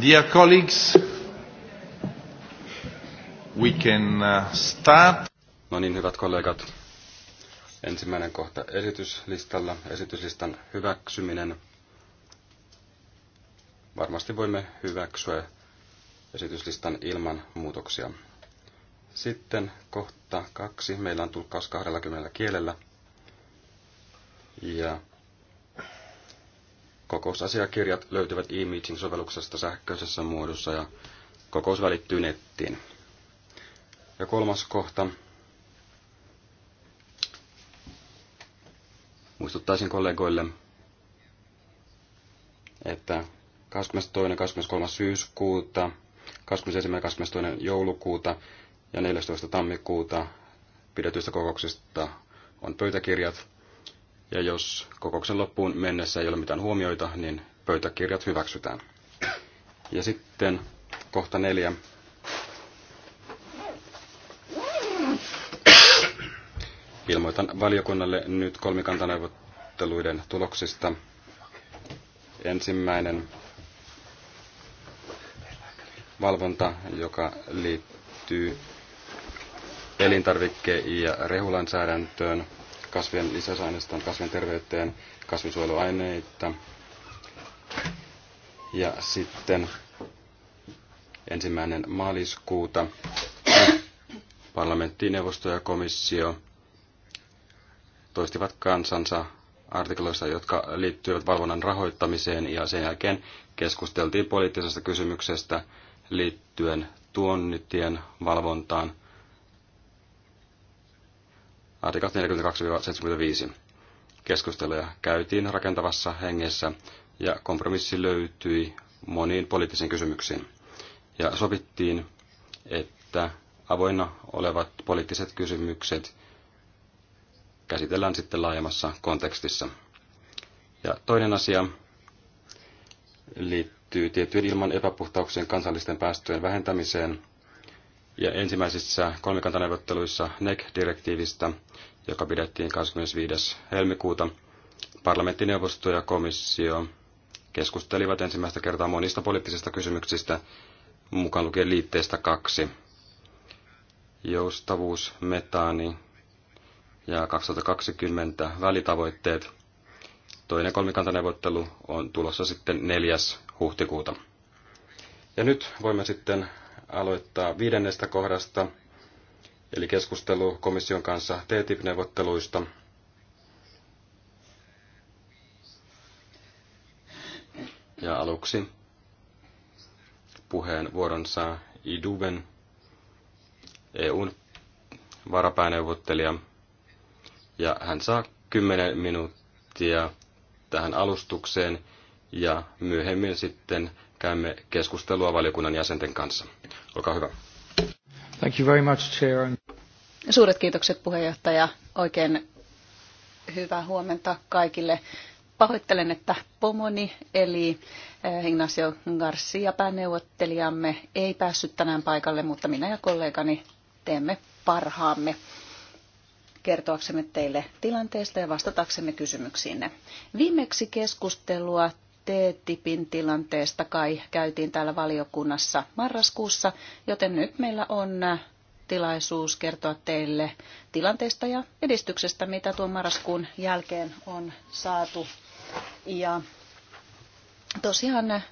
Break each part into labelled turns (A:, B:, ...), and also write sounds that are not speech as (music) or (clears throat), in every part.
A: Dear colleagues, we can uh,
B: start. No niin, hyvät kollegat. Ensimmäinen kohta esityslistalla, esityslistan hyväksyminen. Varmasti voimme hyväksyä esityslistan ilman muutoksia. Sitten kohta kaksi. Meillä on tulkkaus 20 kielellä. Ja Kokousasiakirjat löytyvät e-meeting-sovelluksesta sähköisessä muodossa ja kokous välittyy nettiin. Ja kolmas kohta. Muistuttaisin kollegoille, että 22. ja 23. syyskuuta, 21. ja 22. joulukuuta ja 14. tammikuuta pidetyistä kokouksista on pöytäkirjat. Ja jos kokouksen loppuun mennessä ei ole mitään huomioita, niin pöytäkirjat hyväksytään. Ja sitten kohta neljä. Ilmoitan valiokunnalle nyt kolmikantaneuvotteluiden tuloksista. Ensimmäinen valvonta, joka liittyy elintarvikkeen ja rehulainsäädäntöön kasvien lisäsaineista, kasvien terveyteen, kasvinsuojeluaineita. Ja sitten ensimmäinen maaliskuuta parlamentti, neuvosto ja komissio toistivat kansansa artikloissa, jotka liittyivät valvonnan rahoittamiseen ja sen jälkeen keskusteltiin poliittisesta kysymyksestä liittyen tuonnitien valvontaan – artikat 42-75. Keskusteluja käytiin rakentavassa hengessä ja kompromissi löytyi moniin poliittisiin kysymyksiin. Ja sovittiin, että avoinna olevat poliittiset kysymykset käsitellään sitten laajemmassa kontekstissa. Ja toinen asia liittyy tiettyjen ilman epäpuhtauksien kansallisten päästöjen vähentämiseen – ja ensimmäisissä kolmikantaneuvotteluissa NEC-direktiivistä, joka pidettiin 25. helmikuuta, parlamenttineuvosto ja komissio keskustelivat ensimmäistä kertaa monista poliittisista kysymyksistä, mukaan lukien liitteestä kaksi. Joustavuus, metaani ja 2020 välitavoitteet. Toinen kolmikantaneuvottelu on tulossa sitten 4. huhtikuuta. Ja nyt voimme sitten aloittaa viidennestä kohdasta, eli keskustelu komission kanssa TTIP-neuvotteluista. Ja aluksi puheenvuoron saa Iduben, EUn varapääneuvottelija. ja hän saa 10 minuuttia tähän alustukseen ja myöhemmin sitten käymme keskustelua valiokunnan jäsenten kanssa. Olkaa hyvä.
A: Thank you very much, Chair.
C: Suuret kiitokset puheenjohtaja. Oikein hyvää huomenta kaikille. Pahoittelen, että pomoni eli eh, Ignacio Garcia pääneuvottelijamme ei päässyt tänään paikalle, mutta minä ja kollegani teemme parhaamme kertoaksemme teille tilanteesta ja vastataksemme kysymyksiinne. Viimeksi keskustelua T-tipin tilanteesta kai käytiin täällä valiokunnassa marraskuussa, joten nyt meillä on tilaisuus kertoa teille tilanteesta ja edistyksestä, mitä tuon marraskuun jälkeen on saatu. Ja tosiaan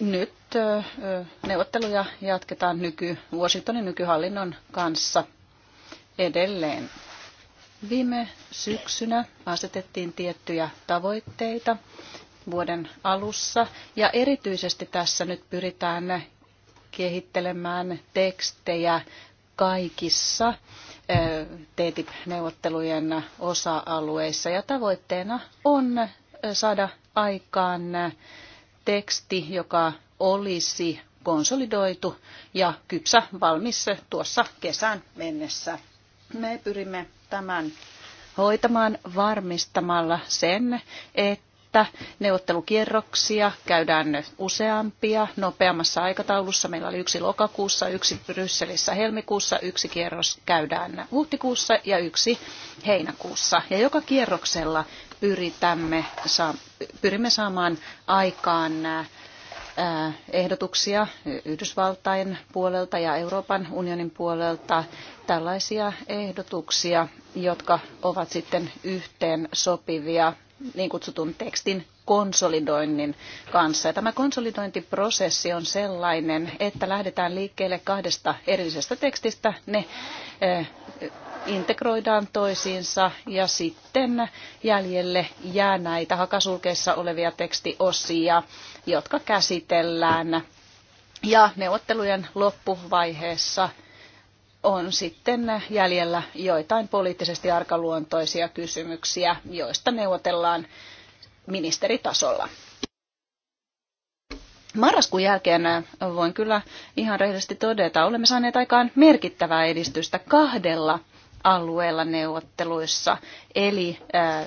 C: nyt neuvotteluja jatketaan nyky, Washingtonin nykyhallinnon kanssa edelleen. Viime syksynä asetettiin tiettyjä tavoitteita vuoden alussa ja erityisesti tässä nyt pyritään kehittelemään tekstejä kaikissa TTIP-neuvottelujen e osa-alueissa ja tavoitteena on saada aikaan teksti, joka olisi konsolidoitu ja kypsä valmis tuossa kesän mennessä. Me pyrimme tämän hoitamaan varmistamalla sen, että neuvottelukierroksia käydään useampia nopeammassa aikataulussa. Meillä oli yksi lokakuussa, yksi Brysselissä helmikuussa, yksi kierros käydään huhtikuussa ja yksi heinäkuussa. Ja joka kierroksella pyritämme, pyrimme saamaan aikaan äh, ehdotuksia Yhdysvaltain puolelta ja Euroopan unionin puolelta tällaisia ehdotuksia, jotka ovat sitten yhteen sopivia niin kutsutun tekstin konsolidoinnin kanssa. Ja tämä konsolidointiprosessi on sellainen, että lähdetään liikkeelle kahdesta erillisestä tekstistä. Ne integroidaan toisiinsa ja sitten jäljelle jää näitä hakasulkeissa olevia tekstiosia, jotka käsitellään. Ja neuvottelujen loppuvaiheessa on sitten jäljellä joitain poliittisesti arkaluontoisia kysymyksiä, joista neuvotellaan ministeritasolla. Marraskuun jälkeen voin kyllä ihan rehellisesti todeta, olemme saaneet aikaan merkittävää edistystä kahdella alueella neuvotteluissa, eli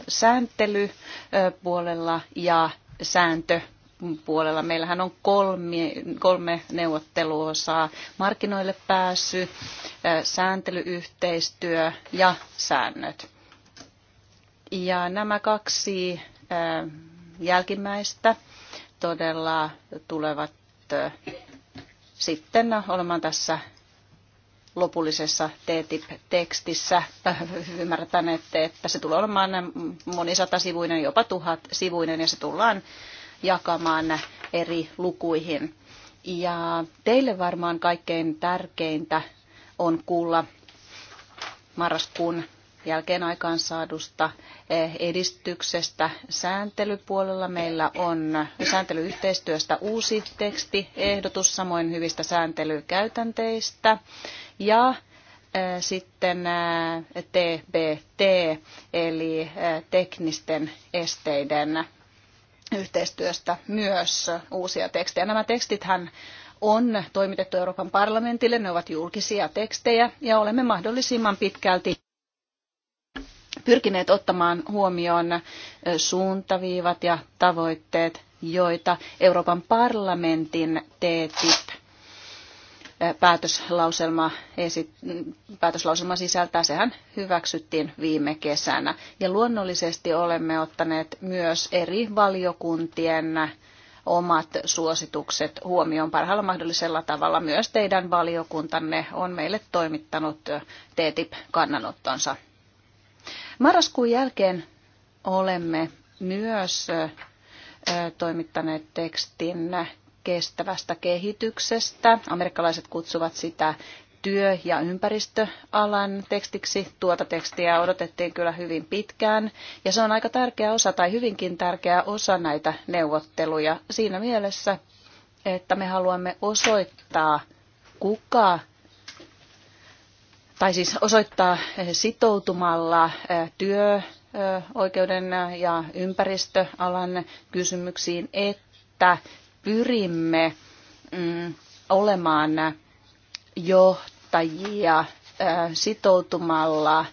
C: sääntelypuolella ja sääntö puolella. Meillähän on kolme, kolme neuvotteluosaa, markkinoille pääsy, sääntelyyhteistyö ja säännöt. Ja nämä kaksi jälkimmäistä todella tulevat sitten olemaan tässä lopullisessa TTIP-tekstissä. (laughs) Ymmärretään, että, se tulee olemaan monisatasivuinen, jopa tuhat sivuinen ja se tullaan jakamaan eri lukuihin. Ja teille varmaan kaikkein tärkeintä on kuulla marraskuun jälkeen aikaan saadusta eh, edistyksestä sääntelypuolella. Meillä on sääntelyyhteistyöstä uusi teksti, ehdotus samoin hyvistä sääntelykäytänteistä ja sitten TBT eli teknisten esteiden yhteistyöstä myös uusia tekstejä. Nämä tekstithän on toimitettu Euroopan parlamentille, ne ovat julkisia tekstejä ja olemme mahdollisimman pitkälti pyrkineet ottamaan huomioon suuntaviivat ja tavoitteet, joita Euroopan parlamentin TTIP päätöslauselma, esit päätöslauselma sisältää, sehän hyväksyttiin viime kesänä. Ja luonnollisesti olemme ottaneet myös eri valiokuntien omat suositukset huomioon parhaalla mahdollisella tavalla. Myös teidän valiokuntanne on meille toimittanut TTIP-kannanottonsa. Marraskuun jälkeen olemme myös toimittaneet tekstin kestävästä kehityksestä. Amerikkalaiset kutsuvat sitä työ- ja ympäristöalan tekstiksi. Tuota tekstiä odotettiin kyllä hyvin pitkään ja se on aika tärkeä osa tai hyvinkin tärkeä osa näitä neuvotteluja siinä mielessä, että me haluamme osoittaa, kuka tai siis osoittaa eh, sitoutumalla eh, työ, eh, oikeuden ja ympäristöalan kysymyksiin, että pyrimme mm, olemaan johtajia sitoutumalla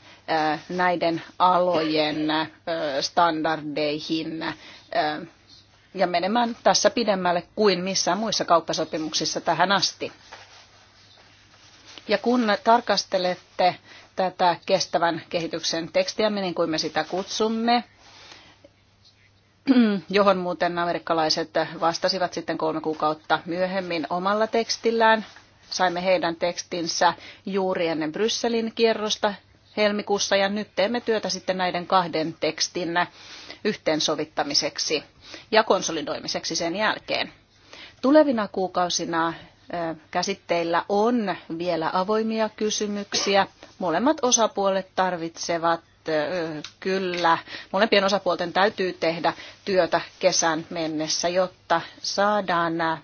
C: näiden alojen standardeihin ja menemään tässä pidemmälle kuin missään muissa kauppasopimuksissa tähän asti. Ja kun tarkastelette tätä kestävän kehityksen tekstiä, niin kuin me sitä kutsumme, (clears throat) johon muuten amerikkalaiset vastasivat sitten kolme kuukautta myöhemmin omalla tekstillään. Saimme heidän tekstinsä juuri ennen Brysselin kierrosta helmikuussa ja nyt teemme työtä sitten näiden kahden tekstin yhteensovittamiseksi ja konsolidoimiseksi sen jälkeen. Tulevina kuukausina käsitteillä on vielä avoimia kysymyksiä. Molemmat osapuolet tarvitsevat kyllä molempien osapuolten täytyy tehdä työtä kesän mennessä, jotta saadaan nämä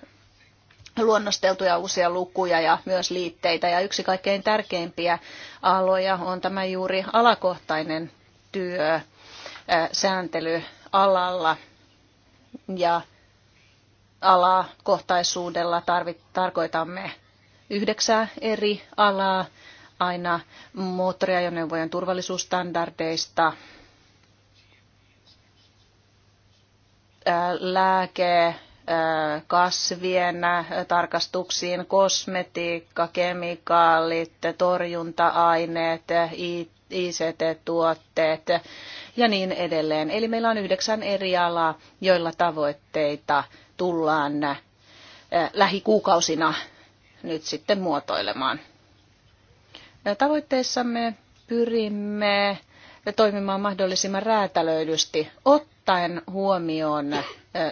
C: luonnosteltuja uusia lukuja ja myös liitteitä. Ja yksi kaikkein tärkeimpiä aloja on tämä juuri alakohtainen työ sääntelyalalla. Ja alakohtaisuudella tarvit, tarkoitamme yhdeksää eri alaa, aina moottoriajoneuvojen turvallisuusstandardeista, lääke, kasvien tarkastuksiin, kosmetiikka, kemikaalit, torjunta-aineet, ICT-tuotteet ja niin edelleen. Eli meillä on yhdeksän eri alaa, joilla tavoitteita tullaan lähikuukausina nyt sitten muotoilemaan. Tavoitteissamme pyrimme toimimaan mahdollisimman räätälöidysti, ottaen huomioon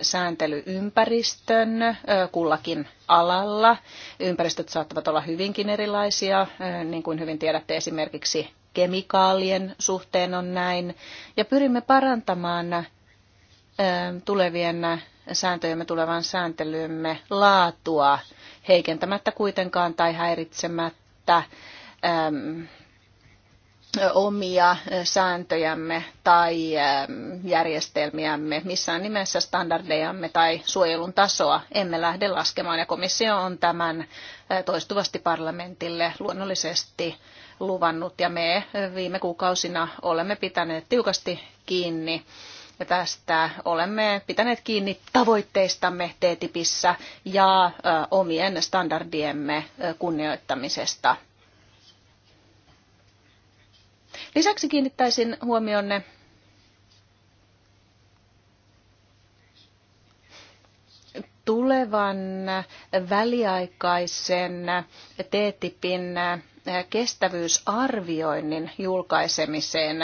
C: sääntelyympäristön kullakin alalla. Ympäristöt saattavat olla hyvinkin erilaisia, niin kuin hyvin tiedätte esimerkiksi kemikaalien suhteen on näin. Ja pyrimme parantamaan tulevien sääntöjemme tulevan sääntelymme laatua heikentämättä kuitenkaan tai häiritsemättä Ähm, omia sääntöjämme tai ähm, järjestelmiämme, missään nimessä standardejamme tai suojelun tasoa emme lähde laskemaan. Ja komissio on tämän äh, toistuvasti parlamentille luonnollisesti luvannut ja me äh, viime kuukausina olemme pitäneet tiukasti kiinni tästä. Olemme pitäneet kiinni tavoitteistamme TTIPissä ja äh, omien standardiemme kunnioittamisesta. Lisäksi kiinnittäisin huomionne tulevan väliaikaisen TTIPin kestävyysarvioinnin julkaisemiseen.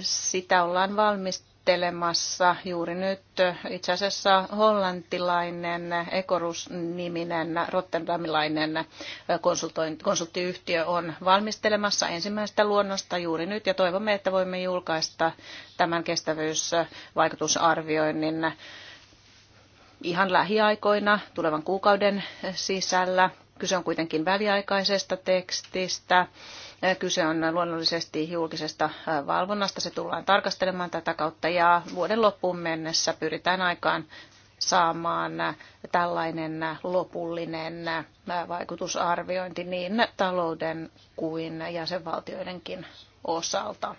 C: Sitä ollaan valmist suunnittelemassa juuri nyt itse asiassa hollantilainen Ekorus-niminen rotterdamilainen konsulttiyhtiö on valmistelemassa ensimmäistä luonnosta juuri nyt ja toivomme, että voimme julkaista tämän kestävyysvaikutusarvioinnin ihan lähiaikoina tulevan kuukauden sisällä. Kyse on kuitenkin väliaikaisesta tekstistä Kyse on luonnollisesti julkisesta valvonnasta. Se tullaan tarkastelemaan tätä kautta ja vuoden loppuun mennessä pyritään aikaan saamaan tällainen lopullinen vaikutusarviointi niin talouden kuin jäsenvaltioidenkin osalta.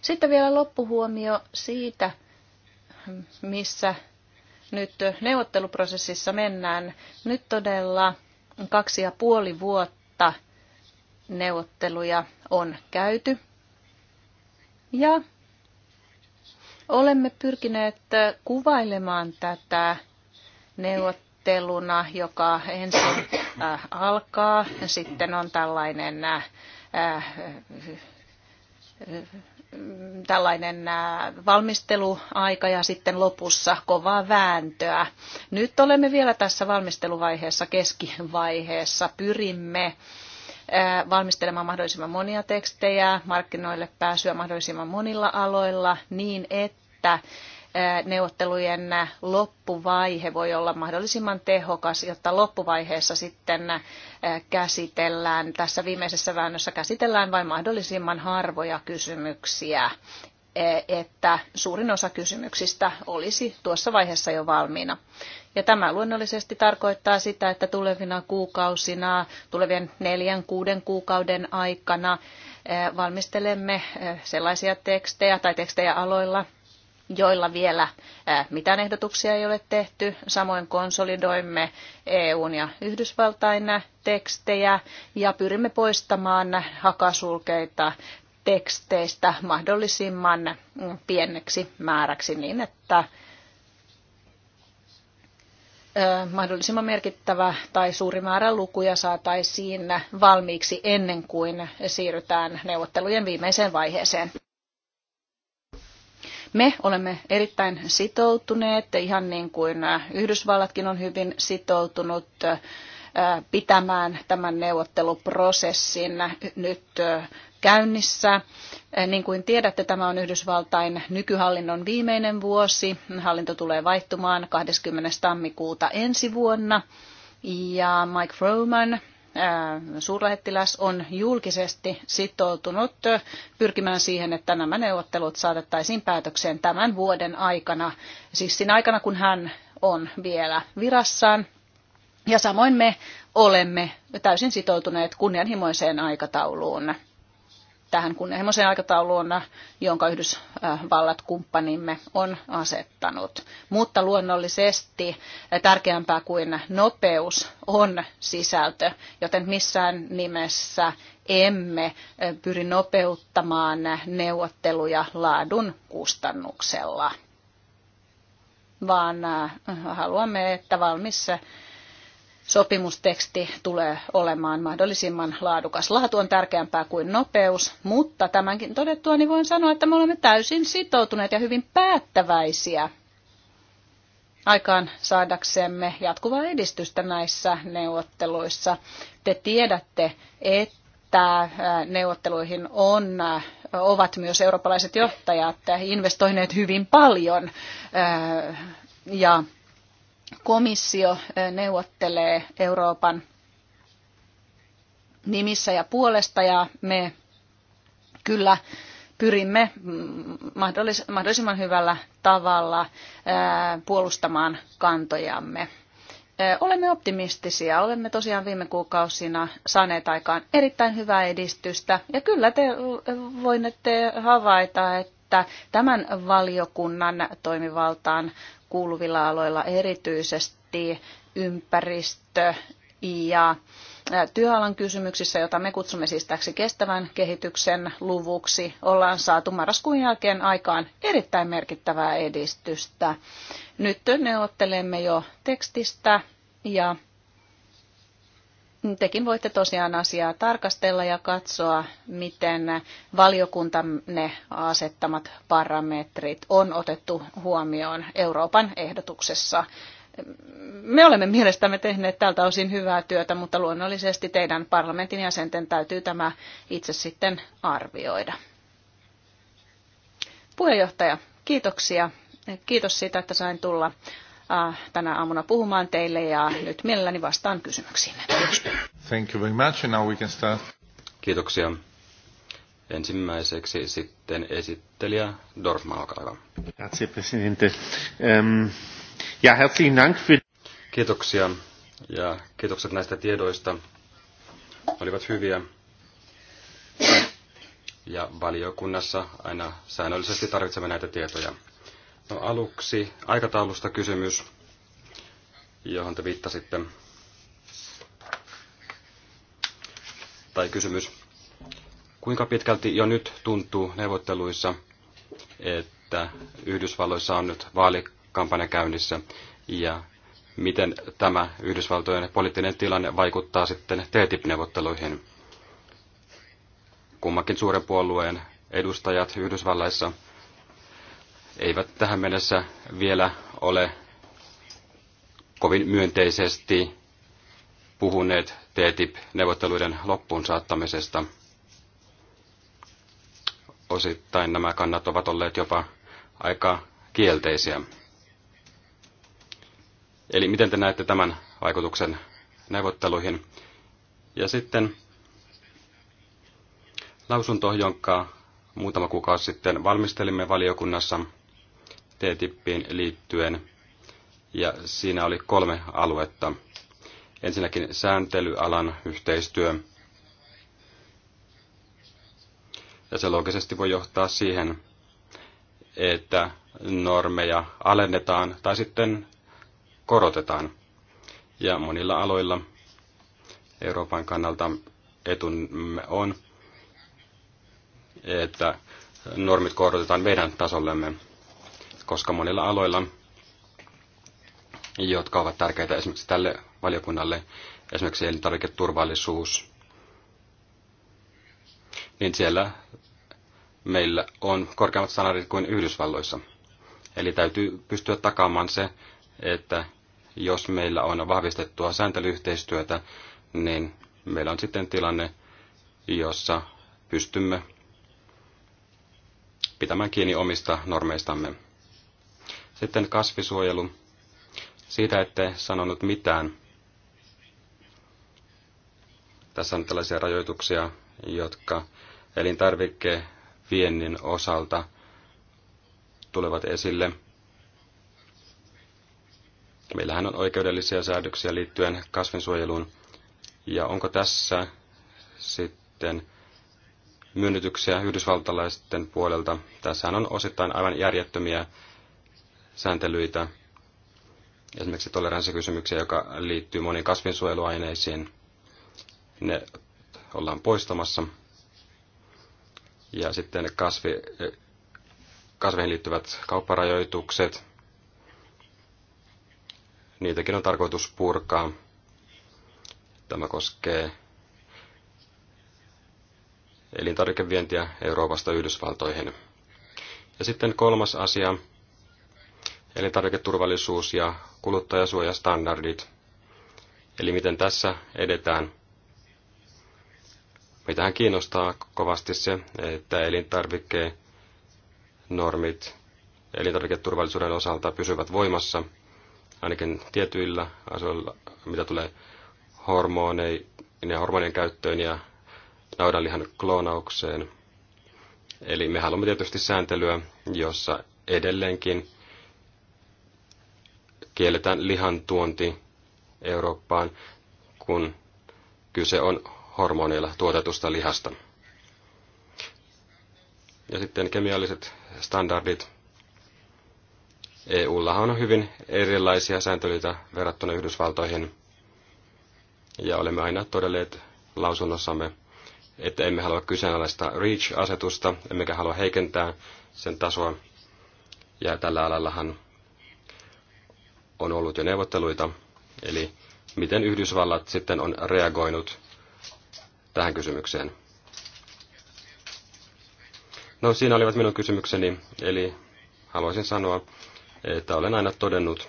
C: Sitten vielä loppuhuomio siitä, missä nyt neuvotteluprosessissa mennään. Nyt todella kaksi ja puoli vuotta neuvotteluja on käyty. Ja olemme pyrkineet kuvailemaan tätä neuvotteluna, joka ensin äh, alkaa, sitten on tällainen äh, äh, tällainen valmisteluaika ja sitten lopussa kovaa vääntöä. Nyt olemme vielä tässä valmisteluvaiheessa, keskivaiheessa. Pyrimme valmistelemaan mahdollisimman monia tekstejä, markkinoille pääsyä mahdollisimman monilla aloilla niin, että neuvottelujen loppuvaihe voi olla mahdollisimman tehokas, jotta loppuvaiheessa sitten käsitellään, tässä viimeisessä väännössä käsitellään vain mahdollisimman harvoja kysymyksiä, että suurin osa kysymyksistä olisi tuossa vaiheessa jo valmiina. Ja tämä luonnollisesti tarkoittaa sitä, että tulevina kuukausina, tulevien neljän, kuuden kuukauden aikana eh, valmistelemme eh, sellaisia tekstejä tai tekstejä aloilla, joilla vielä eh, mitään ehdotuksia ei ole tehty. Samoin konsolidoimme EUn ja Yhdysvaltain tekstejä ja pyrimme poistamaan hakasulkeita teksteistä mahdollisimman mm, pieneksi määräksi niin, että mahdollisimman merkittävä tai suuri määrä lukuja saataisiin valmiiksi ennen kuin siirrytään neuvottelujen viimeiseen vaiheeseen. Me olemme erittäin sitoutuneet, ihan niin kuin Yhdysvallatkin on hyvin sitoutunut pitämään tämän neuvotteluprosessin nyt käynnissä. Eh, niin kuin tiedätte, tämä on Yhdysvaltain nykyhallinnon viimeinen vuosi. Hallinto tulee vaihtumaan 20. tammikuuta ensi vuonna. Ja Mike Froman, eh, suurlähettiläs on julkisesti sitoutunut eh, pyrkimään siihen, että nämä neuvottelut saatettaisiin päätökseen tämän vuoden aikana, siis siinä aikana kun hän on vielä virassaan. Ja samoin me olemme täysin sitoutuneet kunnianhimoiseen aikatauluun tähän kunnianhimoiseen aikatauluun, jonka Yhdysvallat kumppanimme on asettanut. Mutta luonnollisesti tärkeämpää kuin nopeus on sisältö, joten missään nimessä emme pyri nopeuttamaan neuvotteluja laadun kustannuksella vaan haluamme, että valmis sopimusteksti tulee olemaan mahdollisimman laadukas. Laatu on tärkeämpää kuin nopeus, mutta tämänkin todettua niin voin sanoa, että me olemme täysin sitoutuneet ja hyvin päättäväisiä aikaan saadaksemme jatkuvaa edistystä näissä neuvotteluissa. Te tiedätte, että neuvotteluihin on, ovat myös eurooppalaiset johtajat investoineet hyvin paljon ja komissio neuvottelee Euroopan nimissä ja puolesta ja me kyllä pyrimme mm, mahdollisimman hyvällä tavalla puolustamaan kantojamme. Olemme optimistisia. Olemme tosiaan viime kuukausina saaneet aikaan erittäin hyvää edistystä. Ja kyllä te voinette havaita, että tämän valiokunnan toimivaltaan kuuluvilla aloilla, erityisesti ympäristö ja työalan kysymyksissä, jota me kutsumme siis täksi kestävän kehityksen luvuksi, ollaan saatu marraskuun jälkeen aikaan erittäin merkittävää edistystä. Nyt neuvottelemme jo tekstistä ja tekin voitte tosiaan asiaa tarkastella ja katsoa, miten valiokuntanne asettamat parametrit on otettu huomioon Euroopan ehdotuksessa. Me olemme mielestämme tehneet tältä osin hyvää työtä, mutta luonnollisesti teidän parlamentin jäsenten täytyy tämä itse sitten arvioida. Puheenjohtaja, kiitoksia. Kiitos siitä, että sain tulla tänä aamuna puhumaan teille ja nyt mielelläni vastaan kysymyksiin.
A: Thank you very
B: much and now we can start. Kiitoksia. Ensimmäiseksi sitten esittelijä Dorfman, olkaa hyvä.
A: Ehm, ja herzlichen Dank für...
B: Kiitoksia ja kiitokset näistä tiedoista. Olivat hyviä. Ja valiokunnassa aina säännöllisesti tarvitsemme näitä tietoja. No aluksi aikataulusta kysymys, johon te viittasitte. Tai kysymys. Kuinka pitkälti jo nyt tuntuu neuvotteluissa, että Yhdysvalloissa on nyt vaalikampanja käynnissä ja miten tämä Yhdysvaltojen poliittinen tilanne vaikuttaa sitten TTIP-neuvotteluihin? Kummakin suuren puolueen edustajat Yhdysvalloissa eivät tähän mennessä vielä ole kovin myönteisesti puhuneet TTIP-neuvotteluiden loppuun saattamisesta. Osittain nämä kannat ovat olleet jopa aika kielteisiä. Eli miten te näette tämän vaikutuksen neuvotteluihin? Ja sitten lausunto, jonka muutama kuukausi sitten valmistelimme valiokunnassa – TTIPiin liittyen, ja siinä oli kolme aluetta. Ensinnäkin sääntelyalan yhteistyö, ja se loogisesti voi johtaa siihen, että normeja alennetaan tai sitten korotetaan. Ja monilla aloilla Euroopan kannalta etumme on, että normit korotetaan meidän tasollemme koska monilla aloilla, jotka ovat tärkeitä esimerkiksi tälle valiokunnalle, esimerkiksi elintarviketurvallisuus, niin siellä meillä on korkeammat standardit kuin Yhdysvalloissa. Eli täytyy pystyä takaamaan se, että jos meillä on vahvistettua sääntelyyhteistyötä, niin meillä on sitten tilanne, jossa pystymme pitämään kiinni omista normeistamme. Sitten kasvisuojelu. Siitä ette sanonut mitään. Tässä on tällaisia rajoituksia, jotka elintarvikeviennin osalta tulevat esille. Meillähän on oikeudellisia säädöksiä liittyen kasvinsuojeluun. Ja onko tässä sitten myönnytyksiä yhdysvaltalaisten puolelta? Tässähän on osittain aivan järjettömiä sääntelyitä, esimerkiksi toleranssikysymyksiä, joka liittyy moniin kasvinsuojeluaineisiin. Ne ollaan poistamassa. Ja sitten kasvi, kasveihin liittyvät kaupparajoitukset, niitäkin on tarkoitus purkaa. Tämä koskee elintarvikevientiä Euroopasta Yhdysvaltoihin. Ja sitten kolmas asia, elintarviketurvallisuus ja kuluttajasuojastandardit. Eli miten tässä edetään. Meitähän kiinnostaa kovasti se, että elintarvikkeen normit elintarviketurvallisuuden osalta pysyvät voimassa, ainakin tietyillä asioilla, mitä tulee hormoneihin ja hormonien käyttöön ja naudanlihan kloonaukseen. Eli me haluamme tietysti sääntelyä, jossa edelleenkin kielletään lihan tuonti Eurooppaan, kun kyse on hormoneilla tuotetusta lihasta. Ja sitten kemialliset standardit. EUlla on hyvin erilaisia sääntelyitä verrattuna Yhdysvaltoihin. Ja olemme aina todelleet lausunnossamme, että emme halua kyseenalaista REACH-asetusta, emmekä halua heikentää sen tasoa. Ja tällä alallahan on ollut jo neuvotteluita, eli miten Yhdysvallat sitten on reagoinut tähän kysymykseen. No siinä olivat minun kysymykseni, eli haluaisin sanoa, että olen aina todennut,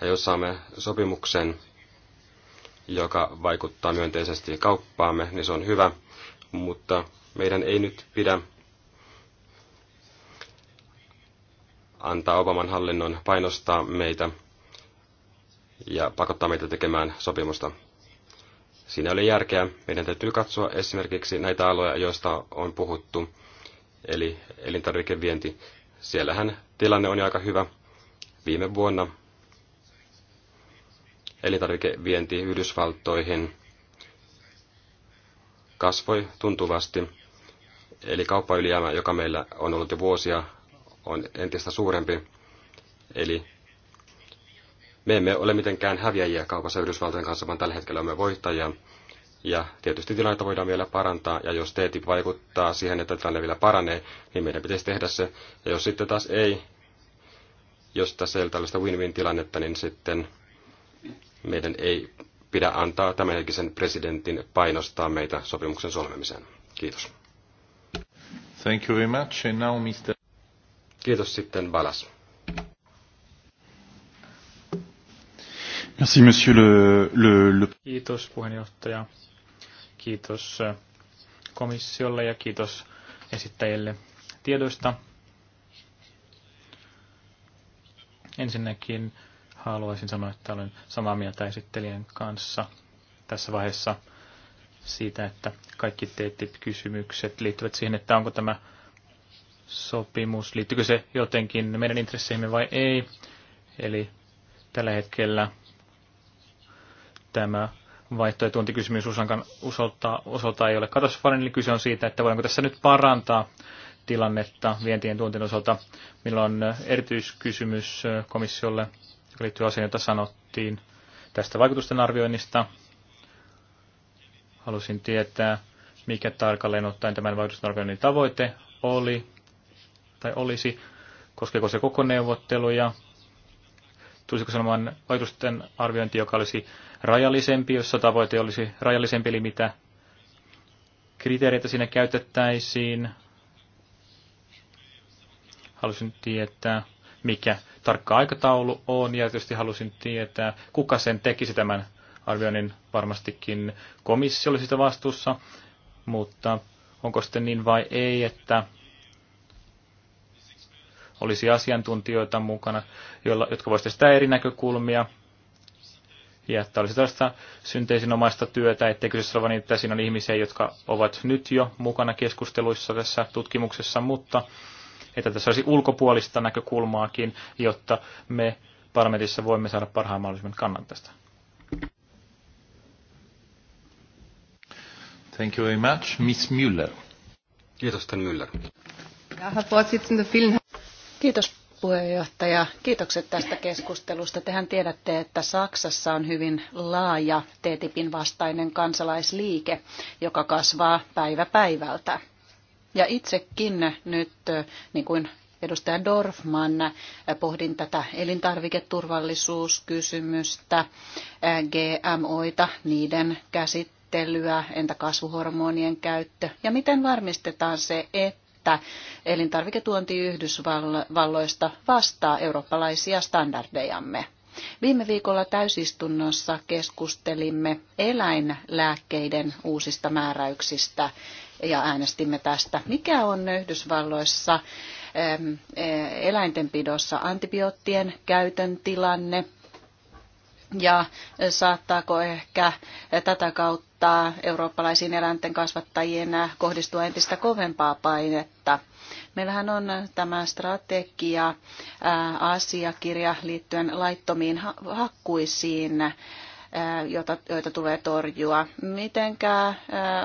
B: ja jos saamme sopimuksen, joka vaikuttaa myönteisesti kauppaamme, niin se on hyvä, mutta meidän ei nyt pidä antaa Obaman hallinnon painostaa meitä ja pakottaa meitä tekemään sopimusta. Siinä oli järkeä. Meidän täytyy katsoa esimerkiksi näitä aloja, joista on puhuttu, eli elintarvikevienti. Siellähän tilanne on aika hyvä. Viime vuonna elintarvikevienti Yhdysvaltoihin kasvoi tuntuvasti. Eli kauppaylijäämä, joka meillä on ollut jo vuosia on entistä suurempi. Eli me emme ole mitenkään häviäjiä kaupassa Yhdysvaltojen kanssa, vaan tällä hetkellä olemme voittajia. Ja tietysti tilannetta voidaan vielä parantaa, ja jos TTIP vaikuttaa siihen, että tilanne vielä paranee, niin meidän pitäisi tehdä se. Ja jos sitten taas ei, jos tässä ei ole tällaista win-win-tilannetta, niin sitten meidän ei pidä antaa tämänhetkisen presidentin painostaa meitä sopimuksen solmimiseen.
A: Kiitos. Thank you very much. And now Mr. Kiitos sitten Balas.
D: Merci, monsieur le, le, le...
E: Kiitos puheenjohtaja. Kiitos äh, komissiolle ja kiitos esittäjille tiedoista. Ensinnäkin haluaisin sanoa, että olen samaa mieltä esittelijän kanssa tässä vaiheessa siitä, että kaikki teetit kysymykset liittyvät siihen, että onko tämä sopimus, liittyykö se jotenkin meidän intresseihimme vai ei. Eli tällä hetkellä tämä Usankan osalta, osalta ei ole katastrofaalinen, eli kyse on siitä, että voidaanko tässä nyt parantaa tilannetta vientien tuontien osalta. Meillä on erityiskysymys komissiolle, joka liittyy asiaan, jota sanottiin tästä vaikutusten arvioinnista. Halusin tietää, mikä tarkalleen ottaen tämän vaikutusten arvioinnin tavoite oli, tai olisi, koskeeko se koko neuvotteluja, tulisiko sanomaan vaikutusten arviointi, joka olisi rajallisempi, jossa tavoite olisi rajallisempi, eli mitä kriteereitä siinä käytettäisiin. Halusin tietää, mikä tarkka aikataulu on, ja tietysti halusin tietää, kuka sen tekisi tämän arvioinnin. Varmastikin komissio oli sitä vastuussa, mutta onko sitten niin vai ei, että olisi asiantuntijoita mukana, joilla, jotka voisivat sitä eri näkökulmia. Ja että olisi tällaista synteisinomaista työtä, ettei kyseessä ole niin, että siinä on ihmisiä, jotka ovat nyt jo mukana keskusteluissa tässä tutkimuksessa, mutta että tässä olisi ulkopuolista näkökulmaakin, jotta me parlamentissa voimme saada parhaan mahdollisimman kannan tästä. Thank you very much. Miss
A: Müller. Kiitos, Tän Müller.
C: Ja, Herr Vorsitzender, vielen Kiitos puheenjohtaja. Kiitokset tästä keskustelusta. Tehän tiedätte, että Saksassa on hyvin laaja TTIPin vastainen kansalaisliike, joka kasvaa päivä päivältä. Ja itsekin nyt, niin kuin edustaja Dorfman, pohdin tätä elintarviketurvallisuuskysymystä, GMOita, niiden käsittelyä, entä kasvuhormonien käyttö, ja miten varmistetaan se, että että elintarviketuonti Yhdysvalloista vastaa eurooppalaisia standardejamme. Viime viikolla täysistunnossa keskustelimme eläinlääkkeiden uusista määräyksistä ja äänestimme tästä. Mikä on Yhdysvalloissa eläintenpidossa antibioottien käytön tilanne? Ja saattaako ehkä tätä kautta saattaa eurooppalaisiin eläinten kasvattajien kohdistua entistä kovempaa painetta. Meillähän on tämä strategia, asiakirja liittyen laittomiin hakkuisiin, joita tulee torjua. Mitenkä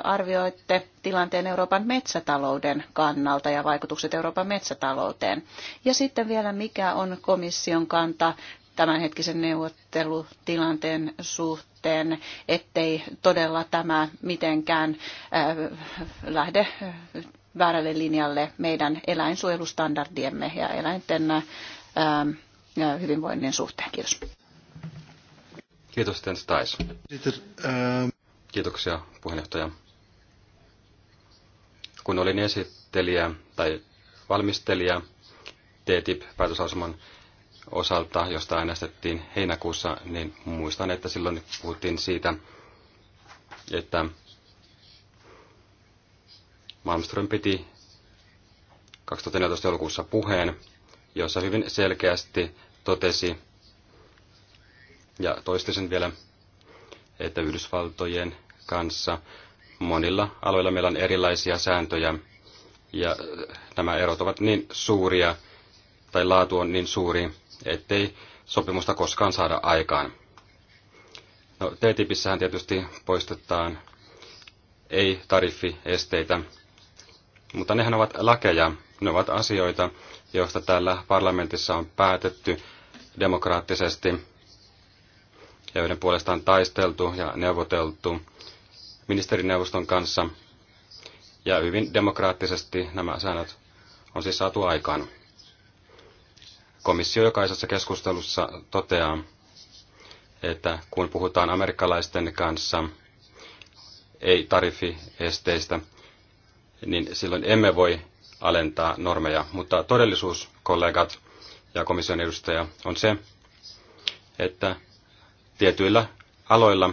C: arvioitte tilanteen Euroopan metsätalouden kannalta ja vaikutukset Euroopan metsätalouteen? Ja sitten vielä, mikä on komission kanta tämänhetkisen neuvottelutilanteen suhteen, ettei todella tämä mitenkään äh, lähde äh, väärälle linjalle meidän eläinsuojelustandardiemme ja eläinten äh, hyvinvoinnin suhteen. Kiitos.
B: Kiitos, Tens Tais. Ähm, Kiitoksia, puheenjohtaja. Kun olin esittelijä tai valmistelija TTIP-päätösaseman osalta, josta äänestettiin heinäkuussa, niin muistan, että silloin puhuttiin siitä, että Malmström piti 2014 joulukuussa puheen, jossa hyvin selkeästi totesi, ja toisti sen vielä, että Yhdysvaltojen kanssa monilla aloilla meillä on erilaisia sääntöjä, ja äh, nämä erot ovat niin suuria, tai laatu on niin suuri, ettei sopimusta koskaan saada aikaan. No, TTIPissähän tietysti poistetaan ei-tariffiesteitä, mutta nehän ovat lakeja, ne ovat asioita, joista täällä parlamentissa on päätetty demokraattisesti ja joiden puolesta on taisteltu ja neuvoteltu ministerineuvoston kanssa. Ja hyvin demokraattisesti nämä säännöt on siis saatu aikaan komissio jokaisessa keskustelussa toteaa, että kun puhutaan amerikkalaisten kanssa ei tarifiesteistä, niin silloin emme voi alentaa normeja. Mutta todellisuus, kollegat ja komission edustaja, on se, että tietyillä aloilla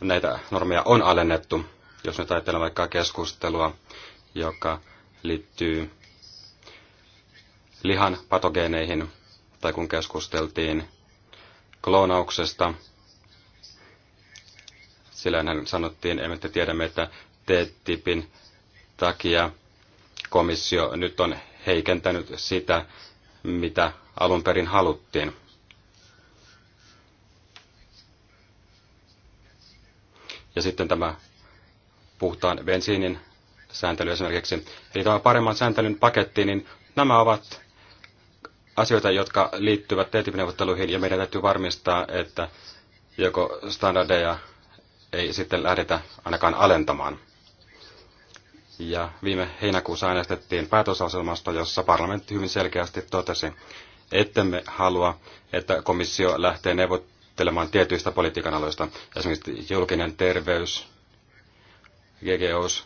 B: näitä normeja on alennettu. Jos nyt ajatellaan vaikka keskustelua joka liittyy lihan patogeeneihin, tai kun keskusteltiin kloonauksesta, sillä hän sanottiin, että tiedämme, että t T-tipin takia komissio nyt on heikentänyt sitä, mitä alun perin haluttiin. Ja sitten tämä puhtaan bensiinin sääntely esimerkiksi. Eli tämä paremman sääntelyn paketti, niin nämä ovat asioita, jotka liittyvät TTIP-neuvotteluihin, ja meidän täytyy varmistaa, että joko standardeja ei sitten lähdetä ainakaan alentamaan. Ja viime heinäkuussa äänestettiin päätösasemasta, jossa parlamentti hyvin selkeästi totesi, ettemme halua, että komissio lähtee neuvottelemaan tietyistä politiikan aloista, esimerkiksi julkinen terveys, GGOs,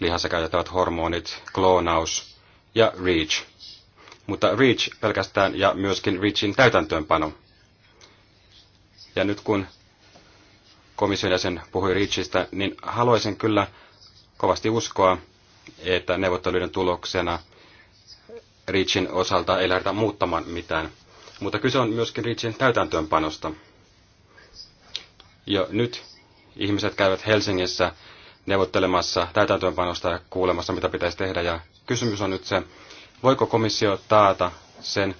B: lihassa käytettävät hormonit, kloonaus ja REACH. Mutta REACH pelkästään ja myöskin REACHin täytäntöönpano. Ja nyt kun komission jäsen puhui REACHista, niin haluaisin kyllä kovasti uskoa, että neuvotteluiden tuloksena REACHin osalta ei lähdetä muuttamaan mitään. Mutta kyse on myöskin REACHin täytäntöönpanosta. Jo nyt ihmiset käyvät Helsingissä neuvottelemassa täytäntöönpanosta ja kuulemassa, mitä pitäisi tehdä. Ja kysymys on nyt se, voiko komissio taata sen,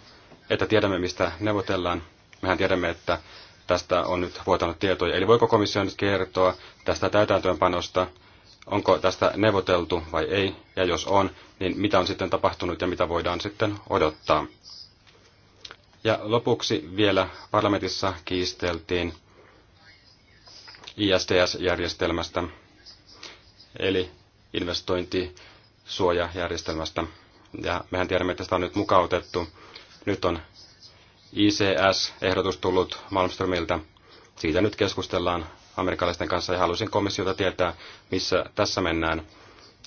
B: että tiedämme, mistä neuvotellaan. Mehän tiedämme, että tästä on nyt vuotanut tietoja. Eli voiko komissio nyt kertoa tästä täytäntöönpanosta, onko tästä neuvoteltu vai ei, ja jos on, niin mitä on sitten tapahtunut ja mitä voidaan sitten odottaa. Ja lopuksi vielä parlamentissa kiisteltiin ISDS-järjestelmästä eli investointisuojajärjestelmästä. Ja mehän tiedämme, että sitä on nyt mukautettu. Nyt on ICS-ehdotus tullut Malmströmiltä. Siitä nyt keskustellaan amerikkalaisten kanssa ja haluaisin komissiota tietää, missä tässä mennään.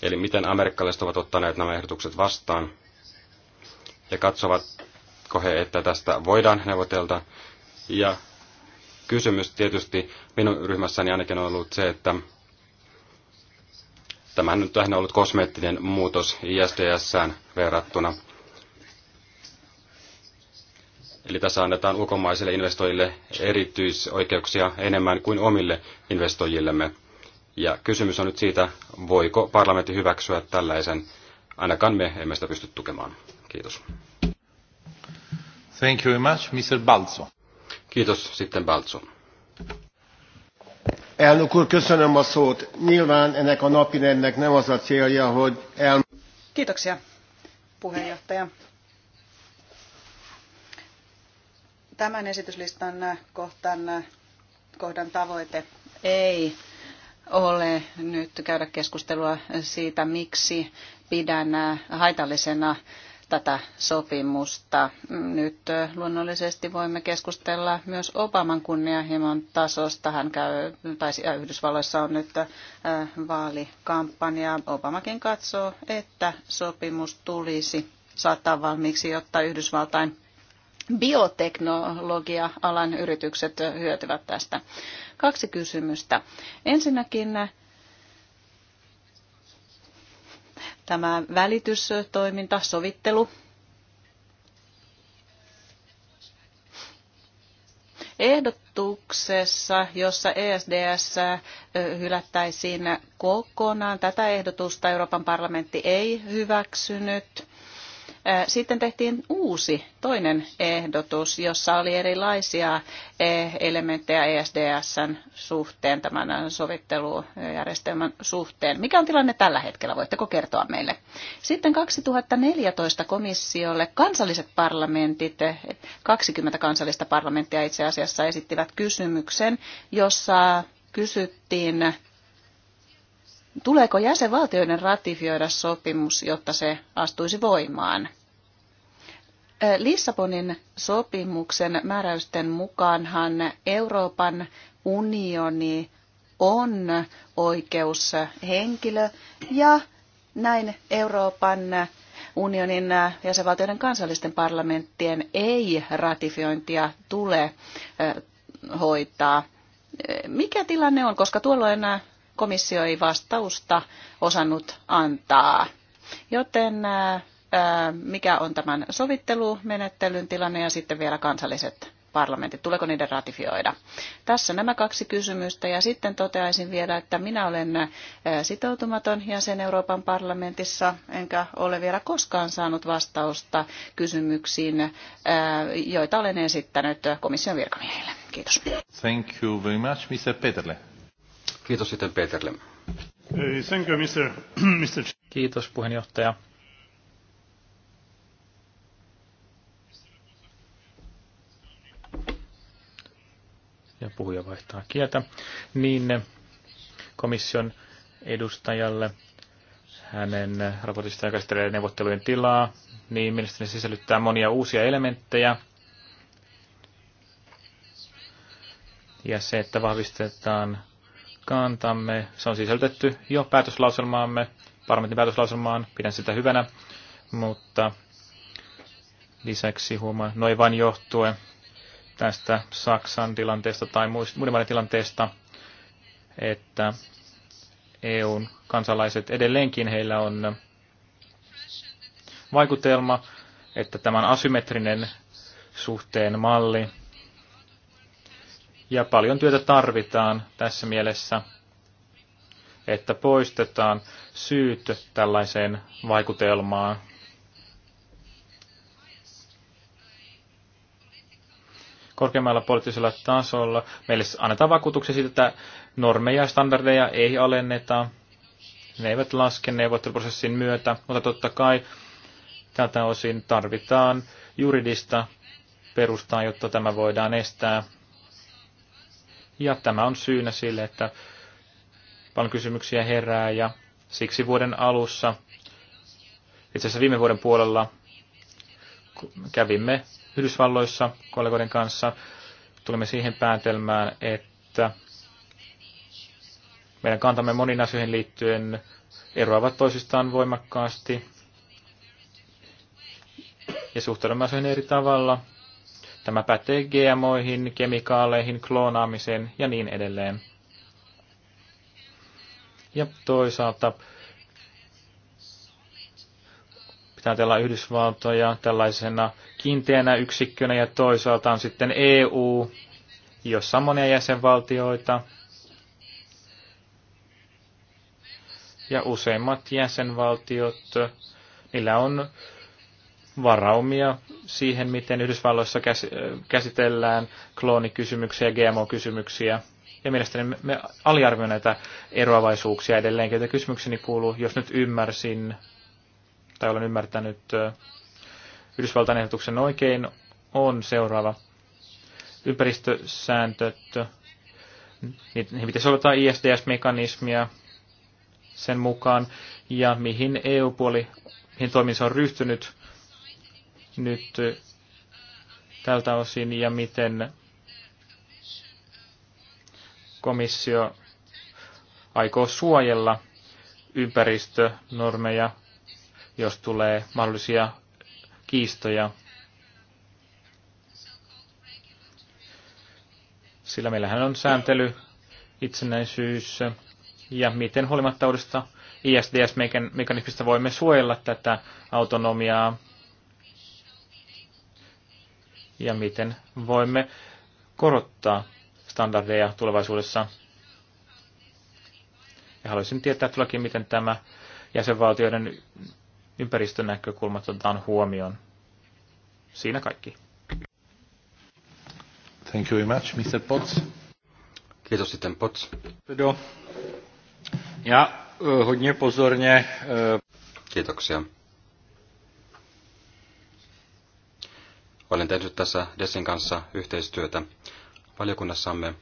B: Eli miten amerikkalaiset ovat ottaneet nämä ehdotukset vastaan ja katsovatko he, että tästä voidaan neuvotelta. Ja kysymys tietysti minun ryhmässäni ainakin on ollut se, että Tämähän nyt on ollut kosmeettinen muutos ISDSään verrattuna. Eli tässä annetaan ulkomaisille investoijille erityisoikeuksia enemmän kuin omille investoijillemme. Ja kysymys on nyt siitä, voiko parlamentti hyväksyä tällaisen. Ainakaan me emme sitä pysty tukemaan. Kiitos.
A: Thank you very much, Mr. Balzo. Kiitos sitten Balzo.
B: Elnök úr, köszönöm a szót. Nyilván ennek a napirendnek nem az a célja, hogy el... Kiitoksia,
C: puheenjohtaja. Tämän esityslistan kohtan, kohdan tavoite ei ole nyt käydä keskustelua siitä, miksi pidän haitallisena tätä sopimusta. Nyt luonnollisesti voimme keskustella myös Obaman kunnianhimon tasosta. Hän käy, tai Yhdysvalloissa on nyt vaalikampanja. Obamakin katsoo, että sopimus tulisi saattaa valmiiksi, jotta Yhdysvaltain bioteknologia-alan yritykset hyötyvät tästä. Kaksi kysymystä. Ensinnäkin tämä välitystoiminta, sovittelu. Ehdotuksessa, jossa ESDS hylättäisiin kokonaan, tätä ehdotusta Euroopan parlamentti ei hyväksynyt. Sitten tehtiin uusi toinen ehdotus, jossa oli erilaisia e, elementtejä ESDSn suhteen, tämän sovittelujärjestelmän suhteen. Mikä on tilanne tällä hetkellä? Voitteko kertoa meille? Sitten 2014 komissiolle kansalliset parlamentit, 20 e, kansallista parlamenttia itse asiassa esittivät kysymyksen, jossa kysyttiin Tuleeko jäsenvaltioiden ratifioida sopimus, jotta se astuisi voimaan? Lissabonin sopimuksen määräysten mukaanhan Euroopan unioni on oikeushenkilö ja näin Euroopan unionin jäsenvaltioiden kansallisten parlamenttien ei ratifiointia tule hoitaa. Mikä tilanne on, koska tuolloin komissio ei vastausta osannut antaa. Joten äh, äh, mikä on tämän sovittelumenettelyn tilanne ja sitten vielä kansalliset parlamentit, tuleeko niiden ratifioida. Tässä nämä kaksi kysymystä ja sitten toteaisin vielä, että minä olen äh, sitoutumaton jäsen Euroopan parlamentissa, enkä ole vielä koskaan saanut vastausta kysymyksiin, joita olen esittänyt komission virkamiehille. Kiitos.
A: Thank you very much, Mr. Peterle. Kiitos sitten Peterle.
E: Thank you, Mr. (clears throat) Mr. Kiitos puheenjohtaja. Ja puhuja vaihtaa kieltä. Niin komission edustajalle hänen raportistaan käsittelee neuvottelujen tilaa, niin mielestäni sisällyttää monia uusia elementtejä. Ja se, että vahvistetaan kantamme. Se on sisältetty jo päätöslauselmaamme, parlamentin päätöslauselmaan, pidän sitä hyvänä, mutta lisäksi huomaan, noin vain johtuen tästä Saksan tilanteesta tai muiden maiden tilanteesta, että EUn kansalaiset edelleenkin heillä on vaikutelma, että tämän asymmetrinen suhteen malli ja paljon työtä tarvitaan tässä mielessä, että poistetaan syyt tällaiseen vaikutelmaan. korkeammalla poliittisella tasolla. Meille annetaan vakuutuksia siitä, että normeja ja standardeja ei alenneta. Ne eivät laske neuvotteluprosessin myötä, mutta totta kai tältä osin tarvitaan juridista perustaa, jotta tämä voidaan estää. Ja tämä on syynä sille, että paljon kysymyksiä herää ja siksi vuoden alussa, itse asiassa viime vuoden puolella, kävimme Yhdysvalloissa kollegoiden kanssa. Tulimme siihen päätelmään, että meidän kantamme moniin asioihin liittyen eroavat toisistaan voimakkaasti ja suhtaudumme asioihin eri tavalla. Tämä pätee GMOihin, kemikaaleihin, kloonaamiseen ja niin edelleen. Ja toisaalta pitää ajatella Yhdysvaltoja tällaisena kiinteänä yksikkönä ja toisaalta on sitten EU, jossa on monia jäsenvaltioita. Ja useimmat jäsenvaltiot, niillä on varaumia siihen, miten Yhdysvalloissa käsitellään kloonikysymyksiä ja GMO-kysymyksiä. Ja mielestäni me aliarvioimme näitä eroavaisuuksia edelleenkin. Ja kysymykseni kuuluu, jos nyt ymmärsin, tai olen ymmärtänyt Yhdysvaltain ehdotuksen oikein, on seuraava. Ympäristösääntöt, niin niihin pitäisi soveltaa ISDS-mekanismia sen mukaan, ja mihin EU-puoli, mihin toimiin se on ryhtynyt, nyt eh, tältä osin ja miten komissio aikoo suojella ympäristönormeja, jos tulee mahdollisia kiistoja. Sillä meillähän on sääntely, itsenäisyys ja miten huolimatta uudesta ISDS-mekanismista voimme suojella tätä autonomiaa ja miten voimme korottaa standardeja tulevaisuudessa. Ja haluaisin tietää todellakin, miten tämä jäsenvaltioiden ympäristönäkökulmat otetaan huomioon. Siinä kaikki.
A: Thank you very much, Mr. Potts. Kiitos sitten Potts.
E: Ja eh, hodně pozorně.
B: Eh, Kiitoksia. Olen tehnyt tässä Desin kanssa yhteistyötä valiokunnassamme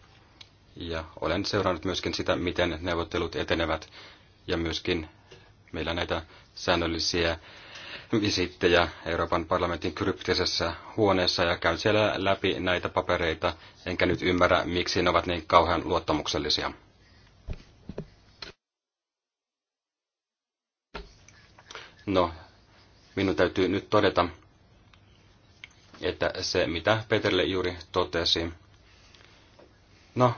B: ja olen seurannut myöskin sitä, miten neuvottelut etenevät ja myöskin meillä näitä säännöllisiä visittejä Euroopan parlamentin kryptisessä huoneessa ja käyn siellä läpi näitä papereita, enkä nyt ymmärrä, miksi ne ovat niin kauhean luottamuksellisia. No, minun täytyy nyt todeta, että se mitä Peterille juuri totesi, no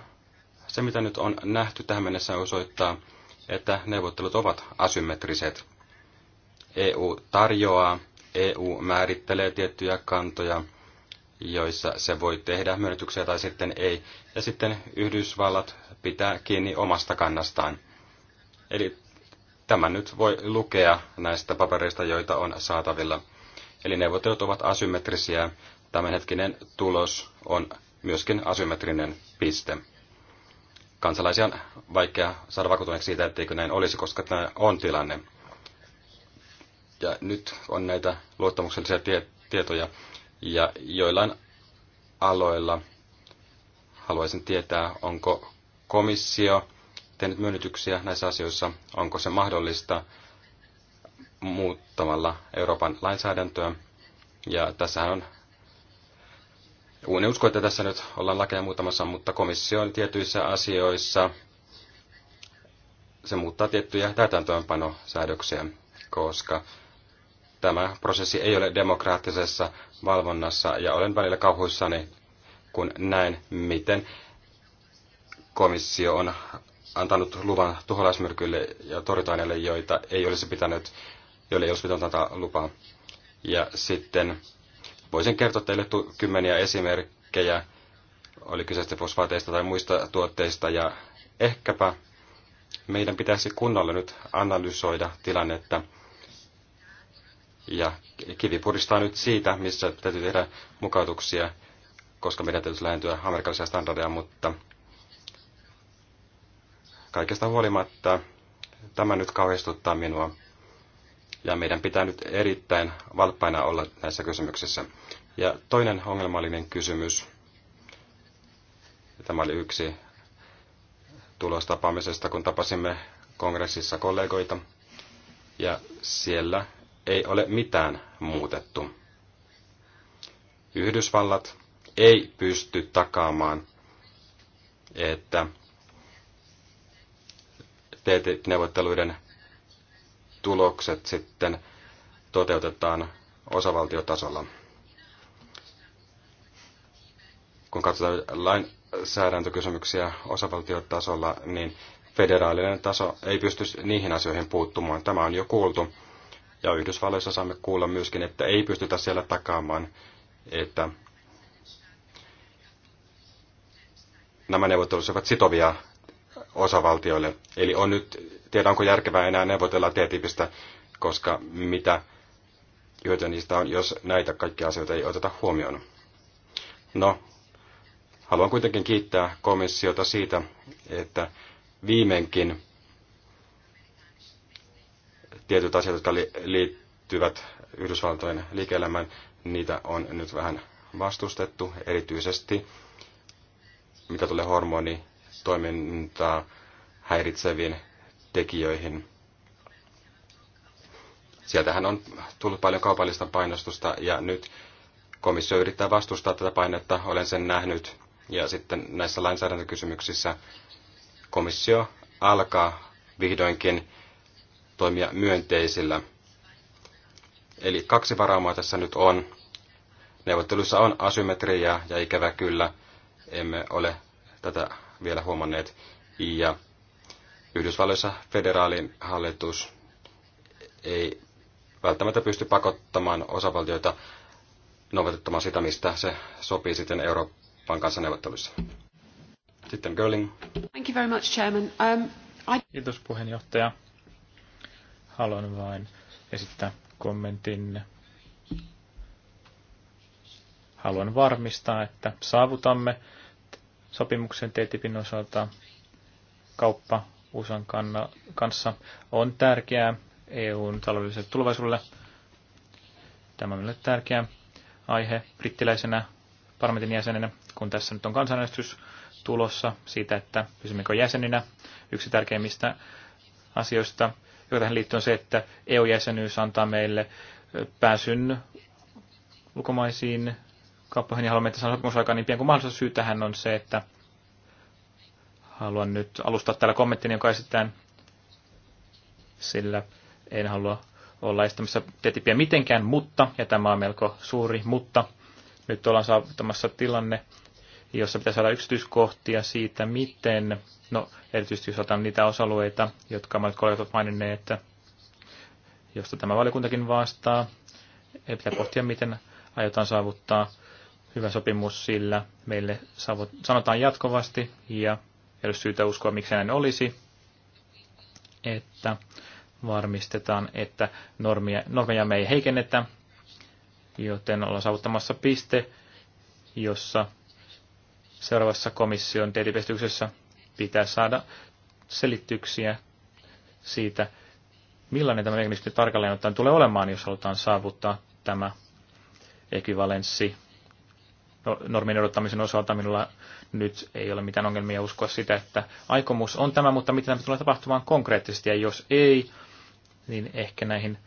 B: se mitä nyt on nähty tähän mennessä osoittaa, että neuvottelut ovat asymmetriset. EU tarjoaa, EU määrittelee tiettyjä kantoja, joissa se voi tehdä myönnytyksiä tai sitten ei. Ja sitten Yhdysvallat pitää kiinni omasta kannastaan. Eli tämä nyt voi lukea näistä papereista, joita on saatavilla. Eli neuvottelut ovat asymmetrisiä. Tämänhetkinen tulos on myöskin asymmetrinen piste. Kansalaisia on vaikea saada vakuutuneeksi siitä, etteikö näin olisi, koska tämä on tilanne. Ja nyt on näitä luottamuksellisia tie- tietoja, ja joillain aloilla haluaisin tietää, onko komissio tehnyt myönnytyksiä näissä asioissa, onko se mahdollista muuttamalla Euroopan lainsäädäntöä. Ja tässähän on, en usko, että tässä nyt ollaan lakeja muuttamassa, mutta komissio on tietyissä asioissa, se muuttaa tiettyjä täytäntöönpanosäädöksiä, koska tämä prosessi ei ole demokraattisessa valvonnassa ja olen välillä kauhuissani, kun näen, miten komissio on antanut luvan tuholaismyrkyille ja torjunta joita ei olisi pitänyt joille ei olisi pitänyt antaa lupaa. Ja sitten voisin kertoa teille kymmeniä esimerkkejä, oli kyseistä fosfaateista tai muista tuotteista, ja ehkäpä meidän pitäisi kunnolla nyt analysoida tilannetta. Ja kivi puristaa nyt siitä, missä täytyy tehdä mukautuksia, koska meidän täytyy lähentyä amerikkalaisia standardeja, mutta kaikesta huolimatta tämä nyt kauhistuttaa minua ja meidän pitää nyt erittäin valppaina olla näissä kysymyksissä. Ja toinen ongelmallinen kysymys, ja tämä oli yksi tulostapaamisesta, kun tapasimme kongressissa kollegoita, ja siellä ei ole mitään muutettu. Yhdysvallat ei pysty takaamaan, että TTIP-neuvotteluiden tulokset sitten toteutetaan osavaltiotasolla. Kun katsotaan lainsäädäntökysymyksiä osavaltiotasolla, niin federaalinen taso ei pysty niihin asioihin puuttumaan. Tämä on jo kuultu. Ja Yhdysvalloissa saamme kuulla myöskin, että ei pystytä siellä takaamaan, että nämä neuvottelut ovat sitovia osavaltioille. Eli on nyt, tiedä onko järkevää enää neuvotella TTIPistä, koska mitä hyötyä niistä on, jos näitä kaikkia asioita ei oteta huomioon. No, haluan kuitenkin kiittää komissiota siitä, että viimeinkin tietyt asiat, jotka liittyvät Yhdysvaltojen liike niitä on nyt vähän vastustettu, erityisesti mitä tulee hormoni toimintaa häiritseviin tekijöihin. Sieltähän on tullut paljon kaupallista painostusta ja nyt komissio yrittää vastustaa tätä painetta, olen sen nähnyt. Ja sitten näissä lainsäädäntökysymyksissä komissio alkaa vihdoinkin toimia myönteisillä. Eli kaksi varaumaa tässä nyt on. Neuvotteluissa on asymmetriaa ja ikävä kyllä emme ole tätä vielä huomanneet. Ja Yhdysvalloissa federaalin hallitus ei välttämättä pysty pakottamaan osavaltioita noudattamaan sitä, mistä se sopii sitten Euroopan kanssa neuvotteluissa. Sitten
E: Görling. Thank you very much, Chairman. Um, I... Kiitos puheenjohtaja. Haluan vain esittää kommentin. Haluan varmistaa, että saavutamme sopimuksen TTIPin osalta kauppa USAn kanssa on tärkeää EUn taloudelliselle tulevaisuudelle. Tämä on meille tärkeä aihe brittiläisenä parlamentin jäsenenä, kun tässä nyt on kansanäänestys tulossa siitä, että pysymmekö jäseninä. Yksi tärkeimmistä asioista, joka tähän liittyy, on se, että EU-jäsenyys antaa meille pääsyn ulkomaisiin kauppahan ja haluamme, että saan sopimusaikaa niin pian kuin mahdollista. Syy tähän on se, että haluan nyt alustaa täällä kommenttin, jonka esitetään, sillä en halua olla estämässä tietipiä mitenkään, mutta, ja tämä on melko suuri, mutta nyt ollaan saavuttamassa tilanne, jossa pitää saada yksityiskohtia siitä, miten, no erityisesti jos otan niitä osalueita, jotka monet kollegat ovat maininneet, että josta tämä valiokuntakin vastaa, ei pitää pohtia, miten aiotaan saavuttaa hyvä sopimus, sillä meille sanotaan jatkuvasti, ja ei ole syytä uskoa, miksi näin olisi, että varmistetaan, että normia, normeja me ei heikennetä, joten ollaan saavuttamassa piste, jossa seuraavassa komission telipestyksessä pitää saada selityksiä siitä, millainen tämä mekanismi tarkalleen ottaen tulee olemaan, jos halutaan saavuttaa tämä ekvivalenssi No- normien odottamisen osalta minulla nyt ei ole mitään ongelmia uskoa sitä, että aikomus on tämä, mutta mitä tämä tulee tapahtumaan konkreettisesti, ja jos ei, niin ehkä näihin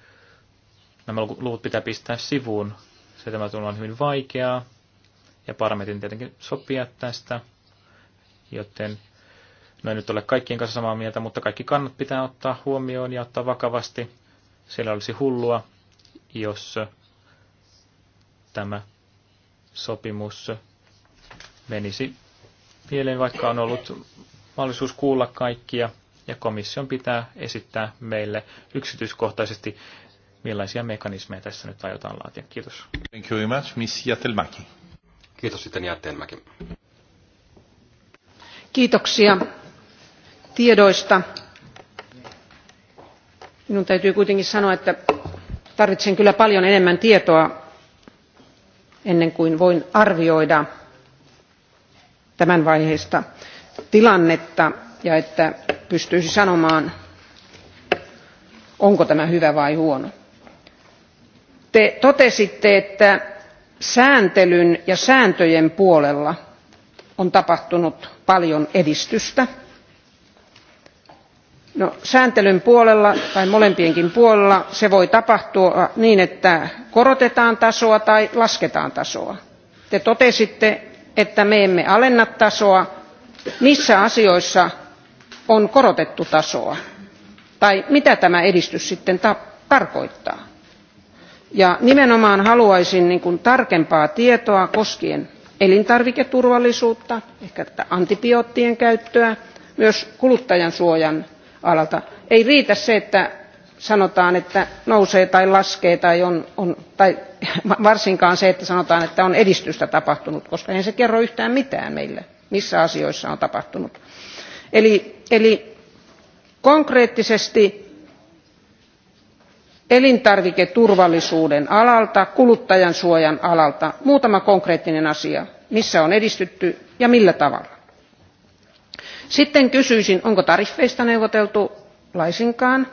E: nämä luvut pitää pistää sivuun. Se tämä tulee on hyvin vaikeaa, ja parametin tietenkin sopia tästä, joten no en nyt ole kaikkien kanssa samaa mieltä, mutta kaikki kannat pitää ottaa huomioon ja ottaa vakavasti. Siellä olisi hullua, jos tämä sopimus menisi pieleen, vaikka on ollut mahdollisuus kuulla kaikkia, ja komission pitää esittää meille yksityiskohtaisesti, millaisia mekanismeja tässä nyt aiotaan laatia. Kiitos. Thank you very much, Miss Jätelmäki. Kiitos sitten Jätelmäki.
D: Kiitoksia tiedoista. Minun täytyy kuitenkin sanoa, että tarvitsen kyllä paljon enemmän tietoa ennen kuin voin arvioida tämän tilannetta ja että pystyisi sanomaan onko tämä hyvä vai huono. te totesitte että sääntelyn ja sääntöjen puolella on tapahtunut paljon edistystä. No, sääntelyn puolella tai molempienkin puolella se voi tapahtua niin että korotetaan tasoa tai lasketaan tasoa. te totesitte että me emme alenna tasoa. missä asioissa on korotettu tasoa tai mitä tämä edistys sitten ta tarkoittaa? ja nimenomaan haluaisin niin kuin, tarkempaa tietoa koskien elintarviketurvallisuutta ehkä antibioottien käyttöä myös kuluttajansuojan alalta. ei riitä se että sanotaan että nousee tai laskee tai, on, on, tai (laughs) varsinkaan se että sanotaan että on edistystä tapahtunut koska eihän se kerro yhtään mitään meille missä asioissa on tapahtunut. eli, eli konkreettisesti elintarviketurvallisuuden alalta kuluttajansuojan alalta muutama konkreettinen asia missä on edistytty ja millä tavalla sitten kysyisin onko tariffeista neuvoteltu laisinkaan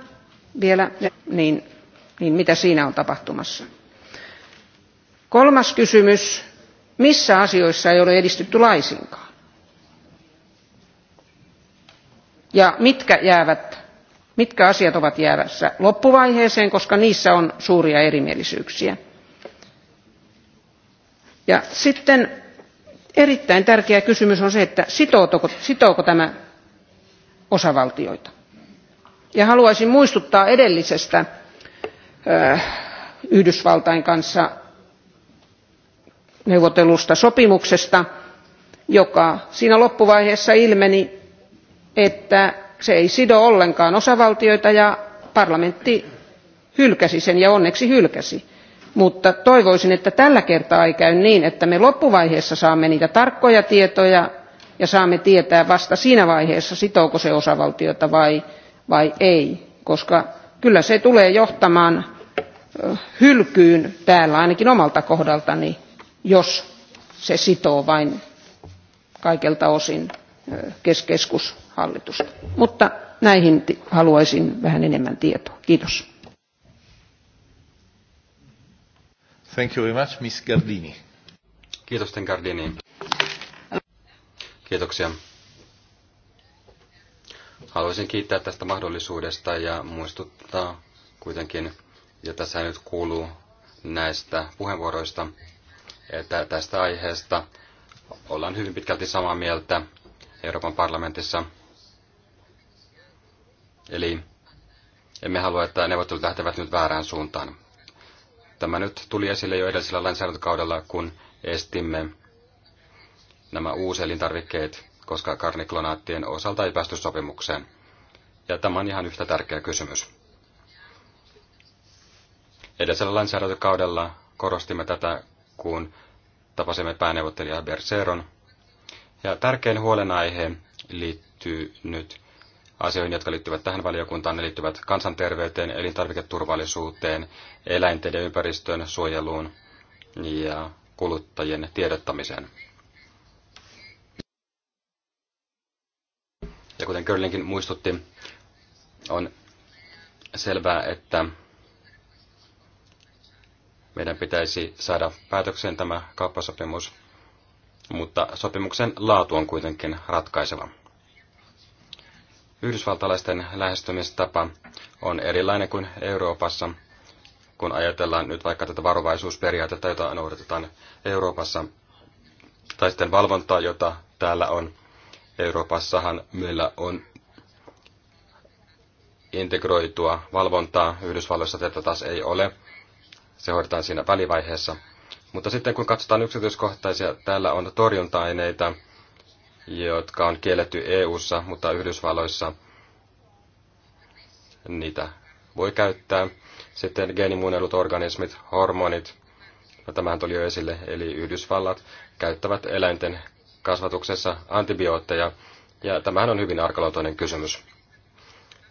D: vielä niin, niin mitä siinä on tapahtumassa? kolmas kysymys missä asioissa ei ole edistytty laisinkaan ja mitkä, jäävät, mitkä asiat ovat jäävässä loppuvaiheeseen koska niissä on suuria erimielisyyksiä? Ja sitten erittäin tärkeä kysymys on se että sitooko, tämä osavaltioita. Ja haluaisin muistuttaa edellisestä Yhdysvaltain kanssa neuvotellusta sopimuksesta, joka siinä loppuvaiheessa ilmeni, että se ei sido ollenkaan osavaltioita ja parlamentti hylkäsi sen ja onneksi hylkäsi mutta toivoisin että tällä kertaa ei käy niin että me loppuvaiheessa saamme niitä tarkkoja tietoja ja saamme tietää vasta siinä vaiheessa sitooko se osavaltiota vai, vai ei koska kyllä se tulee johtamaan hylkyyn täällä ainakin omalta kohdaltani jos se sitoo vain kaikelta osin keskushallitusta. mutta näihin haluaisin vähän enemmän tietoa. kiitos.
A: Thank you very much, Miss Gardini. Kiitos, Ten Gardini. Kiitoksia.
B: Haluaisin kiittää tästä mahdollisuudesta ja muistuttaa kuitenkin, ja tässä nyt kuuluu näistä puheenvuoroista, että tästä aiheesta ollaan hyvin pitkälti samaa mieltä Euroopan parlamentissa. Eli emme halua, että neuvottelut lähtevät nyt väärään suuntaan. Tämä nyt tuli esille jo edellisellä lainsäädäntökaudella, kun estimme nämä uuselintarvikkeet, koska karniklonaattien osalta ei päästy sopimukseen. Ja tämä on ihan yhtä tärkeä kysymys. Edellisellä lainsäädäntökaudella korostimme tätä, kun tapasimme pääneuvottelija Berseron. Ja tärkein huolenaihe liittyy nyt asioihin, jotka liittyvät tähän valiokuntaan. Ne liittyvät kansanterveyteen, elintarviketurvallisuuteen, eläinten ja ympäristön suojeluun ja kuluttajien tiedottamiseen. Ja kuten Körlinkin muistutti, on selvää, että meidän pitäisi saada päätökseen tämä kauppasopimus, mutta sopimuksen laatu on kuitenkin ratkaiseva. Yhdysvaltalaisten lähestymistapa on erilainen kuin Euroopassa, kun ajatellaan nyt vaikka tätä varovaisuusperiaatetta, jota noudatetaan Euroopassa, tai sitten valvontaa, jota täällä on. Euroopassahan meillä on integroitua valvontaa, Yhdysvalloissa tätä taas ei ole. Se hoidetaan siinä välivaiheessa. Mutta sitten kun katsotaan yksityiskohtaisia, täällä on torjunta-aineita, jotka on kielletty EU:ssa, mutta Yhdysvalloissa niitä voi käyttää. Sitten geenimuunnellut organismit, hormonit, no tämähän tuli jo esille, eli Yhdysvallat käyttävät eläinten kasvatuksessa antibiootteja, ja tämähän on hyvin arkaloutoinen kysymys.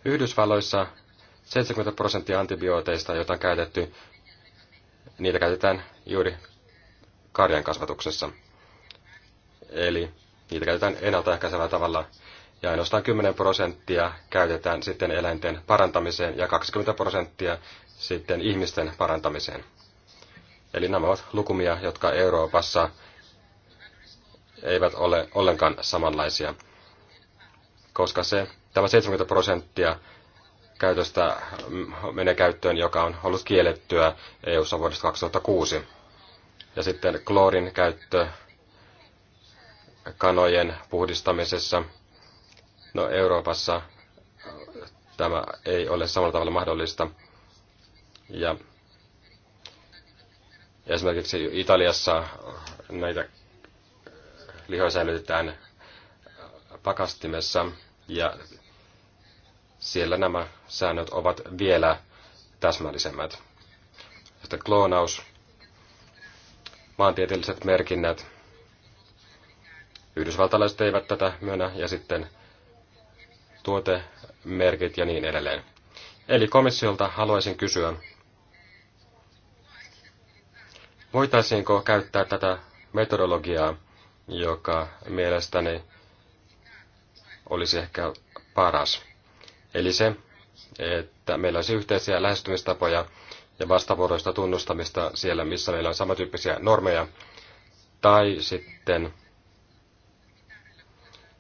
B: Yhdysvalloissa 70 prosenttia antibiooteista, joita on käytetty, niitä käytetään juuri karjan kasvatuksessa. Eli Niitä käytetään ennaltaehkäisellä tavalla ja ainoastaan 10 prosenttia käytetään sitten eläinten parantamiseen ja 20 prosenttia sitten ihmisten parantamiseen. Eli nämä ovat lukumia, jotka Euroopassa eivät ole ollenkaan samanlaisia, koska se, tämä 70 prosenttia käytöstä menee käyttöön, joka on ollut kiellettyä EU-ssa vuodesta 2006. Ja sitten kloorin käyttö kanojen puhdistamisessa. No Euroopassa tämä ei ole samalla tavalla mahdollista. Ja esimerkiksi Italiassa näitä lihoja säilytetään pakastimessa ja siellä nämä säännöt ovat vielä täsmällisemmät. Sitten kloonaus, maantieteelliset merkinnät, Yhdysvaltalaiset eivät tätä myönnä ja sitten tuotemerkit ja niin edelleen. Eli komissiolta haluaisin kysyä, voitaisiinko käyttää tätä metodologiaa, joka mielestäni olisi ehkä paras. Eli se, että meillä olisi yhteisiä lähestymistapoja ja vastavuoroista tunnustamista siellä, missä meillä on samantyyppisiä normeja, tai sitten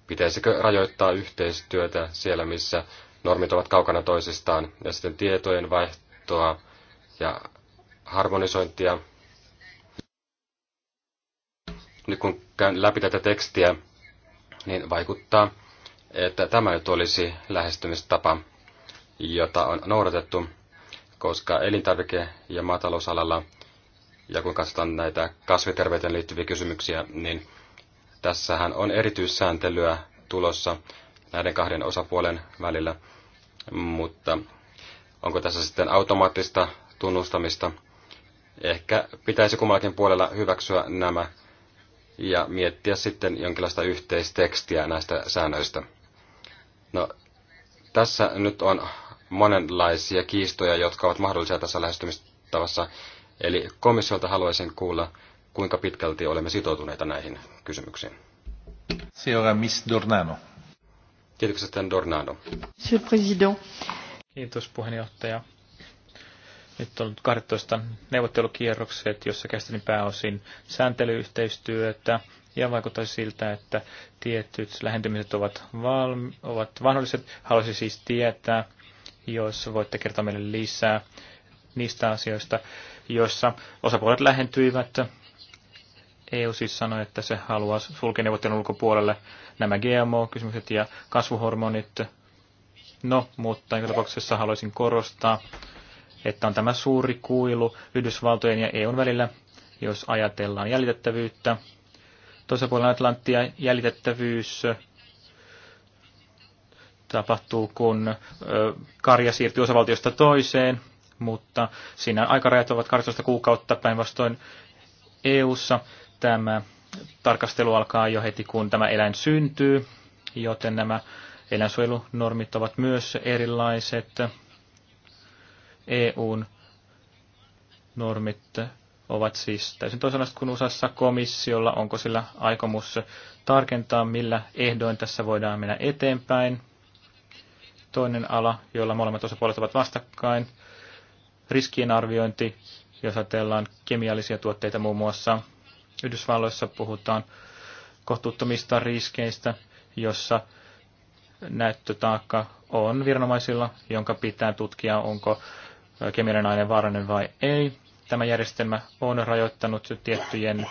B: Pitäisikö rajoittaa yhteistyötä siellä, missä normit ovat kaukana toisistaan, ja sitten tietojen vaihtoa ja harmonisointia. Nyt kun käyn läpi tätä tekstiä, niin vaikuttaa, että tämä nyt olisi lähestymistapa, jota on noudatettu, koska elintarvike- ja maatalousalalla, ja kun katsotaan näitä kasviterveyteen liittyviä kysymyksiä, niin Tässähän on erityissääntelyä tulossa näiden kahden osapuolen välillä, mutta onko tässä sitten automaattista tunnustamista? Ehkä pitäisi kummallakin puolella hyväksyä nämä ja miettiä sitten jonkinlaista yhteistekstiä näistä säännöistä. No, tässä nyt on monenlaisia kiistoja, jotka ovat mahdollisia tässä lähestymistavassa. Eli komissiolta haluaisin kuulla, kuinka pitkälti olemme sitoutuneita näihin
A: kysymyksiin. Seuraava Miss Dornano.
E: Kiitoksia sitten Dornano. Monsieur President. Kiitos puheenjohtaja. Nyt on 12 neuvottelukierrokset, jossa käsitin pääosin sääntelyyhteistyötä ja vaikuttaisi siltä, että tietyt lähentymiset ovat, valmi- ovat mahdolliset. Haluaisin siis tietää, jos voitte kertoa meille lisää niistä asioista, joissa osapuolet lähentyivät EU siis sanoi, että se haluaa sulkea neuvottelun ulkopuolelle nämä GMO-kysymykset ja kasvuhormonit. No, mutta joka tapauksessa haluaisin korostaa, että on tämä suuri kuilu Yhdysvaltojen ja EUn välillä, jos ajatellaan jäljitettävyyttä. Toisella puolella Atlanttia jäljitettävyys tapahtuu, kun karja siirtyy osavaltiosta toiseen, mutta siinä aikarajat ovat 12 kuukautta päinvastoin EU-ssa Tämä tarkastelu alkaa jo heti, kun tämä eläin syntyy, joten nämä eläinsuojelunormit ovat myös erilaiset. EUn normit ovat siis täysin toisenlaiset kuin USAssa komissiolla. Onko sillä aikomus tarkentaa, millä ehdoin tässä voidaan mennä eteenpäin? Toinen ala, jolla molemmat osapuolet ovat vastakkain, riskien arviointi, jos ajatellaan kemiallisia tuotteita muun muassa. Yhdysvalloissa puhutaan kohtuuttomista riskeistä, jossa näyttötaakka on viranomaisilla, jonka pitää tutkia, onko kemiallinen aine vaarallinen vai ei. Tämä järjestelmä on rajoittanut tiettyjen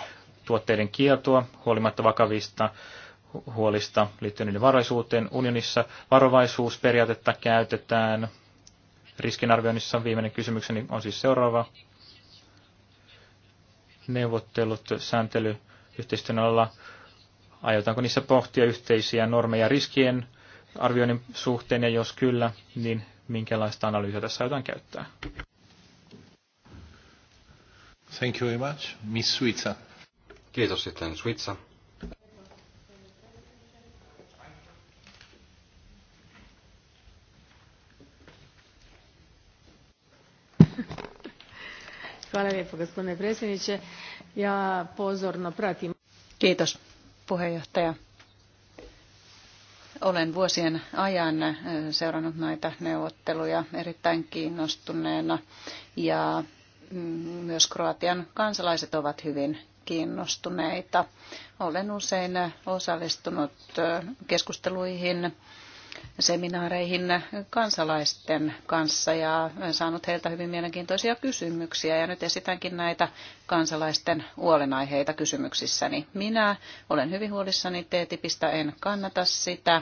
E: tuotteiden kieltoa huolimatta vakavista huolista liittyen niiden varoisuuteen. Unionissa varovaisuusperiaatetta käytetään. Riskinarvioinnissa viimeinen kysymykseni on siis seuraava neuvottelut sääntelyyhteistyön alla? aiotaanko niissä pohtia yhteisiä normeja riskien arvioinnin suhteen, ja jos kyllä, niin minkälaista analyysiä tässä aiotaan käyttää?
A: Thank you very much. Miss Suitsa. Kiitos sitten Suitsa.
C: gospodine predsjednie Ja pozorno pratim. Kiitos puheenjohtaja. Olen vuosien ajan eh, seurannut näitä neuvotteluja erittäin kiinnostuneena ja mm, myös Kroatian kansalaiset ovat hyvin kiinnostuneita. Olen usein eh, osallistunut eh, keskusteluihin seminaareihin kansalaisten kanssa ja saanut heiltä hyvin mielenkiintoisia kysymyksiä ja nyt esitänkin näitä kansalaisten huolenaiheita kysymyksissäni. Minä olen hyvin huolissani TTIPistä, en kannata sitä.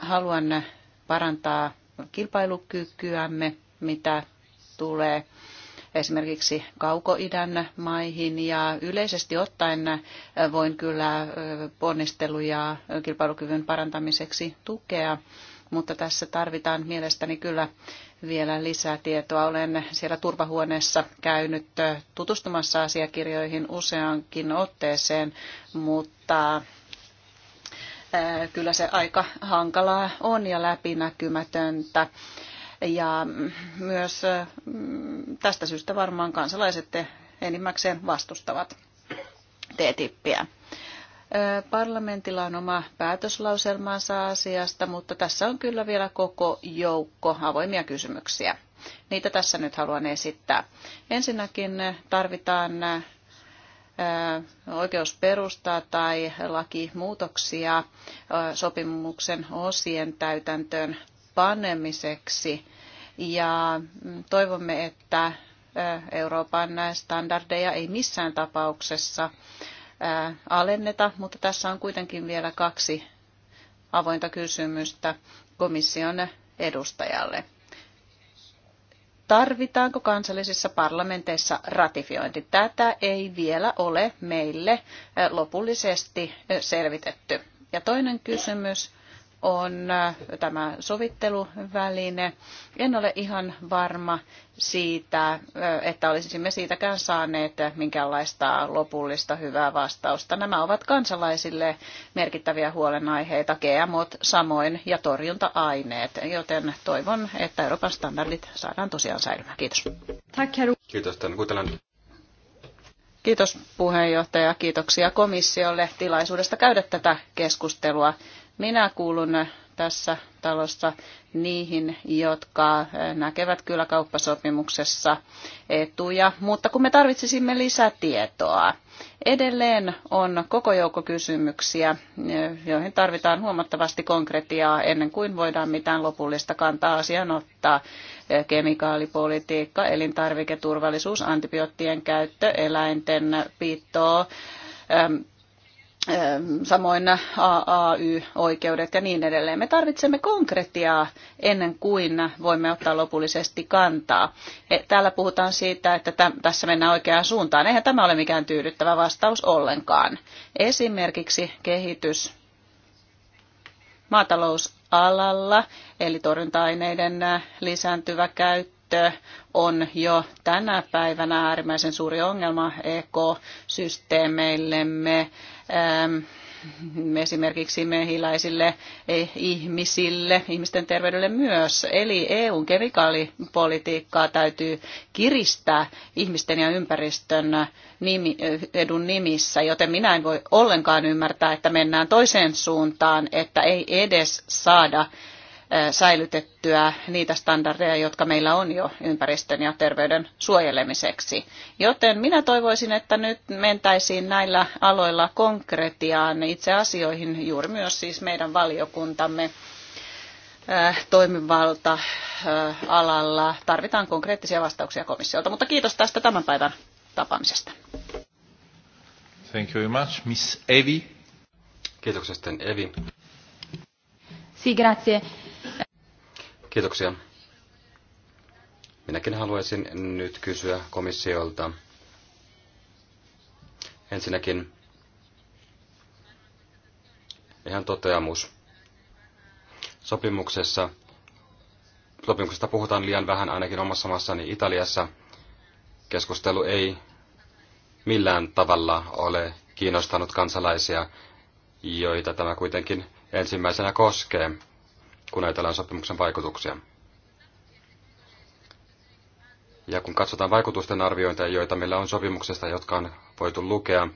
C: Haluan parantaa kilpailukykyämme, mitä tulee esimerkiksi kaukoidän maihin ja yleisesti ottaen voin kyllä ponnisteluja kilpailukyvyn parantamiseksi tukea, mutta tässä tarvitaan mielestäni kyllä vielä lisää tietoa. Olen siellä turvahuoneessa käynyt tutustumassa asiakirjoihin useankin otteeseen, mutta kyllä se aika hankalaa on ja läpinäkymätöntä ja myös tästä syystä varmaan kansalaiset enimmäkseen vastustavat TTIPiä. Parlamentilla on oma päätöslauselmansa asiasta, mutta tässä on kyllä vielä koko joukko avoimia kysymyksiä. Niitä tässä nyt haluan esittää. Ensinnäkin tarvitaan oikeusperustaa tai lakimuutoksia sopimuksen osien täytäntöön panemiseksi. Ja toivomme, että Euroopan standardeja ei missään tapauksessa alenneta, mutta tässä on kuitenkin vielä kaksi avointa kysymystä komission edustajalle. Tarvitaanko kansallisissa parlamenteissa ratifiointi? Tätä ei vielä ole meille lopullisesti selvitetty. Ja toinen kysymys on äh, tämä sovitteluväline. En ole ihan varma siitä, äh, että olisimme siitäkään saaneet minkäänlaista lopullista hyvää vastausta. Nämä ovat kansalaisille merkittäviä huolenaiheita, GMOt samoin ja torjunta-aineet, joten toivon, että Euroopan standardit saadaan tosiaan säilymään. Kiitos. Kiitos, tämän Kiitos puheenjohtaja, kiitoksia komissiolle tilaisuudesta käydä tätä keskustelua. Minä kuulun tässä talossa niihin, jotka näkevät kyllä kauppasopimuksessa etuja, mutta kun me tarvitsisimme lisätietoa. Edelleen on koko joukko kysymyksiä, joihin tarvitaan huomattavasti konkretiaa ennen kuin voidaan mitään lopullista kantaa asian ottaa. Kemikaalipolitiikka, elintarviketurvallisuus, antibioottien käyttö, eläinten pitoa, samoin AAY-oikeudet ja niin edelleen. Me tarvitsemme konkretiaa ennen kuin voimme ottaa lopullisesti kantaa. E, täällä puhutaan siitä, että tässä mennään oikeaan suuntaan. Eihän tämä ole mikään tyydyttävä vastaus ollenkaan. Esimerkiksi kehitys maatalousalalla, eli torjunta-aineiden lisääntyvä käyttö on jo tänä päivänä äärimmäisen suuri ongelma ekosysteemeillemme, ähm, esimerkiksi mehiläisille eh, ihmisille, ihmisten terveydelle myös. Eli EUn kemikaalipolitiikkaa täytyy kiristää ihmisten ja ympäristön eh, edun nimissä, joten minä en voi ollenkaan ymmärtää, että mennään toiseen suuntaan, että ei edes saada säilytettyä niitä standardeja, jotka meillä on jo ympäristön ja terveyden suojelemiseksi. Joten minä toivoisin, että nyt mentäisiin näillä aloilla konkretiaan itse asioihin, juuri myös siis meidän valiokuntamme toimivalta alalla. Tarvitaan konkreettisia vastauksia komissiolta, mutta kiitos tästä tämän päivän tapaamisesta.
A: Thank you very much. Miss Evi. Kiitoksia sitten Evi.
C: Sì, grazie.
A: Kiitoksia. Minäkin
B: haluaisin nyt kysyä komissiolta. Ensinnäkin ihan toteamus. Sopimuksessa, sopimuksesta puhutaan liian vähän ainakin omassa maassani Italiassa. Keskustelu ei millään tavalla ole kiinnostanut kansalaisia, joita tämä kuitenkin ensimmäisenä koskee kun ajatellaan sopimuksen vaikutuksia. Ja kun katsotaan vaikutusten arviointeja, joita meillä on sopimuksesta, jotka on voitu lukea,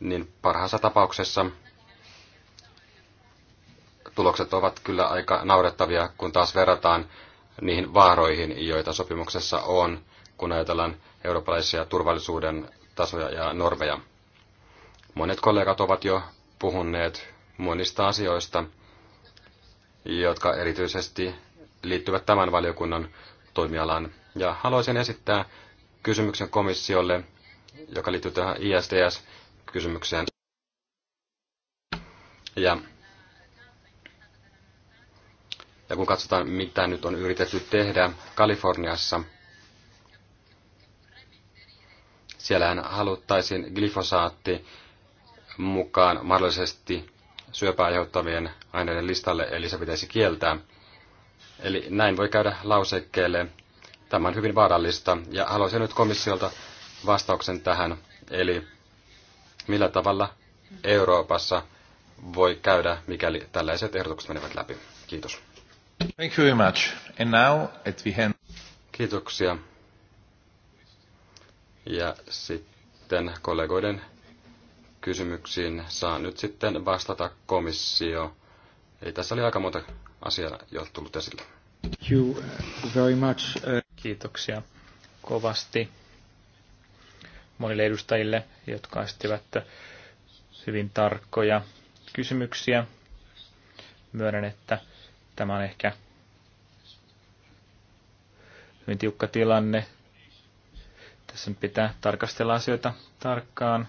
B: niin parhaassa tapauksessa tulokset ovat kyllä aika naurettavia, kun taas verrataan niihin vaaroihin, joita sopimuksessa on, kun ajatellaan eurooppalaisia turvallisuuden tasoja ja normeja. Monet kollegat ovat jo puhuneet monista asioista, jotka erityisesti liittyvät tämän valiokunnan toimialaan. Ja haluaisin esittää kysymyksen komissiolle, joka liittyy tähän ISDS-kysymykseen. Ja, ja kun katsotaan, mitä nyt on yritetty tehdä Kaliforniassa, siellähän haluttaisiin glyfosaatti mukaan mahdollisesti syöpää aiheuttavien aineiden listalle, eli se pitäisi kieltää. Eli näin voi käydä lausekkeelle. Tämä on hyvin vaarallista, ja haluaisin nyt komissiolta vastauksen tähän, eli millä tavalla Euroopassa voi käydä, mikäli tällaiset ehdotukset menevät läpi. Kiitos.
A: Thank you very much. And now at the end. Kiitoksia. Ja sitten
B: kollegoiden kysymyksiin saa nyt sitten vastata komissio. Ei tässä oli aika monta asiaa jo tullut esille.
E: Thank you uh, very much. Uh, Kiitoksia kovasti monille edustajille, jotka esittivät hyvin tarkkoja kysymyksiä. Myönnän, että tämä on ehkä hyvin tiukka tilanne. Tässä pitää tarkastella asioita tarkkaan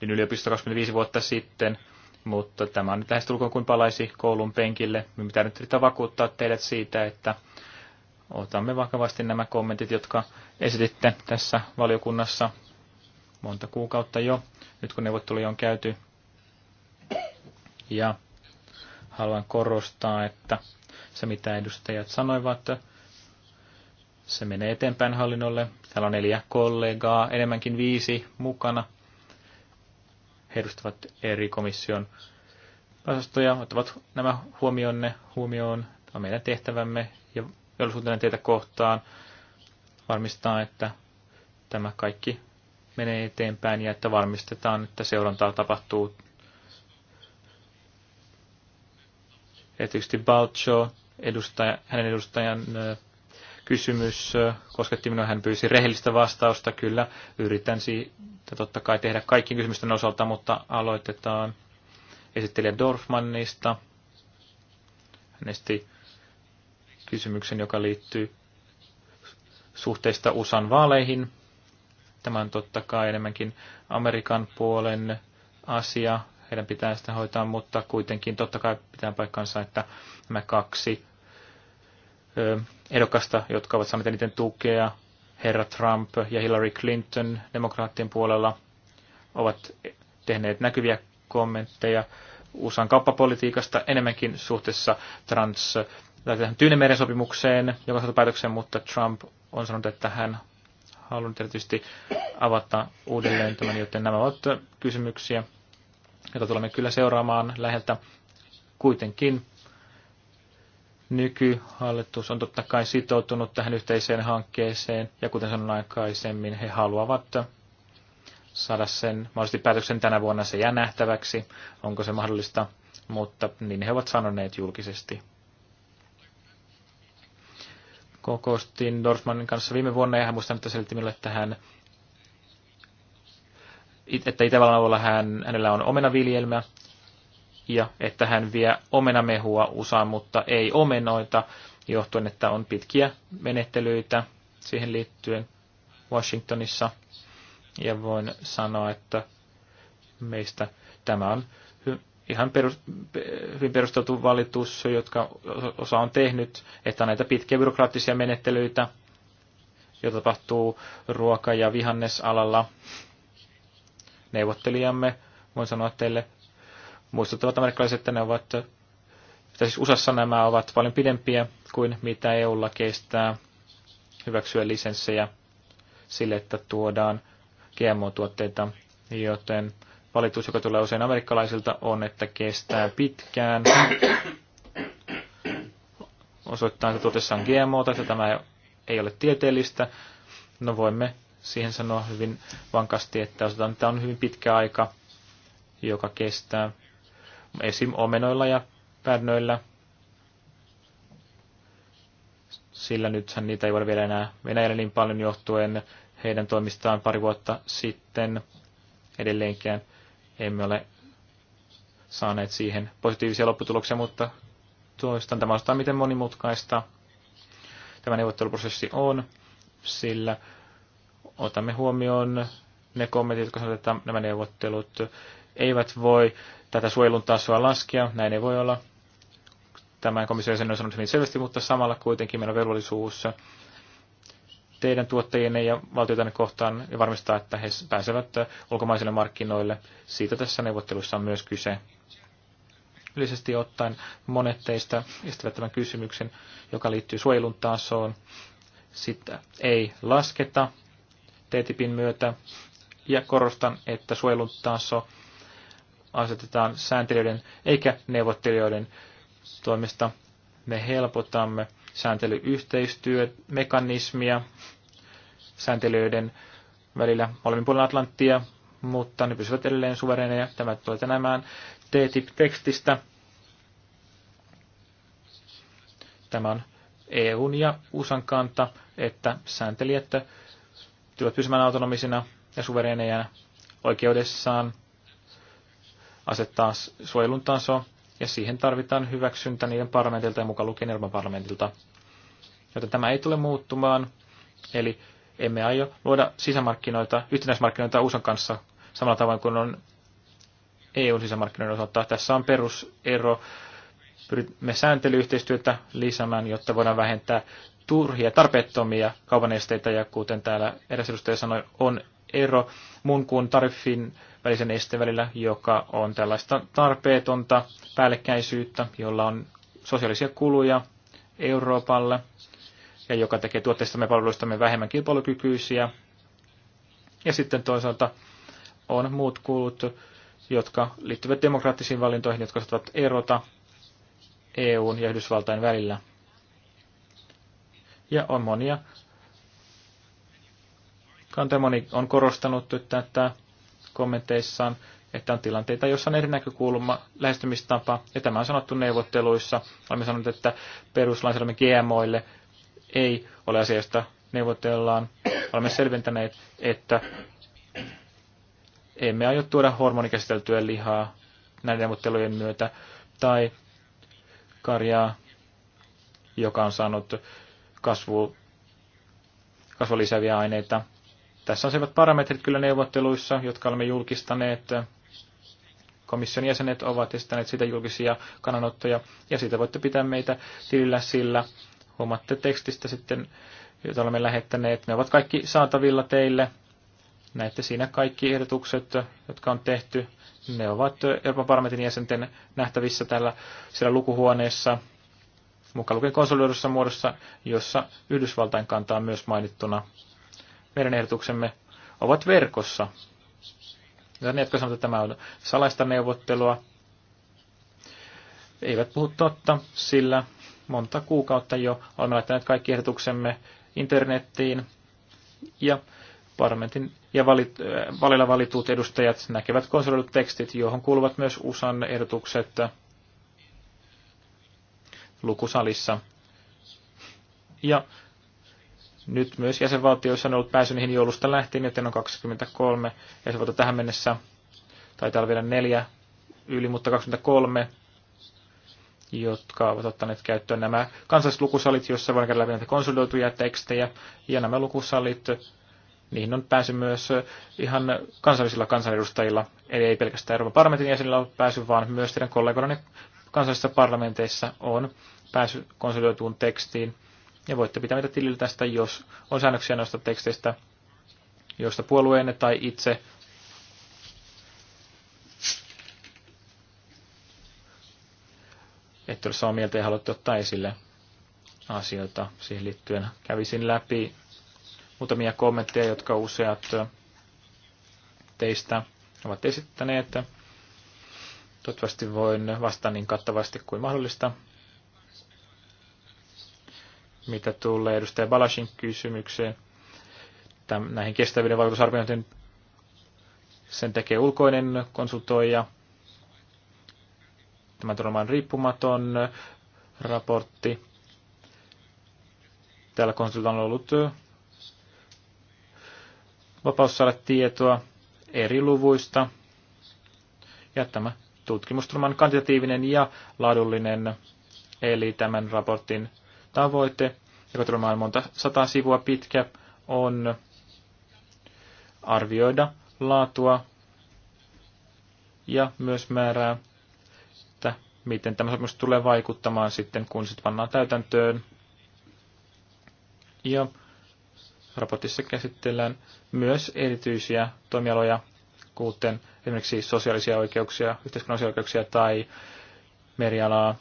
E: niin yliopisto 25 vuotta sitten, mutta tämä on nyt tulkoon kuin palaisi koulun penkille. mitä nyt yrittää vakuuttaa teidät siitä, että otamme vakavasti nämä kommentit, jotka esititte tässä valiokunnassa monta kuukautta jo, nyt kun neuvotteluja on käyty. Ja haluan korostaa, että se mitä edustajat sanoivat, se menee eteenpäin hallinnolle. Täällä on neljä kollegaa, enemmänkin viisi mukana. He edustavat eri komission osastoja, ottavat nämä huomionne huomioon, tämä on meidän tehtävämme ja velvollisuutena teitä kohtaan varmistaa, että tämä kaikki menee eteenpäin ja että varmistetaan, että seurantaa tapahtuu. Ja tietysti Balcho, edustaja, hänen edustajan kysymys kosketti minua, hän pyysi rehellistä vastausta. Kyllä, yritän siitä totta kai tehdä kaikkien kysymysten osalta, mutta aloitetaan esittelijä Dorfmannista. Hän esti kysymyksen, joka liittyy suhteista USAn vaaleihin. Tämä on totta kai enemmänkin Amerikan puolen asia. Heidän pitää sitä hoitaa, mutta kuitenkin totta kai pitää paikkansa, että nämä kaksi ehdokasta, jotka ovat saaneet eniten tukea. Herra Trump ja Hillary Clinton demokraattien puolella ovat tehneet näkyviä kommentteja USAn kauppapolitiikasta enemmänkin suhteessa trans, tai Tyynemeren sopimukseen, joka saatu päätöksen, mutta Trump on sanonut, että hän haluaa tietysti avata uudelleen tämän, joten nämä ovat kysymyksiä, joita tulemme kyllä seuraamaan läheltä kuitenkin Nykyhallitus on totta kai sitoutunut tähän yhteiseen hankkeeseen, ja kuten sanoin aikaisemmin, he haluavat saada sen mahdollisesti päätöksen tänä vuonna, se jää nähtäväksi, onko se mahdollista, mutta niin he ovat sanoneet julkisesti. Kokoustin Dorfmanin kanssa viime vuonna, ja hän muistan, että selitti minulle, että hän että Itävallan alueella hän, hänellä on omenaviljelmä, ja että hän vie omenamehua USAan, mutta ei omenoita, johtuen, että on pitkiä menettelyitä siihen liittyen Washingtonissa. Ja voin sanoa, että meistä tämä on hy- ihan perus- hyvin perusteltu valitus, jotka osa on tehnyt, että on näitä pitkiä byrokraattisia menettelyitä, joita tapahtuu ruoka- ja vihannesalalla. Neuvottelijamme, voin sanoa teille, muistuttavat amerikkalaiset, että ne ovat, että siis USAssa nämä ovat paljon pidempiä kuin mitä EUlla kestää hyväksyä lisenssejä sille, että tuodaan GMO-tuotteita, joten valitus, joka tulee usein amerikkalaisilta, on, että kestää pitkään. Osoittaa, että tuotessa on GMO, että tämä ei ole tieteellistä. No voimme siihen sanoa hyvin vankasti, että osataan, että on hyvin pitkä aika, joka kestää esim. omenoilla ja pärnöillä. Sillä nythän niitä ei voida vielä enää Venäjällä niin paljon johtuen heidän toimistaan pari vuotta sitten. Edelleenkään emme ole saaneet siihen positiivisia lopputuloksia, mutta toistan tämä osataan, miten monimutkaista tämä neuvotteluprosessi on, sillä otamme huomioon ne kommentit, jotka sanotaan, että nämä neuvottelut eivät voi tätä suojelun tasoa laskea. Näin ei voi olla. Tämän komission sen on sanonut hyvin selvästi, mutta samalla kuitenkin meillä on velvollisuus teidän tuottajienne ja valtioiden kohtaan ja varmistaa, että he pääsevät ulkomaisille markkinoille. Siitä tässä neuvottelussa on myös kyse. Yleisesti ottaen monet teistä estävät tämän kysymyksen, joka liittyy suojelun tasoon. Sitä ei lasketa TTIPin myötä ja korostan, että suojelun taso asetetaan sääntelijöiden eikä neuvottelijoiden toimesta. Me helpotamme sääntelyyhteistyömekanismia sääntelijöiden välillä molemmin puolella Atlanttia, mutta ne pysyvät edelleen suvereineja. Tämä tulee tänään TTIP-tekstistä. Tämä on EUn ja USAn kanta, että sääntelijät tulevat pysymään autonomisina ja suvereineja oikeudessaan – asettaa suojelun taso, ja siihen tarvitaan hyväksyntä niiden parlamentilta ja mukaan lukien Euroopan parlamentilta. Joten tämä ei tule muuttumaan, eli emme aio luoda sisämarkkinoita, yhtenäismarkkinoita USA kanssa samalla tavoin kuin on EUn sisämarkkinoiden osalta. Tässä on perusero. Pyrimme sääntelyyhteistyötä lisäämään, jotta voidaan vähentää turhia, tarpeettomia kaupan esteitä, ja kuten täällä eräs edustaja sanoi, on ero mun kuin tariffin välisen esteen välillä, joka on tällaista tarpeetonta päällekkäisyyttä, jolla on sosiaalisia kuluja Euroopalle ja joka tekee tuotteistamme palveluistamme vähemmän kilpailukykyisiä. Ja sitten toisaalta on muut kulut, jotka liittyvät demokraattisiin valintoihin, jotka saattavat erota EUn ja Yhdysvaltain välillä. Ja on monia Kantemoni on korostanut tätä kommenteissaan, että on tilanteita, joissa on eri näkökulma, lähestymistapa, ja tämä on sanottu neuvotteluissa. Olemme sanoneet, että peruslainsäädämme GMOille ei ole asiasta neuvotellaan. Olemme selventäneet, että emme aio tuoda hormonikäsiteltyä lihaa näiden neuvottelujen myötä, tai karjaa, joka on saanut kasvu, kasvua lisääviä aineita – tässä on selvät parametrit kyllä neuvotteluissa, jotka olemme julkistaneet. Komission jäsenet ovat esittäneet sitä julkisia kannanottoja, ja siitä voitte pitää meitä tilillä sillä. Huomaatte tekstistä sitten, jota olemme lähettäneet. Ne ovat kaikki saatavilla teille. Näette siinä kaikki ehdotukset, jotka on tehty. Ne ovat Euroopan parlamentin jäsenten nähtävissä täällä siellä lukuhuoneessa, mukaan lukien konsolidoidussa muodossa, jossa Yhdysvaltain kantaa myös mainittuna meidän ehdotuksemme ovat verkossa. Ja ne, jotka sanovat, että tämä on salaista neuvottelua, eivät puhu totta, sillä monta kuukautta jo olemme laittaneet kaikki ehdotuksemme internettiin ja parlamentin ja valit, äh, valilla valitut edustajat näkevät konsoloidut tekstit, johon kuuluvat myös USAn ehdotukset lukusalissa. Ja nyt myös jäsenvaltioissa on ollut pääsy niihin joulusta lähtien, joten on 23 jäsenvaltio tähän mennessä. Taitaa olla vielä neljä yli, mutta 23, jotka ovat ottaneet käyttöön nämä kansalliset joissa voidaan käydä läpi näitä konsolidoituja tekstejä. Ja nämä lukusalit, niihin on pääsy myös ihan kansallisilla kansanedustajilla, eli ei pelkästään Euroopan parlamentin jäsenillä ole pääsy, vaan myös teidän kollegoiden kansallisissa parlamenteissa on pääsy konsolidoituun tekstiin ja voitte pitää mitä tilillä tästä, jos on säännöksiä noista teksteistä, joista puolueenne tai itse ette ole samaa mieltä ja haluatte ottaa esille asioita siihen liittyen. Kävisin läpi muutamia kommentteja, jotka useat teistä ovat esittäneet. Toivottavasti voin vastata niin kattavasti kuin mahdollista mitä tulee edustaja Balashin kysymykseen. Täm, näihin kestävyyden vaikutusarviointiin sen tekee ulkoinen konsultoija. Tämä on riippumaton raportti. Täällä konsultilla on ollut vapaus saada tietoa eri luvuista. Ja tämä tutkimus on kantitatiivinen ja laadullinen, eli tämän raportin tavoite, joka tulee olemaan monta sataa sivua pitkä, on arvioida laatua ja myös määrää, että miten tämä sopimus tulee vaikuttamaan sitten, kun sitten pannaan täytäntöön. Ja raportissa käsitellään myös erityisiä toimialoja, kuten esimerkiksi sosiaalisia oikeuksia, yhteiskunnallisia oikeuksia tai merialaa.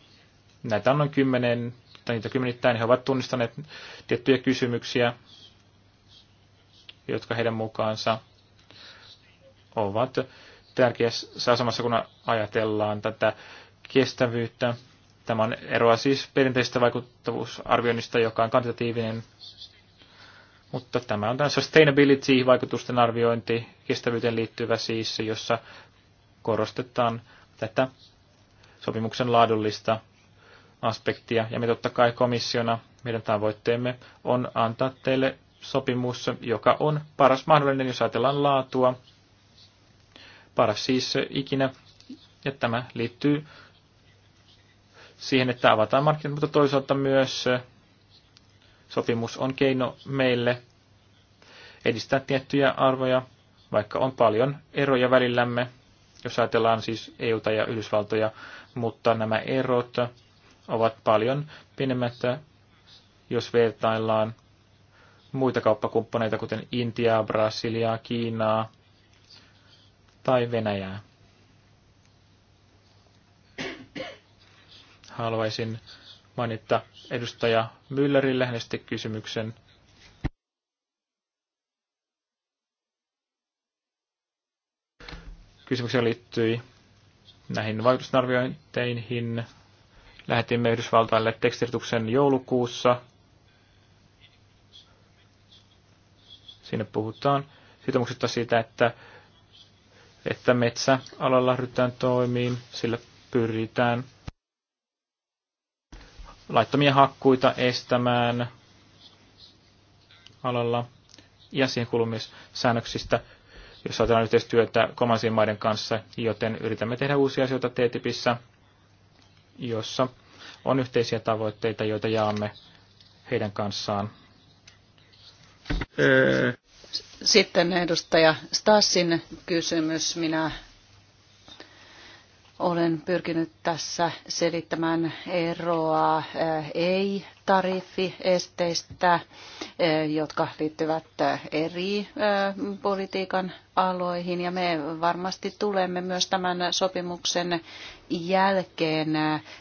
E: Näitä on noin kymmenen että niitä kymmenittäin, he ovat tunnistaneet tiettyjä kysymyksiä, jotka heidän mukaansa ovat tärkeässä asemassa, kun ajatellaan tätä kestävyyttä. Tämä on eroa siis perinteisestä vaikuttavuusarvioinnista, joka on kvantitatiivinen, mutta tämä on tämä sustainability-vaikutusten arviointi, kestävyyteen liittyvä siis, jossa korostetaan tätä sopimuksen laadullista aspektia. Ja me totta kai komissiona, meidän tavoitteemme on antaa teille sopimus, joka on paras mahdollinen, jos ajatellaan laatua. Paras siis ikinä. Ja tämä liittyy siihen, että avataan markkinat, mutta toisaalta myös sopimus on keino meille edistää tiettyjä arvoja, vaikka on paljon eroja välillämme, jos ajatellaan siis EUta ja Yhdysvaltoja, mutta nämä erot ovat paljon pienemmät, jos vertaillaan muita kauppakumppaneita, kuten Intiaa, Brasiliaa, Kiinaa tai Venäjää. Haluaisin mainita edustaja Müllerille hänestä kysymyksen kysymyksiä liittyi näihin vaikutusarviointeihin, Lähetimme Yhdysvaltaille tekstituksen joulukuussa. Siinä puhutaan sitoumuksesta siitä, että, että metsäalalla ryhdytään toimiin, sillä pyritään laittomia hakkuita estämään alalla ja siihen kulumissäännöksistä, jos ajatellaan yhteistyötä kolmansien maiden kanssa, joten yritämme tehdä uusia asioita TTIPissä jossa on yhteisiä tavoitteita, joita jaamme heidän kanssaan.
C: Sitten edustaja Stassin kysymys. Minä olen pyrkinyt tässä selittämään eroa eh, ei-tariffiesteistä, eh, jotka liittyvät eh, eri politiikan aloihin. Ja me varmasti tulemme myös tämän sopimuksen jälkeen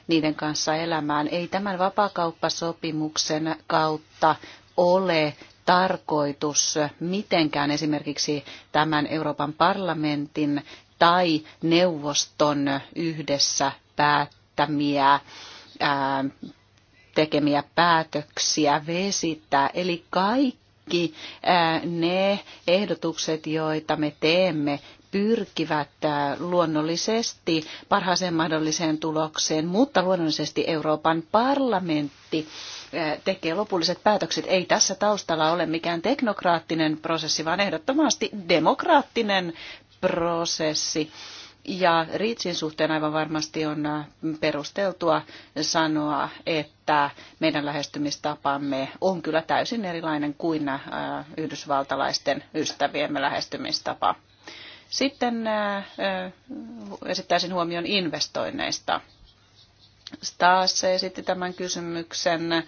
C: niiden kanssa elämään. Ei tämän vapakauppasopimuksen kautta ole tarkoitus mitenkään esimerkiksi tämän Euroopan parlamentin tai neuvoston yhdessä päättämiä ää, tekemiä päätöksiä vesittää. Eli kaikki ää, ne ehdotukset, joita me teemme, pyrkivät luonnollisesti parhaaseen mahdolliseen tulokseen, mutta luonnollisesti Euroopan parlamentti tekee lopulliset päätökset. Ei tässä taustalla ole mikään teknokraattinen prosessi, vaan ehdottomasti demokraattinen prosessi. Ja Riitsin suhteen aivan varmasti on äh, perusteltua sanoa, että meidän lähestymistapamme on kyllä täysin erilainen kuin äh, yhdysvaltalaisten ystäviemme lähestymistapa. Sitten äh, esittäisin huomion investoinneista. Taas esitti tämän kysymyksen,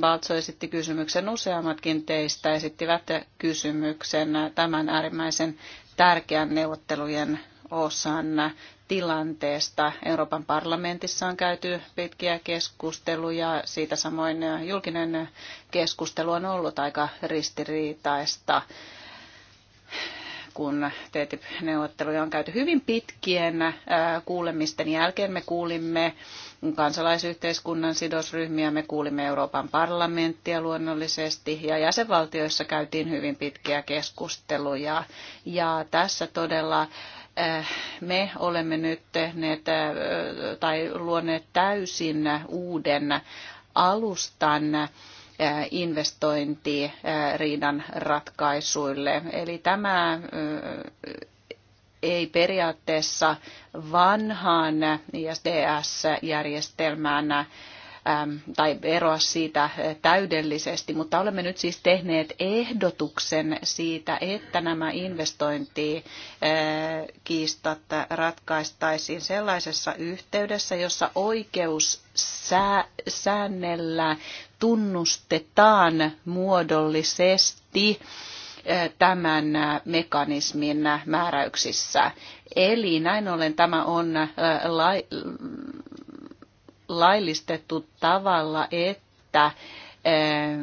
C: Baltso esitti kysymyksen, useammatkin teistä esittivät kysymyksen tämän äärimmäisen tärkeän neuvottelujen osan tilanteesta. Euroopan parlamentissa on käyty pitkiä keskusteluja, siitä samoin julkinen keskustelu on ollut aika ristiriitaista kun TTIP-neuvotteluja on käyty hyvin pitkien kuulemisten jälkeen. Me kuulimme kansalaisyhteiskunnan sidosryhmiä, me kuulimme Euroopan parlamenttia luonnollisesti ja jäsenvaltioissa käytiin hyvin pitkiä keskusteluja. Ja tässä todella me olemme nyt tehneet tai luoneet täysin uuden alustan investointiriidan ratkaisuille. Eli tämä ei periaatteessa vanhaan ISDS-järjestelmään tai eroa siitä täydellisesti, mutta olemme nyt siis tehneet ehdotuksen siitä, että nämä investointikiistat ratkaistaisiin sellaisessa yhteydessä, jossa oikeus säännellä tunnustetaan muodollisesti tämän mekanismin määräyksissä. Eli näin ollen tämä on laillistettu tavalla, että eh,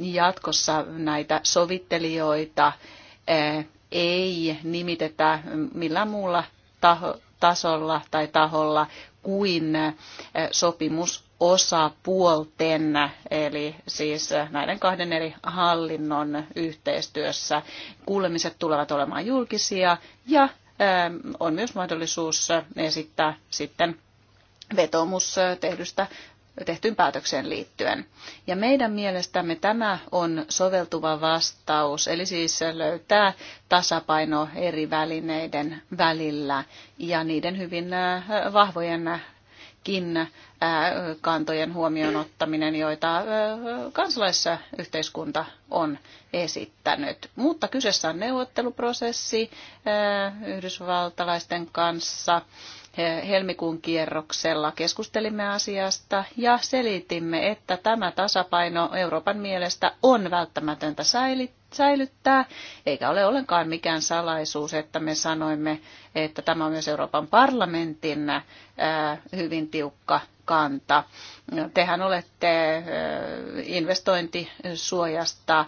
C: jatkossa näitä sovittelijoita eh, ei nimitetä millään muulla taho, tasolla tai taholla kuin eh, sopimusosapuolten, eli siis näiden kahden eri hallinnon yhteistyössä. Kuulemiset tulevat olemaan julkisia ja on myös mahdollisuus esittää sitten vetomus tehdystä tehtyyn päätökseen liittyen. Ja meidän mielestämme tämä on soveltuva vastaus, eli siis löytää tasapaino eri välineiden välillä ja niiden hyvin äh, vahvojen äh, kantojen huomioon ottaminen, joita äh, yhteiskunta on esittänyt. Mutta kyseessä on neuvotteluprosessi yhdysvaltalaisten kanssa helmikuun kierroksella keskustelimme asiasta ja selitimme, että tämä tasapaino Euroopan mielestä on välttämätöntä säilyttää, eikä ole ollenkaan mikään salaisuus, että me sanoimme, että tämä on myös Euroopan parlamentin hyvin tiukka kanta. Tehän olette investointisuojasta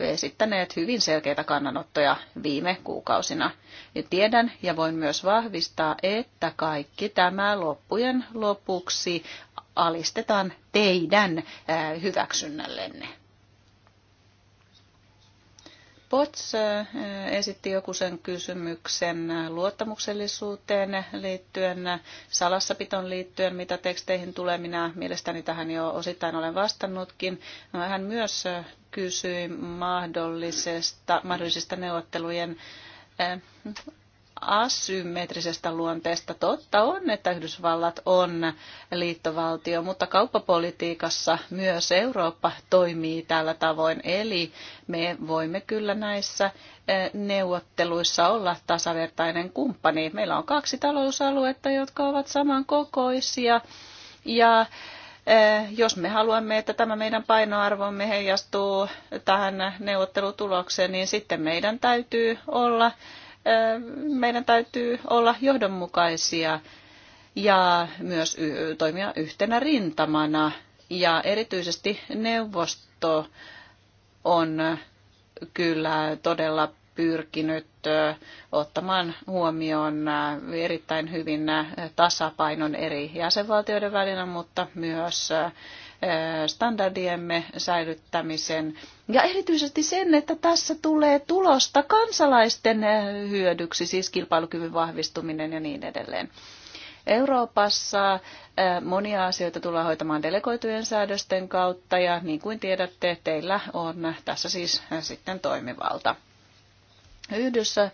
C: esittäneet hyvin selkeitä kannanottoja viime kuukausina. Ja tiedän ja voin myös vahvistaa, että kaikki tämä loppujen lopuksi alistetaan teidän hyväksynnällenne. Pots äh, esitti joku sen kysymyksen luottamuksellisuuteen liittyen, salassapiton liittyen, mitä teksteihin tulee. Minä mielestäni tähän jo osittain olen vastannutkin. No, hän myös äh, kysyi mahdollisesta, mahdollisista neuvottelujen äh, asymmetrisestä luonteesta. Totta on, että Yhdysvallat on liittovaltio, mutta kauppapolitiikassa myös Eurooppa toimii tällä tavoin. Eli me voimme kyllä näissä eh, neuvotteluissa olla tasavertainen kumppani. Meillä on kaksi talousaluetta, jotka ovat samankokoisia. Ja eh, jos me haluamme, että tämä meidän painoarvomme heijastuu tähän neuvottelutulokseen, niin sitten meidän täytyy olla meidän täytyy olla johdonmukaisia ja myös toimia yhtenä rintamana. Ja erityisesti neuvosto on kyllä todella pyrkinyt ottamaan huomioon erittäin hyvin tasapainon eri jäsenvaltioiden välillä, mutta myös Eh, standardiemme säilyttämisen ja erityisesti sen, että tässä tulee tulosta kansalaisten eh, hyödyksi, siis kilpailukyvyn vahvistuminen ja niin edelleen. Euroopassa eh, monia asioita tullaan hoitamaan delegoitujen säädösten kautta ja niin kuin tiedätte, teillä on tässä siis sitten toimivalta. Yhdyssä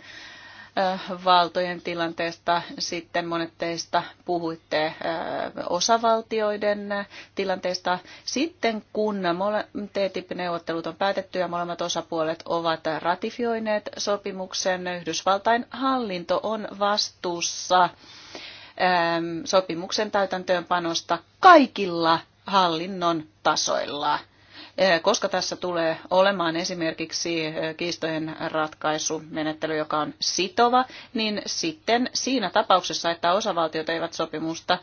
C: valtojen tilanteesta sitten monet teistä puhuitte osavaltioiden tilanteesta. Sitten kun TTIP-neuvottelut on päätetty ja molemmat osapuolet ovat ratifioineet sopimuksen, Yhdysvaltain hallinto on vastuussa sopimuksen täytäntöönpanosta kaikilla hallinnon tasoilla. Eh, koska tässä tulee olemaan esimerkiksi eh, kiistojen ratkaisumenettely, joka on sitova, niin sitten siinä tapauksessa, että osavaltiot eivät sopimusta eh,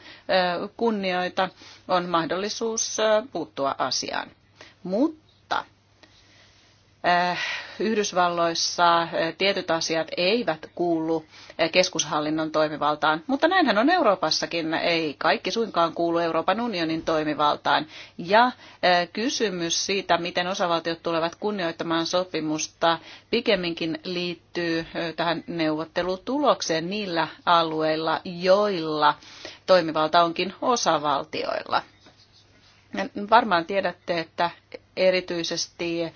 C: kunnioita, on mahdollisuus puuttua asiaan. Mutta Äh, Yhdysvalloissa äh, tietyt asiat eivät kuulu äh, keskushallinnon toimivaltaan, mutta näinhän on Euroopassakin, ei kaikki suinkaan kuulu Euroopan unionin toimivaltaan. Ja kysymys siitä, miten osavaltiot tulevat kunnioittamaan sopimusta, pikemminkin liittyy tähän neuvottelutulokseen niillä alueilla, joilla toimivalta onkin osavaltioilla. Varmaan tiedätte, että erityisesti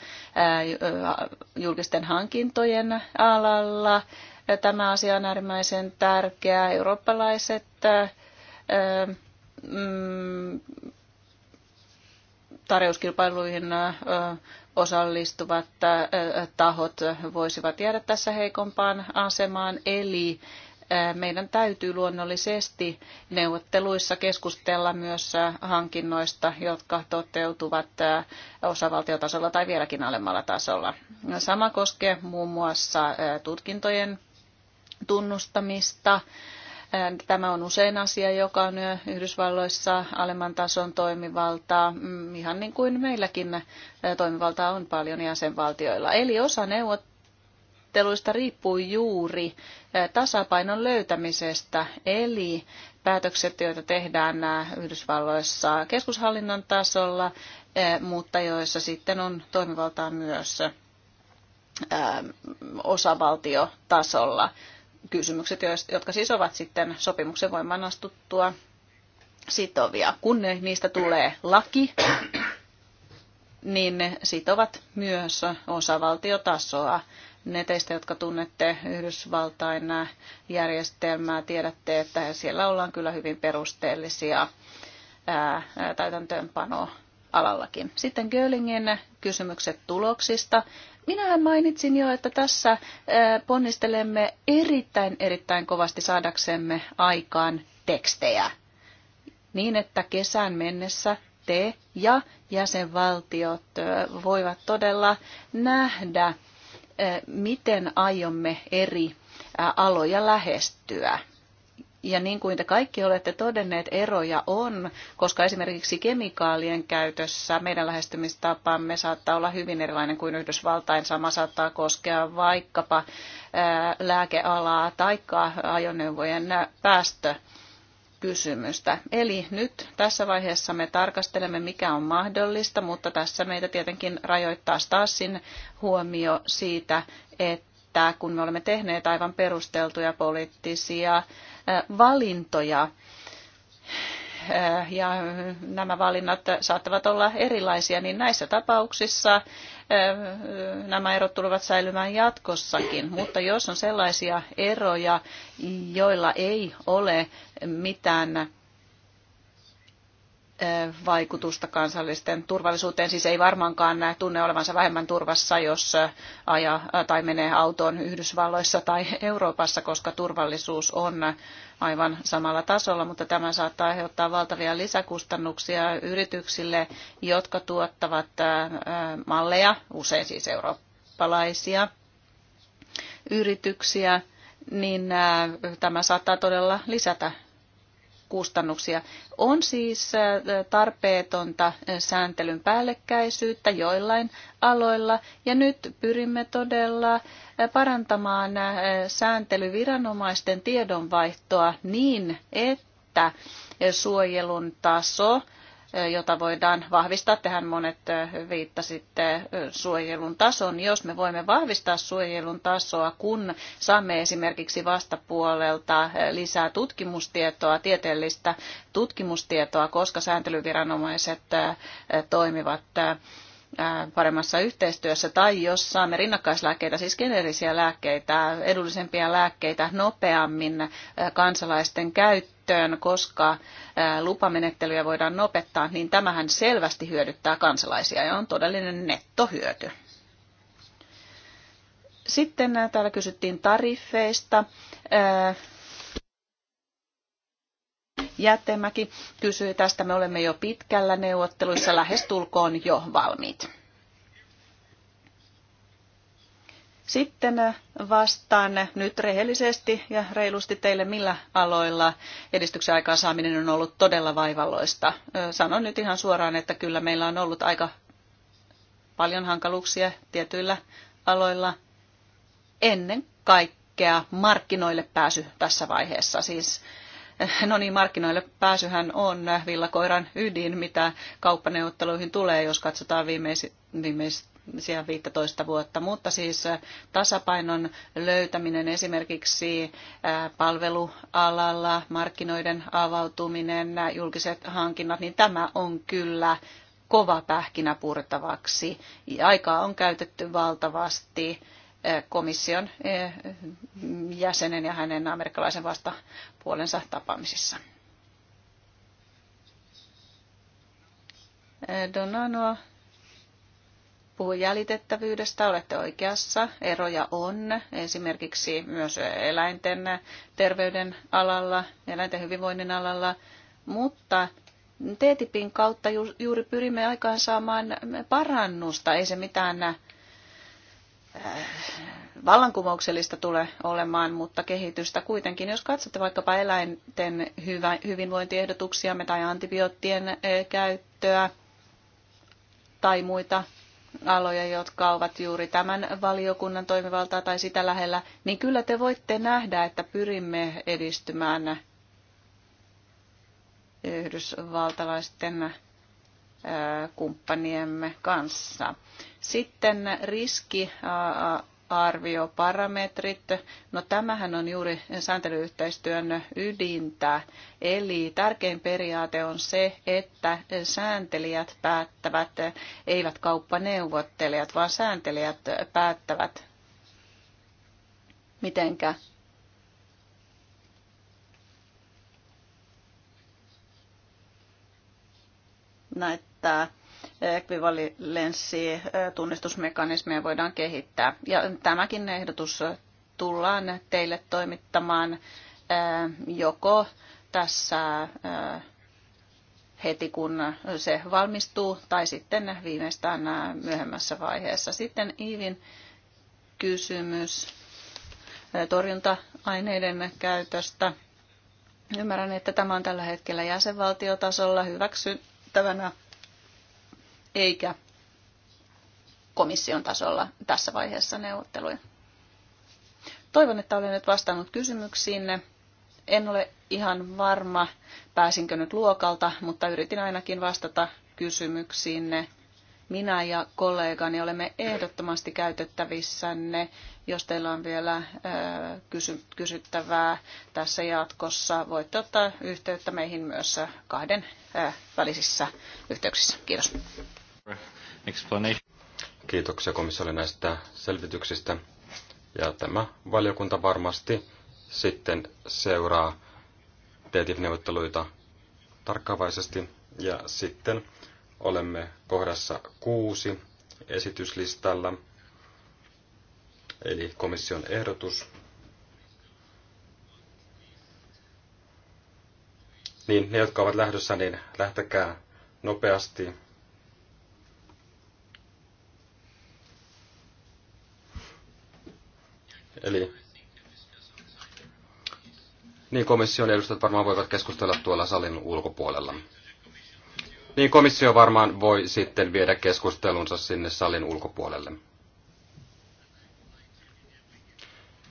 C: julkisten hankintojen alalla tämä asia on äärimmäisen tärkeä. Eurooppalaiset mm, tarjouskilpailuihin osallistuvat tahot voisivat jäädä tässä heikompaan asemaan, eli meidän täytyy luonnollisesti neuvotteluissa keskustella myös hankinnoista, jotka toteutuvat osavaltiotasolla tai vieläkin alemmalla tasolla. Sama koskee muun muassa tutkintojen tunnustamista. Tämä on usein asia, joka on Yhdysvalloissa alemman tason toimivaltaa, mm, ihan niin kuin meilläkin toimivaltaa on paljon jäsenvaltioilla. Eli osa neuvot neuvotteluista riippuu juuri tasapainon löytämisestä, eli päätökset, joita tehdään Yhdysvalloissa keskushallinnon tasolla, mutta joissa sitten on toimivaltaa myös osavaltiotasolla. Kysymykset, jotka siis ovat sitten sopimuksen voimaan astuttua sitovia. Kun niistä tulee laki, niin ne sitovat myös osavaltiotasoa. Ne teistä, jotka tunnette Yhdysvaltain järjestelmää, tiedätte, että siellä ollaan kyllä hyvin perusteellisia täytäntöönpanoa alallakin. Sitten Göllingin kysymykset tuloksista. Minähän mainitsin jo, että tässä ponnistelemme erittäin erittäin kovasti saadaksemme aikaan tekstejä. Niin, että kesän mennessä te ja jäsenvaltiot voivat todella nähdä miten aiomme eri aloja lähestyä. Ja niin kuin te kaikki olette todenneet, eroja on, koska esimerkiksi kemikaalien käytössä meidän lähestymistapamme saattaa olla hyvin erilainen kuin Yhdysvaltain. Sama saattaa koskea vaikkapa lääkealaa tai ajoneuvojen päästö kysymystä. Eli nyt tässä vaiheessa me tarkastelemme, mikä on mahdollista, mutta tässä meitä tietenkin rajoittaa Stassin huomio siitä, että kun me olemme tehneet aivan perusteltuja poliittisia valintoja, Eh, ja nämä valinnat saattavat olla erilaisia, niin näissä tapauksissa eh, nämä erot tulevat säilymään jatkossakin. Mutta jos on sellaisia eroja, joilla ei ole mitään vaikutusta kansallisten turvallisuuteen. Siis ei varmaankaan tunne olevansa vähemmän turvassa, jos ajaa tai menee autoon Yhdysvalloissa tai (laughs) Euroopassa, koska turvallisuus on aivan samalla tasolla, mutta tämä saattaa aiheuttaa valtavia lisäkustannuksia yrityksille, jotka tuottavat malleja, usein siis eurooppalaisia yrityksiä, niin tämä saattaa todella lisätä kustannuksia. On siis äh, tarpeetonta äh, sääntelyn päällekkäisyyttä joillain aloilla ja nyt pyrimme todella äh, parantamaan sääntelyviranomaisten tiedonvaihtoa niin, että suojelun taso jota voidaan vahvistaa. Tähän monet viittasitte suojelun tason. Jos me voimme vahvistaa suojelun tasoa, kun saamme esimerkiksi vastapuolelta lisää tutkimustietoa, tieteellistä tutkimustietoa, koska sääntelyviranomaiset toimivat paremmassa yhteistyössä, tai jos saamme rinnakkaislääkkeitä, siis geneerisiä lääkkeitä, edullisempia lääkkeitä nopeammin kansalaisten käyttöön, käyttöön, koska lupamenettelyjä voidaan nopeuttaa, niin tämähän selvästi hyödyttää kansalaisia ja on todellinen nettohyöty. Sitten täällä kysyttiin tariffeista. Jätemäki kysyy tästä, me olemme jo pitkällä neuvotteluissa, lähestulkoon jo valmiit. Sitten äh, vastaan nyt rehellisesti ja reilusti teille, millä aloilla edistyksen aikaansaaminen on ollut todella vaivalloista. Sanon nyt ihan suoraan, että kyllä meillä on ollut aika paljon hankaluuksia tietyillä aloilla ennen kaikkea markkinoille pääsy tässä vaiheessa. Siis äh, No niin, markkinoille pääsyhän on äh, villakoiran ydin, mitä kauppaneuvotteluihin tulee, jos katsotaan viimeis, viimeis, siihen 15 vuotta, mutta siis äh, tasapainon löytäminen esimerkiksi äh, palvelualalla, markkinoiden avautuminen, äh, julkiset hankinnat, niin tämä on kyllä kova pähkinä purtavaksi. Aikaa on käytetty valtavasti komission jäsenen ja hänen amerikkalaisen vastapuolensa tapaamisissa. Donanoa puhui jäljitettävyydestä, olette oikeassa. Eroja on esimerkiksi myös eläinten terveyden alalla, eläinten hyvinvoinnin alalla, mutta TTIPin kautta juuri pyrimme aikaansaamaan parannusta. Ei se mitään äh, vallankumouksellista tule olemaan, mutta kehitystä kuitenkin. Jos katsotte vaikkapa eläinten hyvä, hyvinvointiehdotuksia tai antibioottien äh, käyttöä tai muita aloja, jotka ovat juuri tämän valiokunnan toimivaltaa tai sitä lähellä, niin kyllä te voitte nähdä, että pyrimme edistymään yhdysvaltalaisten kumppaniemme kanssa. Sitten riski arvioparametrit. No tämähän on juuri sääntelyyhteistyön ydintä. Eli tärkein periaate on se, että sääntelijät päättävät, eivät kauppaneuvottelijat, vaan sääntelijät päättävät, mitenkä Näyttää ekvivalenssi tunnistusmekanismeja voidaan kehittää. Ja tämäkin ehdotus tullaan teille toimittamaan joko tässä heti kun se valmistuu tai sitten viimeistään myöhemmässä vaiheessa. Sitten Iivin kysymys torjunta-aineiden käytöstä. Ymmärrän, että tämä on tällä hetkellä jäsenvaltiotasolla hyväksyttävänä eikä komission tasolla tässä vaiheessa neuvotteluja. Toivon, että olen nyt vastannut kysymyksiinne. En ole ihan varma, pääsinkö nyt luokalta, mutta yritin ainakin vastata kysymyksiinne. Minä ja kollegani olemme ehdottomasti käytettävissänne, jos teillä on vielä äh, kysy- kysyttävää tässä jatkossa. Voitte ottaa yhteyttä meihin myös äh, kahden äh, välisissä yhteyksissä. Kiitos.
B: Kiitoksia komissiolle näistä selvityksistä. Ja tämä valiokunta varmasti sitten seuraa TTIP-neuvotteluita tarkkaavaisesti. Ja sitten olemme kohdassa kuusi esityslistalla, eli komission ehdotus. Niin, ne, jotka ovat lähdössä, niin lähtekää nopeasti Eli niin komission edustajat varmaan voivat keskustella tuolla salin ulkopuolella. Niin komissio varmaan voi sitten viedä keskustelunsa sinne salin ulkopuolelle.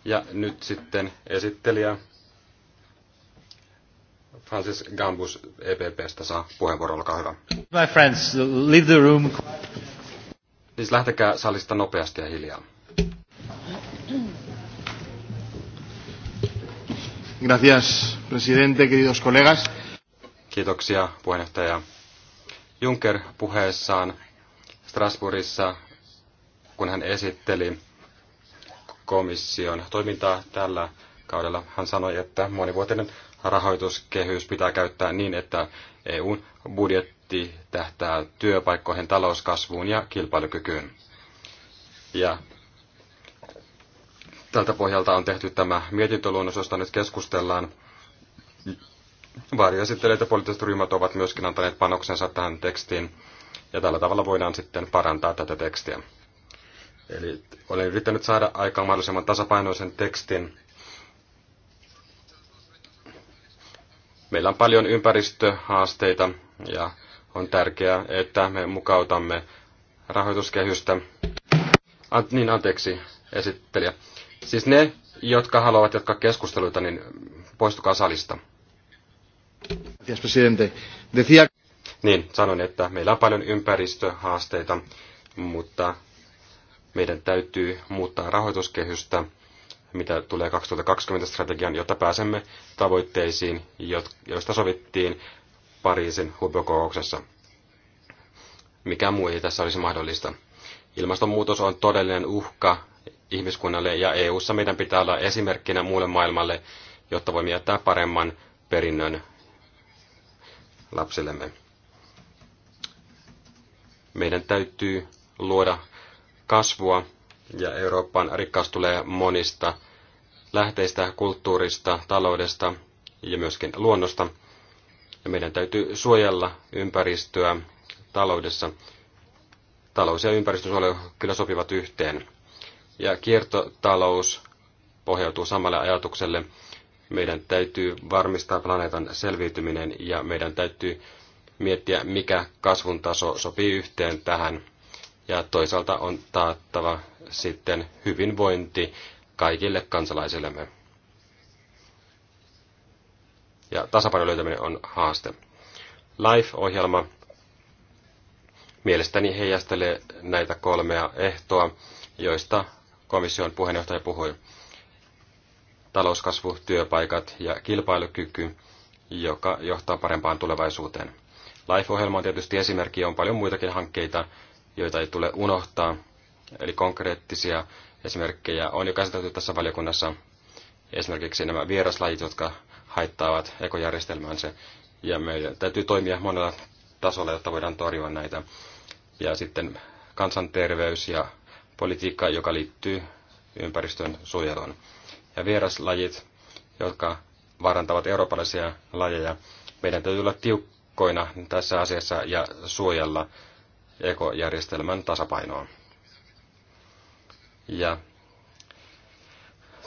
B: Ja nyt sitten esittelijä Francis Gambus EPPstä saa puheenvuoron, olkaa hyvä. My friends, leave the room. Siis lähtekää salista nopeasti ja hiljaa.
A: Gracias, presidente, queridos colegas.
B: Kiitoksia, puheenjohtaja. Juncker puheessaan Strasbourgissa, kun hän esitteli komission toimintaa tällä kaudella, hän sanoi, että monivuotinen rahoituskehys pitää käyttää niin, että EUn budjetti tähtää työpaikkoihin, talouskasvuun ja kilpailukykyyn. Ja tältä pohjalta on tehty tämä mietintöluonnos, josta nyt keskustellaan. Varjoesittelijät ja poliittiset ryhmät ovat myöskin antaneet panoksensa tähän tekstiin, ja tällä tavalla voidaan sitten parantaa tätä tekstiä. Eli olen yrittänyt saada aikaan mahdollisimman tasapainoisen tekstin. Meillä on paljon ympäristöhaasteita, ja on tärkeää, että me mukautamme rahoituskehystä. An- niin, anteeksi, esittelijä. Siis ne, jotka haluavat jatkaa keskusteluita, niin poistukaa salista. Niin, sanon, että meillä on paljon ympäristöhaasteita, mutta meidän täytyy muuttaa rahoituskehystä, mitä tulee 2020-strategian, jotta pääsemme tavoitteisiin, joista sovittiin Pariisin huippukokouksessa. Mikä muu ei tässä olisi mahdollista. Ilmastonmuutos on todellinen uhka ihmiskunnalle ja EU:ssa meidän pitää olla esimerkkinä muulle maailmalle, jotta voimme jättää paremman perinnön lapsillemme. Meidän täytyy luoda kasvua ja Euroopan rikkaus tulee monista lähteistä, kulttuurista, taloudesta ja myöskin luonnosta. Ja meidän täytyy suojella ympäristöä taloudessa. Talous ja ympäristö kyllä sopivat yhteen. Ja kiertotalous pohjautuu samalle ajatukselle. Meidän täytyy varmistaa planeetan selviytyminen ja meidän täytyy miettiä, mikä kasvun taso sopii yhteen tähän. Ja toisaalta on taattava sitten hyvinvointi kaikille kansalaisillemme. Ja tasapainon löytäminen on haaste. LIFE-ohjelma mielestäni heijastelee näitä kolmea ehtoa, joista komission puheenjohtaja puhui. Talouskasvu, työpaikat ja kilpailukyky, joka johtaa parempaan tulevaisuuteen. LIFE-ohjelma on tietysti esimerkki ja on paljon muitakin hankkeita, joita ei tule unohtaa. Eli konkreettisia esimerkkejä on jo käsitelty tässä valiokunnassa. Esimerkiksi nämä vieraslajit, jotka haittaavat ekojärjestelmäänsä. Ja meidän täytyy toimia monella tasolla, jotta voidaan torjua näitä. Ja sitten kansanterveys ja politiikkaa, joka liittyy ympäristön suojeluun. Ja vieraslajit, jotka vaarantavat eurooppalaisia lajeja, meidän täytyy olla tiukkoina tässä asiassa ja suojella ekojärjestelmän tasapainoa. Ja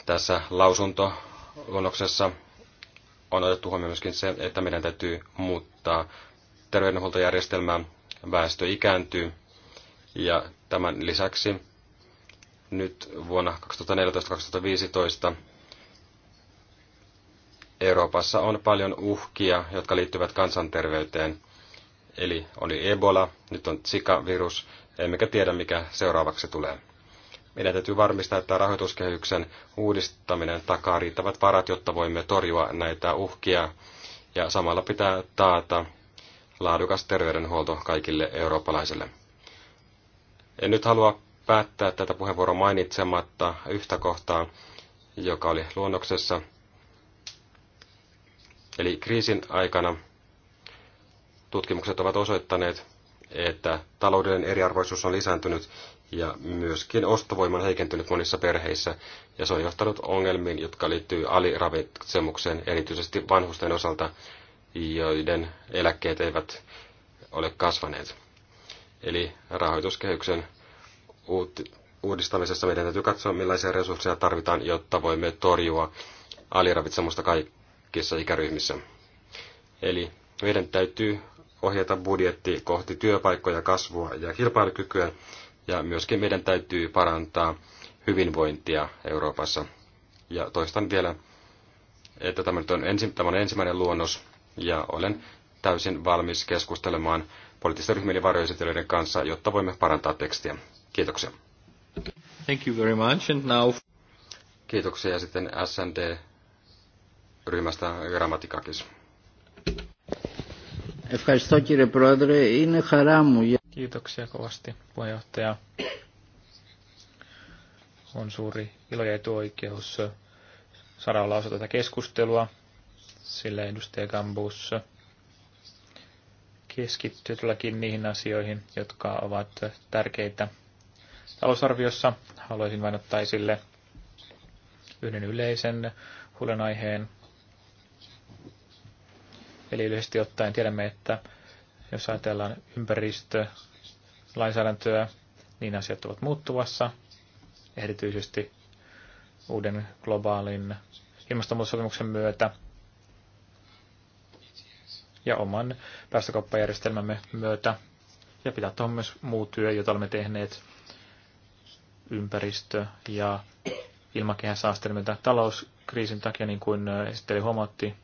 B: tässä lausuntoluonnoksessa on otettu huomioon myöskin se, että meidän täytyy muuttaa terveydenhuoltojärjestelmää, väestö ikääntyy ja tämän lisäksi nyt vuonna 2014-2015 Euroopassa on paljon uhkia, jotka liittyvät kansanterveyteen. Eli oli Ebola, nyt on Zika-virus, emmekä tiedä mikä seuraavaksi tulee. Meidän täytyy varmistaa, että rahoituskehyksen uudistaminen takaa riittävät varat, jotta voimme torjua näitä uhkia. Ja samalla pitää taata laadukas terveydenhuolto kaikille eurooppalaisille. En nyt halua päättää tätä puheenvuoroa mainitsematta yhtä kohtaa, joka oli luonnoksessa. Eli kriisin aikana tutkimukset ovat osoittaneet, että taloudellinen eriarvoisuus on lisääntynyt ja myöskin ostovoiman heikentynyt monissa perheissä, ja se on johtanut ongelmiin, jotka liittyy aliravitsemukseen, erityisesti vanhusten osalta, joiden eläkkeet eivät ole kasvaneet. Eli rahoituskehyksen uudistamisessa meidän täytyy katsoa, millaisia resursseja tarvitaan, jotta voimme torjua aliravitsemusta kaikissa ikäryhmissä. Eli meidän täytyy ohjata budjetti kohti työpaikkoja, kasvua ja kilpailukykyä, ja myöskin meidän täytyy parantaa hyvinvointia Euroopassa. Ja toistan vielä, että tämä, nyt on, ensi, tämä on ensimmäinen luonnos, ja olen täysin valmis keskustelemaan poliittisten ryhmien ja kanssa, jotta voimme parantaa tekstiä. Kiitoksia. Thank you very much. And now... Kiitoksia ja sitten SND ryhmästä Grammatikakis.
E: Kiitoksia kovasti puheenjohtaja. On suuri ilo ja etuoikeus saada olla osa tätä keskustelua, sillä edustaja Gambus keskittyy todellakin niihin asioihin, jotka ovat tärkeitä talousarviossa. Haluaisin vain ottaa esille yhden yleisen huolenaiheen. Eli yleisesti ottaen tiedämme, että jos ajatellaan ympäristö, lainsäädäntöä, niin asiat ovat muuttuvassa, erityisesti uuden globaalin ilmastonmuutosopimuksen myötä ja oman päästökauppajärjestelmämme myötä. Ja pitää tuohon myös muu työ, jota olemme tehneet ympäristö- ja ilmakehän saastelmilta talouskriisin takia, niin kuin äh, esitteli huomautti.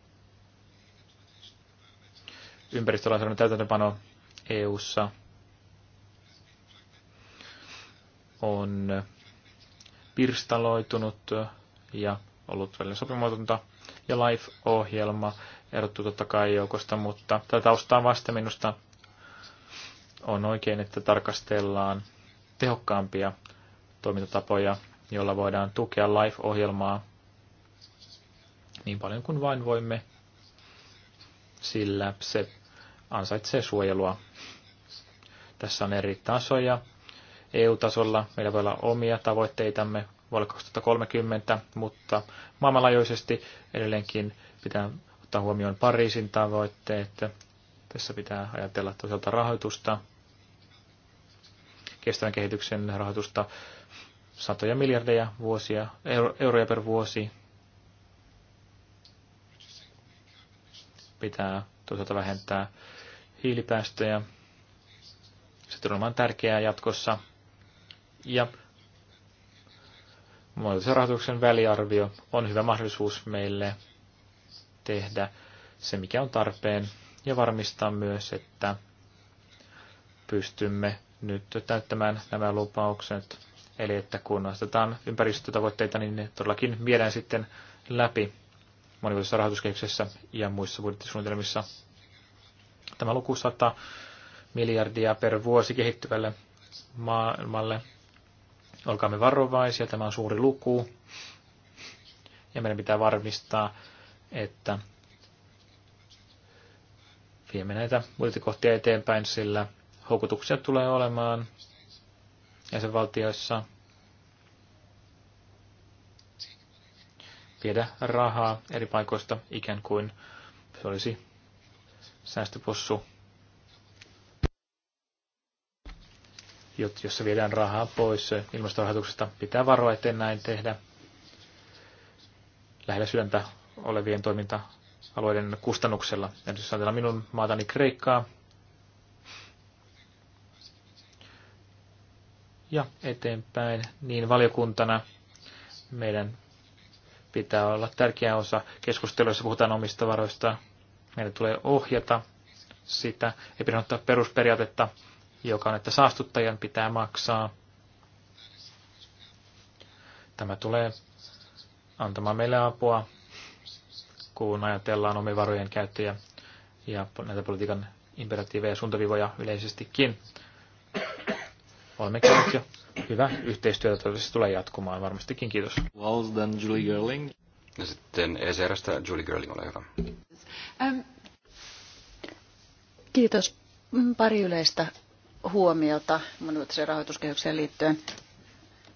E: Ympäristölainsäädännön täytäntöpano EU-ssa on pirstaloitunut ja ollut välillä sopimatonta. Ja Life-ohjelma erottuu totta kai joukosta, mutta tätä taustaa vasta minusta on oikein, että tarkastellaan tehokkaampia toimintatapoja, joilla voidaan tukea LIFE-ohjelmaa niin paljon kuin vain voimme, sillä se ansaitsee suojelua. Tässä on eri tasoja. EU-tasolla meillä voi olla omia tavoitteitamme vuodelle 2030, mutta maailmanlaajuisesti edelleenkin pitää ottaa huomioon Pariisin tavoitteet. Tässä pitää ajatella toisaalta rahoitusta, kestävän kehityksen rahoitusta satoja miljardeja vuosia, euro, euroja per vuosi. Pitää toisaalta vähentää hiilipäästöjä. Se tulee olemaan tärkeää jatkossa. Ja muodollisen rahoituksen väliarvio on hyvä mahdollisuus meille tehdä se, mikä on tarpeen, ja varmistaa myös, että pystymme nyt täyttämään nämä lupaukset Eli että kun asetetaan ympäristötavoitteita, niin ne todellakin viedään sitten läpi monivuotisessa rahoituskehyksessä ja muissa budjettisuunnitelmissa. Tämä luku 100 miljardia per vuosi kehittyvälle maailmalle. Olkaamme varovaisia, tämä on suuri luku. Ja meidän pitää varmistaa, että viemme näitä budjettikohtia eteenpäin, sillä houkutuksia tulee olemaan jäsenvaltioissa viedä rahaa eri paikoista ikään kuin se olisi säästöpossu, jossa viedään rahaa pois ilmastorahoituksesta. Pitää varoa, ettei näin tehdä lähellä sydäntä olevien toiminta-alueiden kustannuksella. Ja jos ajatellaan minun maatani Kreikkaa, ja eteenpäin, niin valiokuntana meidän pitää olla tärkeä osa keskusteluissa, puhutaan omista varoista. Meidän tulee ohjata sitä, ei pidä ottaa perusperiaatetta, joka on, että saastuttajan pitää maksaa. Tämä tulee antamaan meille apua, kun ajatellaan omivarojen käyttöjä ja näitä politiikan imperatiiveja ja suuntavivoja yleisestikin. Olemme käyneet jo. Hyvä. Yhteistyötä toivottavasti tulee jatkumaan varmastikin. Kiitos. Well, then Julie Gerling. Ja sitten ECRstä Julie Gerling, ole hyvä.
C: Um, kiitos. Pari yleistä huomiota monivuotiseen rahoituskehykseen liittyen.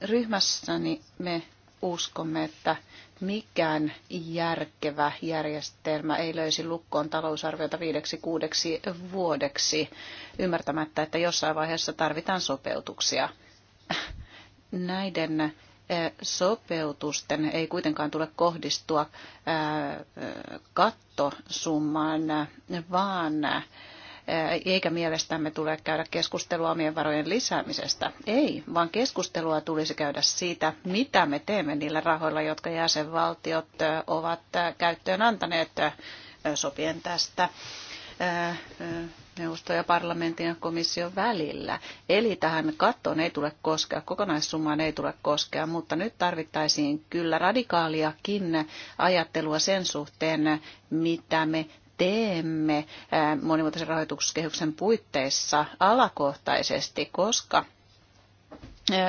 C: Ryhmässäni me uskomme, että mikään järkevä järjestelmä ei löisi lukkoon talousarviota viideksi kuudeksi vuodeksi ymmärtämättä, että jossain vaiheessa tarvitaan sopeutuksia. Näiden eh, sopeutusten ei kuitenkaan tule kohdistua eh, eh, kattosummaan, vaan eikä mielestämme tule käydä keskustelua omien varojen lisäämisestä. Ei, vaan keskustelua tulisi käydä siitä, mitä me teemme niillä rahoilla, jotka jäsenvaltiot ovat käyttöön antaneet sopien tästä neuvosto ja parlamentin ja komission välillä. Eli tähän kattoon ei tule koskea, kokonaissummaan ei tule koskea, mutta nyt tarvittaisiin kyllä radikaaliakin ajattelua sen suhteen, mitä me teemme monimuotoisen rahoituskehyksen puitteissa alakohtaisesti, koska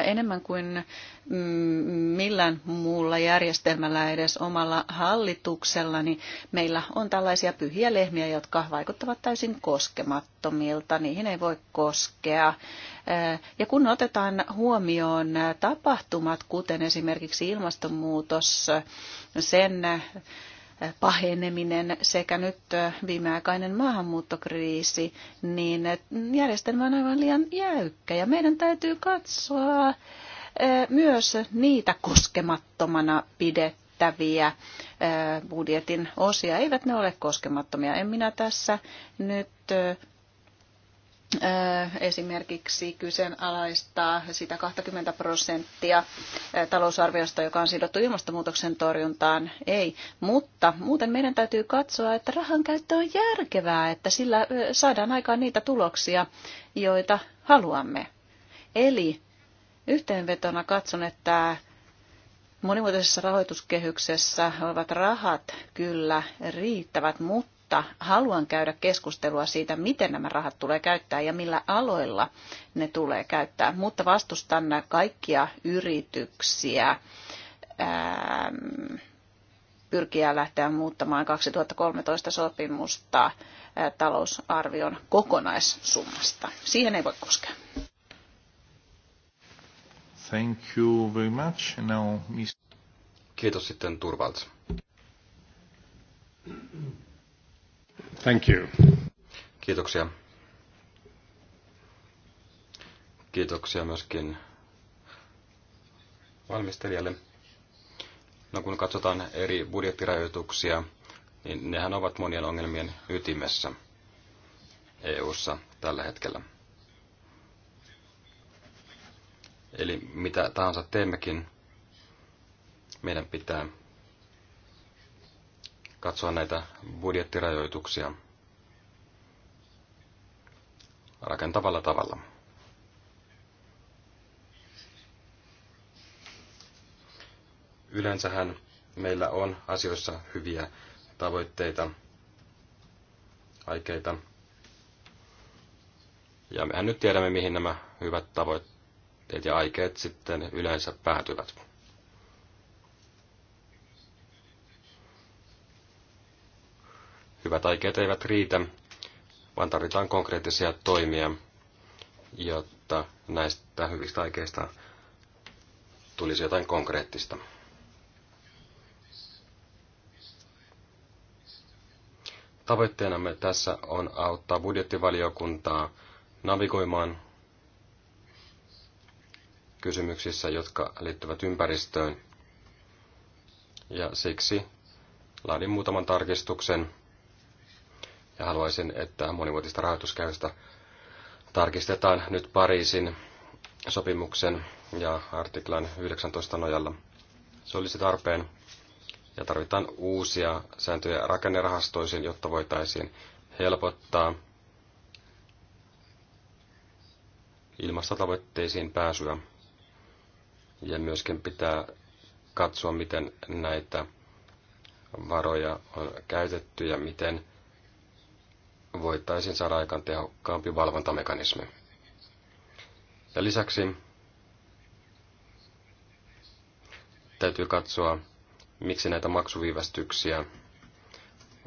C: enemmän kuin mm, millään muulla järjestelmällä edes omalla hallituksella, niin meillä on tällaisia pyhiä lehmiä, jotka vaikuttavat täysin koskemattomilta. Niihin ei voi koskea. Ja kun otetaan huomioon tapahtumat, kuten esimerkiksi ilmastonmuutos, sen paheneminen sekä nyt viimeaikainen maahanmuuttokriisi, niin järjestelmä on aivan liian jäykkä ja meidän täytyy katsoa myös niitä koskemattomana pidettäviä budjetin osia. Eivät ne ole koskemattomia. En minä tässä nyt esimerkiksi kyseenalaistaa sitä 20 prosenttia talousarviosta, joka on sidottu ilmastonmuutoksen torjuntaan, ei. Mutta muuten meidän täytyy katsoa, että rahan käyttö on järkevää, että sillä saadaan aikaan niitä tuloksia, joita haluamme. Eli yhteenvetona katson, että monimuotoisessa rahoituskehyksessä olevat rahat kyllä riittävät, mutta mutta haluan käydä keskustelua siitä, miten nämä rahat tulee käyttää ja millä aloilla ne tulee käyttää. Mutta vastustan kaikkia yrityksiä ähm, pyrkiä lähteä muuttamaan 2013 sopimusta äh, talousarvion kokonaissummasta. Siihen ei voi koskea.
A: Thank you very much. Now, Kiitos sitten Turvalts. Thank you. Kiitoksia.
B: Kiitoksia myöskin valmistelijalle. No kun katsotaan eri budjettirajoituksia, niin nehän ovat monien ongelmien ytimessä EU:ssa tällä hetkellä. Eli mitä tahansa teemmekin, meidän pitää katsoa näitä budjettirajoituksia rakentavalla tavalla. Yleensähän meillä on asioissa hyviä tavoitteita, aikeita. Ja mehän nyt tiedämme, mihin nämä hyvät tavoitteet ja aikeet sitten yleensä päätyvät. Hyvät aikeet eivät riitä, vaan tarvitaan konkreettisia toimia, jotta näistä hyvistä aikeista tulisi jotain konkreettista. Tavoitteenamme tässä on auttaa budjettivaliokuntaa navigoimaan kysymyksissä, jotka liittyvät ympäristöön. Ja siksi laadin muutaman tarkistuksen, ja haluaisin, että monivuotista rahoituskäystä tarkistetaan nyt Pariisin sopimuksen ja artiklan 19 nojalla. Se olisi tarpeen ja tarvitaan uusia sääntöjä rakennerahastoisiin, jotta voitaisiin helpottaa ilmastotavoitteisiin pääsyä ja myöskin pitää katsoa, miten näitä varoja on käytetty ja miten voitaisiin saada aikaan tehokkaampi valvontamekanismi. Ja lisäksi täytyy katsoa, miksi näitä maksuviivästyksiä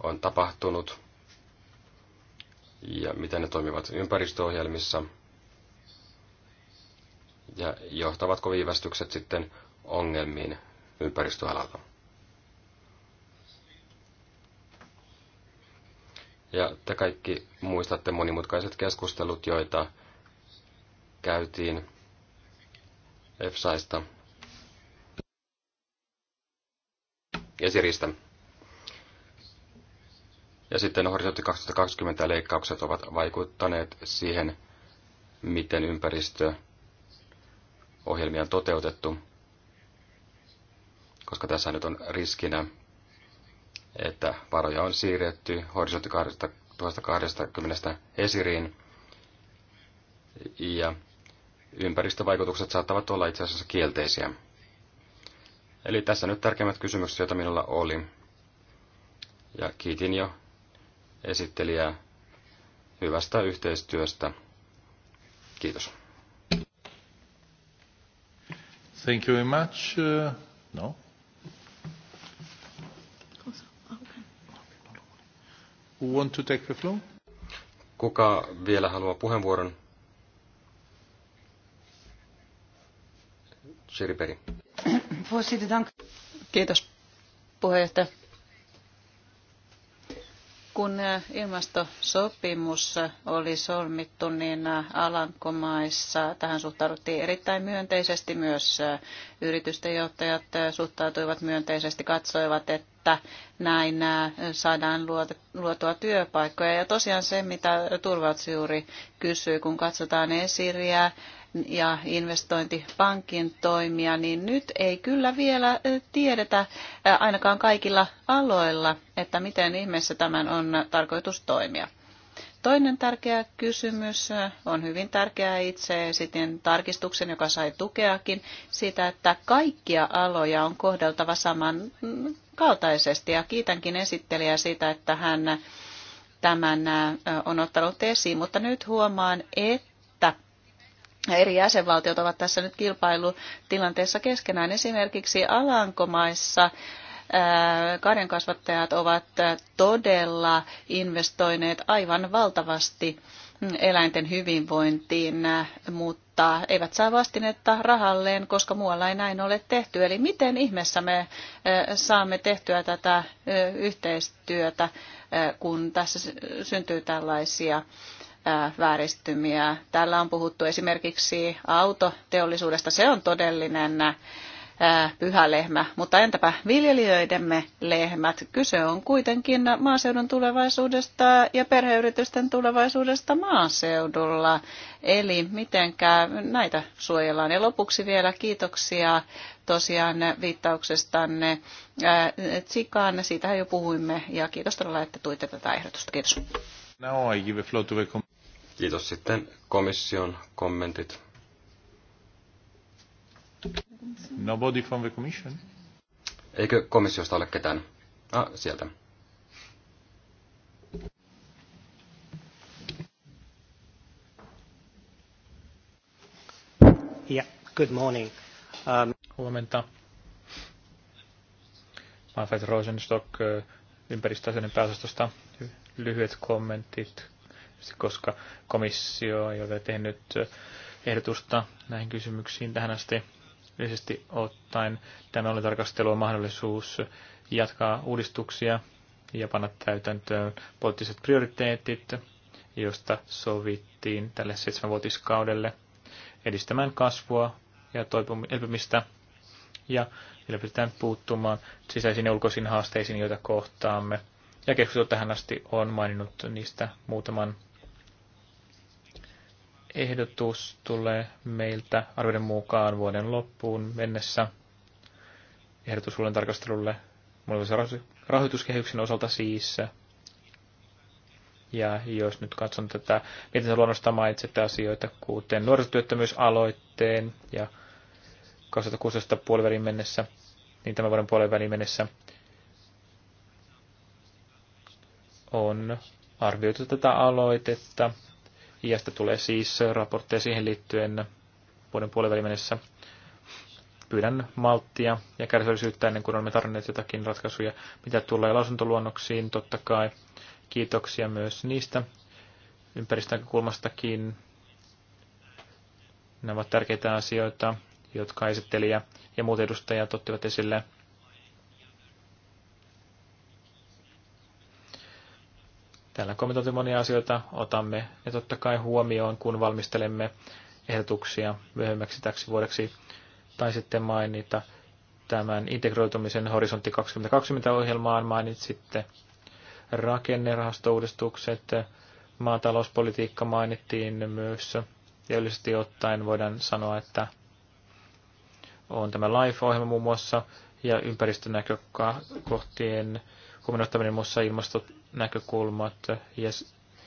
B: on tapahtunut ja miten ne toimivat ympäristöohjelmissa ja johtavatko viivästykset sitten ongelmiin ympäristöalalla. Ja te kaikki muistatte monimutkaiset keskustelut, joita käytiin EFSAista ja Siristä. Ja sitten horisontti 2020 leikkaukset ovat vaikuttaneet siihen, miten ympäristöohjelmia on toteutettu, koska tässä nyt on riskinä että varoja on siirretty horisontti 2020 esiriin. Ja ympäristövaikutukset saattavat olla itse asiassa kielteisiä. Eli tässä nyt tärkeimmät kysymykset, joita minulla oli. Ja kiitin jo esittelijää hyvästä
A: yhteistyöstä. Kiitos. Thank you very much. Uh, no. Who want to take the floor? Kuka vielä haluaa puheenvuoron?
B: Siriperi.
C: Kiitos puheenjohtaja. Kun eh, ilmastosopimus oli solmittu, niin eh, Alankomaissa tähän suhtauduttiin erittäin myönteisesti. Myös eh, yritysten johtajat suhtautuivat myönteisesti, katsoivat, että että näin saadaan luotua työpaikkoja. Ja tosiaan se, mitä Turvaltsi juuri kysyi, kun katsotaan esiriä ja investointipankin toimia, niin nyt ei kyllä vielä tiedetä ainakaan kaikilla aloilla, että miten ihmeessä tämän on tarkoitus toimia. Toinen tärkeä kysymys äh, on hyvin tärkeä itse esitin tarkistuksen, joka sai tukeakin siitä, että kaikkia aloja on kohdeltava saman mm, kaltaisesti ja kiitänkin esittelijää siitä, että hän tämän äh, on ottanut esiin, mutta nyt huomaan, että eri jäsenvaltiot ovat tässä nyt kilpailutilanteessa keskenään. Esimerkiksi Alankomaissa karjankasvattajat ovat todella investoineet aivan valtavasti eläinten hyvinvointiin, mutta eivät saa vastinetta rahalleen, koska muualla ei näin ole tehty. Eli miten ihmeessä me saamme tehtyä tätä yhteistyötä, kun tässä syntyy tällaisia vääristymiä. Täällä on puhuttu esimerkiksi autoteollisuudesta. Se on todellinen pyhä lehmä, mutta entäpä viljelijöidemme lehmät? Kyse on kuitenkin maaseudun tulevaisuudesta ja perheyritysten tulevaisuudesta maaseudulla. Eli mitenkä näitä suojellaan. Ja lopuksi vielä kiitoksia tosiaan viittauksestanne Tsikaan. Siitähän jo puhuimme ja kiitos todella, että tuitte tätä ehdotusta. Kiitos.
B: Kiitos sitten komission kommentit.
A: Nobody from the commission? Eikö komissiosta ole ketään? Ah, sieltä.
E: Yeah, good morning. Um... Huomenta. Manfred Rosenstock ympäristöasioiden pääosastosta lyhyet kommentit, koska komissio ei ole tehnyt ehdotusta näihin kysymyksiin tähän asti yleisesti ottaen tämä oli tarkastelua mahdollisuus jatkaa uudistuksia ja panna täytäntöön poliittiset prioriteetit, josta sovittiin tälle seitsemänvuotiskaudelle edistämään kasvua ja elpymistä ja niillä pystytään puuttumaan sisäisiin ja ulkoisiin haasteisiin, joita kohtaamme. Ja keskustelu tähän asti on maininnut niistä muutaman ehdotus tulee meiltä arvioiden mukaan vuoden loppuun mennessä ehdotus uuden tarkastelulle monivuotisen rahoituskehyksen osalta siis. Ja jos nyt katson tätä, miten se luonnosta mainitsette asioita, kuten nuorisotyöttömyysaloitteen ja 2016 puolivälin mennessä, niin tämän vuoden puolivälin mennessä on arvioitu tätä aloitetta Iästä tulee siis raportteja siihen liittyen vuoden puolivälin mennessä. Pyydän malttia ja kärsivällisyyttä ennen kuin olemme tarvinneet jotakin ratkaisuja, mitä tulee lausuntoluonnoksiin. Totta kai kiitoksia myös niistä ympäristönäkökulmastakin. Nämä ovat tärkeitä asioita, jotka esittelijä ja muut edustajat ottivat esille Täällä kommentoitu monia asioita, otamme ne totta kai huomioon, kun valmistelemme ehdotuksia myöhemmäksi täksi vuodeksi. Tai sitten mainita tämän integroitumisen horisontti 2020-ohjelmaan mainitsitte rakennerahastouudistukset, maatalouspolitiikka mainittiin myös. Ja yleisesti ottaen voidaan sanoa, että on tämä LIFE-ohjelma muun muassa ja ympäristönäkökohtien huomioittaminen muun muassa ilmastot näkökulmat ja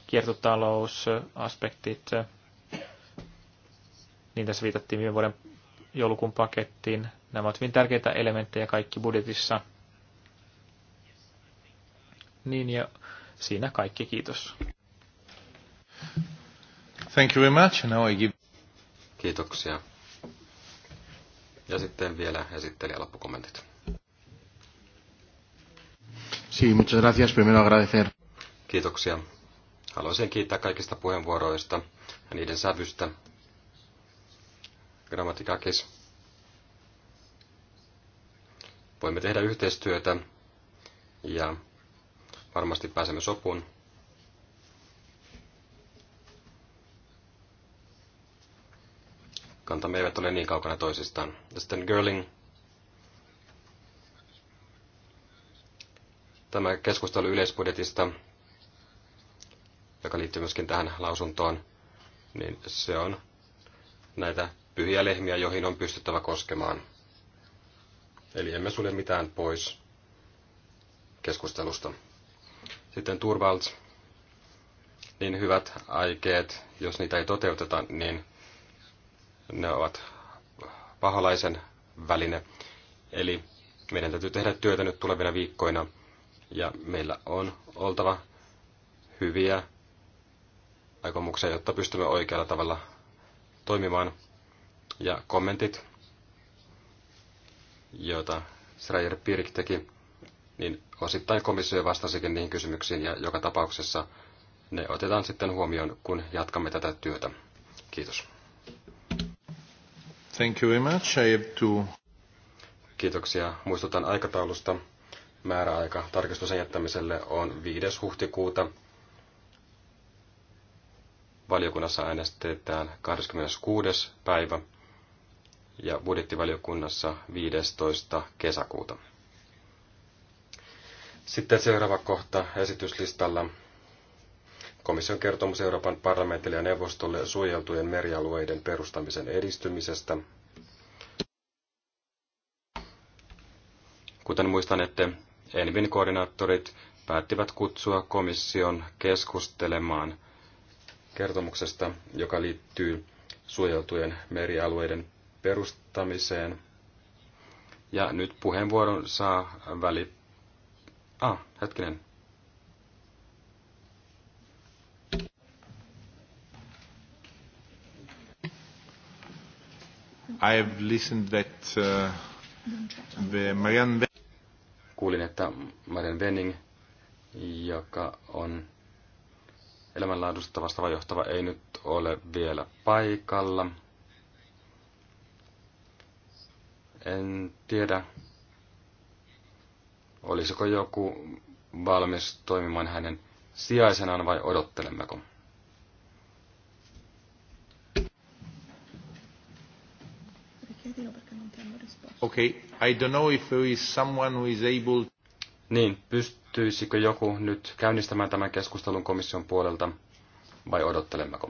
E: kiertotalousaspektit. Niin tässä viitattiin viime vuoden joulukuun pakettiin. Nämä ovat hyvin tärkeitä elementtejä kaikki budjetissa. Niin ja siinä kaikki. Kiitos.
A: Thank you very much. Now I give... Kiitoksia. Ja sitten vielä esittelijä loppukommentit. Sí, muchas gracias. Primero agradecer.
B: Kiitoksia. Haluaisin kiittää kaikista puheenvuoroista ja niiden sävystä. Grammatikakis. Voimme tehdä yhteistyötä ja varmasti pääsemme sopuun. Kantamme eivät ole niin kaukana toisistaan. Ja sitten Girling tämä keskustelu yleisbudjetista, joka liittyy myöskin tähän lausuntoon, niin se on näitä pyhiä lehmiä, joihin on pystyttävä koskemaan. Eli emme sulje mitään pois keskustelusta. Sitten Turvalds, niin hyvät aikeet, jos niitä ei toteuteta, niin ne ovat paholaisen väline. Eli meidän täytyy tehdä työtä nyt tulevina viikkoina – ja meillä on oltava hyviä aikomuksia, jotta pystymme oikealla tavalla toimimaan. Ja kommentit, joita Schreier Pirk teki, niin osittain komissio vastasikin niihin kysymyksiin ja joka tapauksessa ne otetaan sitten huomioon, kun jatkamme tätä työtä. Kiitos.
A: Thank you very much. I have
B: to... Kiitoksia. Muistutan aikataulusta määräaika tarkistuksen jättämiselle on 5. huhtikuuta. Valiokunnassa äänestetään 26. päivä ja budjettivaliokunnassa 15. kesäkuuta. Sitten seuraava kohta esityslistalla. Komission kertomus Euroopan parlamentille ja neuvostolle suojeltujen merialueiden perustamisen edistymisestä. Kuten muistan, että Envin koordinaattorit päättivät kutsua komission keskustelemaan kertomuksesta, joka liittyy suojeltujen merialueiden perustamiseen. Ja nyt puheenvuoron saa väli... Ah,
A: hetkinen. I have listened that uh, the Marianne kuulin, että Maren Venning,
B: joka on elämänlaadusta vastaava johtava, ei nyt ole vielä paikalla. En tiedä, olisiko joku valmis toimimaan hänen sijaisenaan vai odottelemmeko.
A: Okay, I don't know if there is someone who is able... Niin, pystyisikö
B: joku nyt käynnistämään tämän keskustelun komission puolelta vai odottelemmeko?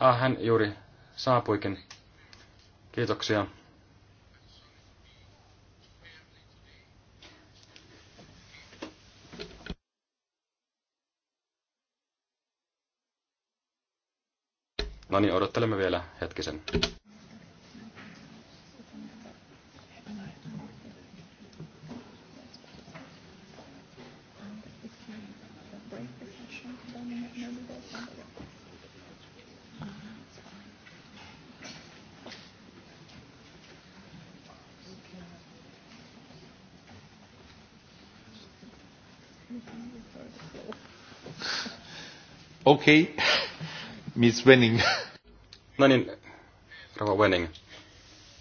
B: Ah, hän juuri saapuikin. Kiitoksia. No niin, odottelemme vielä
D: hetkisen.
A: Okay. Miss Wenning. (laughs) No niin,
B: Rova Wenning.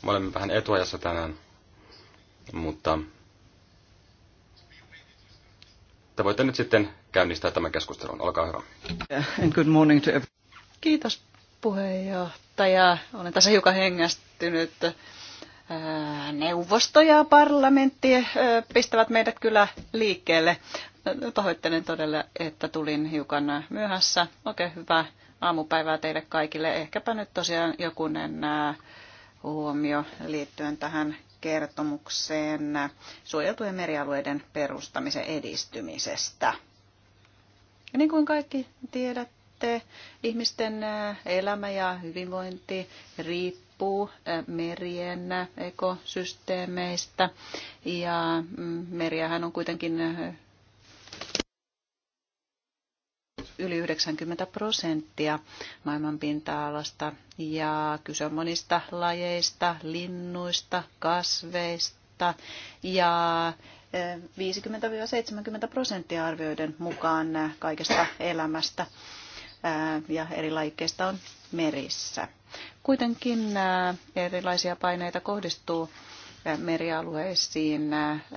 B: Me olemme vähän etuajassa tänään, mutta te voitte nyt sitten käynnistää tämän
D: keskustelun. Olkaa hyvä. And good morning to everyone.
C: Kiitos puheenjohtaja. Olen tässä hiukan hengästynyt. Äh, neuvosto ja parlamentti äh, pistävät meidät kyllä liikkeelle. Pahoittelen todella, että tulin hiukan myöhässä. okay, hyvä aamupäivää teille kaikille. Ehkäpä nyt tosiaan jokunen huomio liittyen tähän kertomukseen suojeltujen merialueiden perustamisen edistymisestä. Ja niin kuin kaikki tiedätte, ihmisten elämä ja hyvinvointi riippuu merien ekosysteemeistä. Ja mm, meriähän on kuitenkin yli 90 prosenttia maailman pinta-alasta ja kyse on monista lajeista, linnuista, kasveista ja 50-70 eh, prosenttia arvioiden mukaan kaikesta elämästä eh, ja eri lajikkeista on merissä. Kuitenkin eh, erilaisia paineita kohdistuu merialueisiin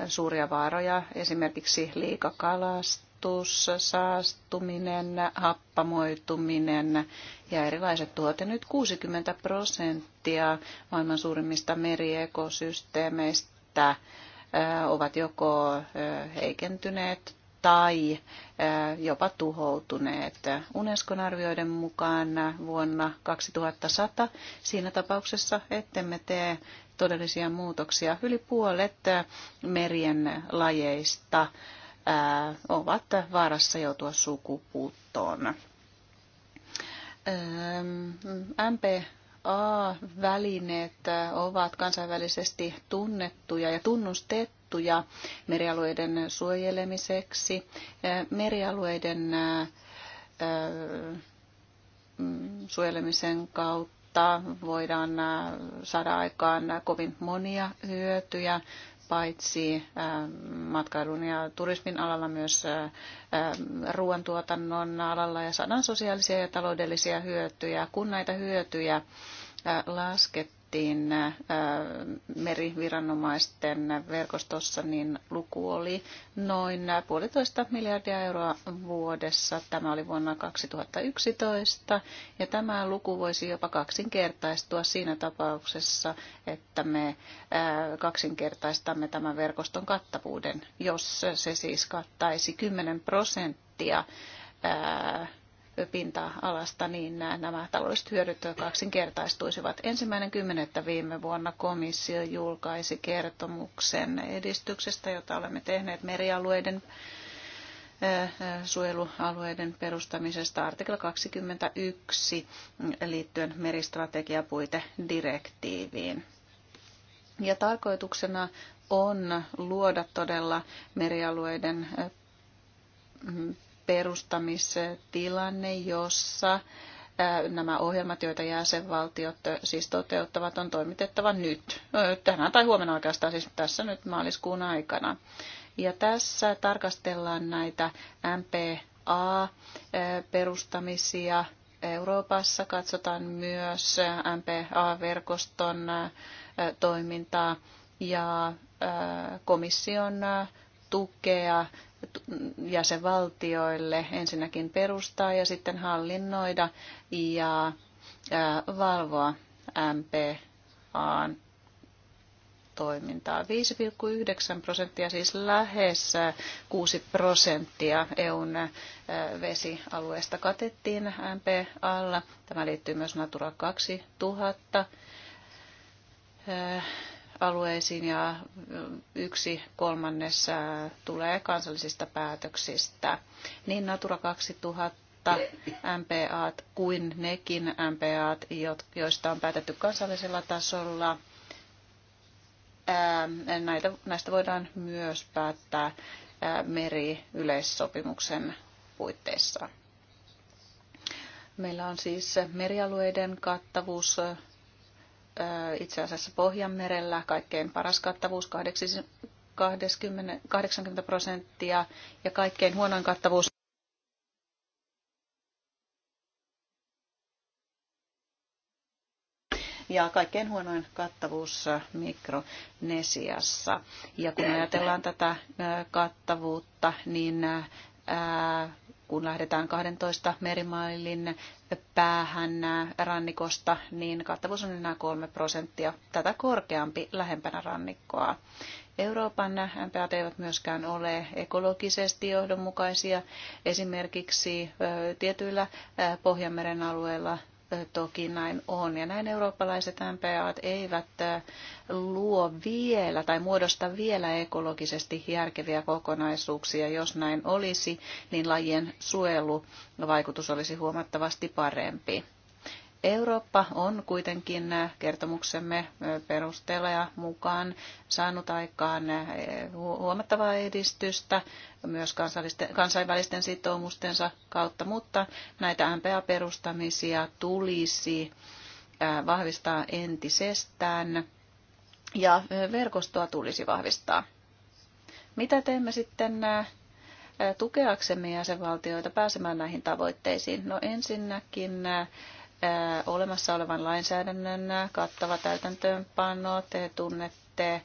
C: suuria vaaroja, esimerkiksi liikakalasta kulutus, saastuminen, happamoituminen ja erilaiset tuot. Ja nyt 60 prosenttia maailman suurimmista meriekosysteemeistä ovat joko heikentyneet tai jopa tuhoutuneet. Unescon arvioiden mukaan vuonna 2100 siinä tapauksessa, ettemme tee todellisia muutoksia, yli puolet merien lajeista ovat vaarassa joutua sukupuuttoon. a välineet ovat kansainvälisesti tunnettuja ja tunnustettuja merialueiden suojelemiseksi. Merialueiden mm, suojelemisen kautta voidaan saada aikaan kovin monia hyötyjä paitsi ähm, matkailun ja turismin alalla myös ähm, ruoantuotannon alalla ja saadaan sosiaalisia ja taloudellisia hyötyjä. Kun näitä hyötyjä äh, lasketaan, käytiin äh, meriviranomaisten verkostossa, niin luku oli noin puolitoista miljardia euroa vuodessa. Tämä oli vuonna 2011 ja tämä luku voisi jopa kaksinkertaistua siinä tapauksessa, että me äh, kaksinkertaistamme tämän verkoston kattavuuden, jos se siis kattaisi 10 prosenttia äh, pinta-alasta, niin nämä taloudelliset hyödyt kaksinkertaistuisivat. Ensimmäinen kymmenettä viime vuonna komissio julkaisi kertomuksen edistyksestä, jota olemme tehneet merialueiden suojelualueiden perustamisesta artikla 21 liittyen meristrategiapuitedirektiiviin. Ja tarkoituksena on luoda todella merialueiden perustamistilanne, jossa äh, nämä ohjelmat, joita jäsenvaltiot äh, siis toteuttavat, on toimitettava nyt, äh, tänään tai huomenna oikeastaan, siis tässä nyt maaliskuun aikana. Ja tässä tarkastellaan näitä MPA-perustamisia Euroopassa, katsotaan myös MPA-verkoston toimintaa ja komission tukea jäsenvaltioille ensinnäkin perustaa ja sitten hallinnoida ja valvoa MPAn toimintaa. 5,9 prosenttia, siis lähes 6 prosenttia EUn vesialueesta katettiin MPAlla. Tämä liittyy myös Natura 2000 alueisiin ja yksi kolmannes tulee kansallisista päätöksistä. Niin Natura 2000 MPA kuin nekin MPA, joista on päätetty kansallisella tasolla. Ähm, näitä, näistä voidaan myös päättää äh, meriyleissopimuksen puitteissa. Meillä on siis merialueiden kattavuus itse asiassa Pohjanmerellä kaikkein paras kattavuus 80, prosenttia ja kaikkein huonoin kattavuus ja kaikkein huonoin kattavuus Mikronesiassa. Ja kun ajatellaan tätä kattavuutta, niin kun lähdetään 12 merimailin päähän rannikosta, niin kattavuus on enää 3 prosenttia, tätä korkeampi lähempänä rannikkoa. Euroopan MPAt eivät myöskään ole ekologisesti johdonmukaisia. Esimerkiksi tietyillä Pohjanmeren alueilla toki näin on. Ja näin eurooppalaiset MPAt eivät äh, luo vielä tai muodosta vielä ekologisesti järkeviä kokonaisuuksia. Jos näin olisi, niin lajien suojeluvaikutus olisi huomattavasti parempi. Eurooppa on kuitenkin kertomuksemme perusteella ja mukaan saanut aikaan eh, huomattavaa edistystä myös kansainvälisten sitoumustensa kautta, mutta näitä MPA-perustamisia tulisi eh, vahvistaa entisestään ja eh, verkostoa tulisi vahvistaa. Mitä teemme sitten tukeaksemme jäsenvaltioita pääsemään näihin tavoitteisiin? No ensinnäkin olemassa olevan lainsäädännön kattava täytäntöönpano. Te tunnette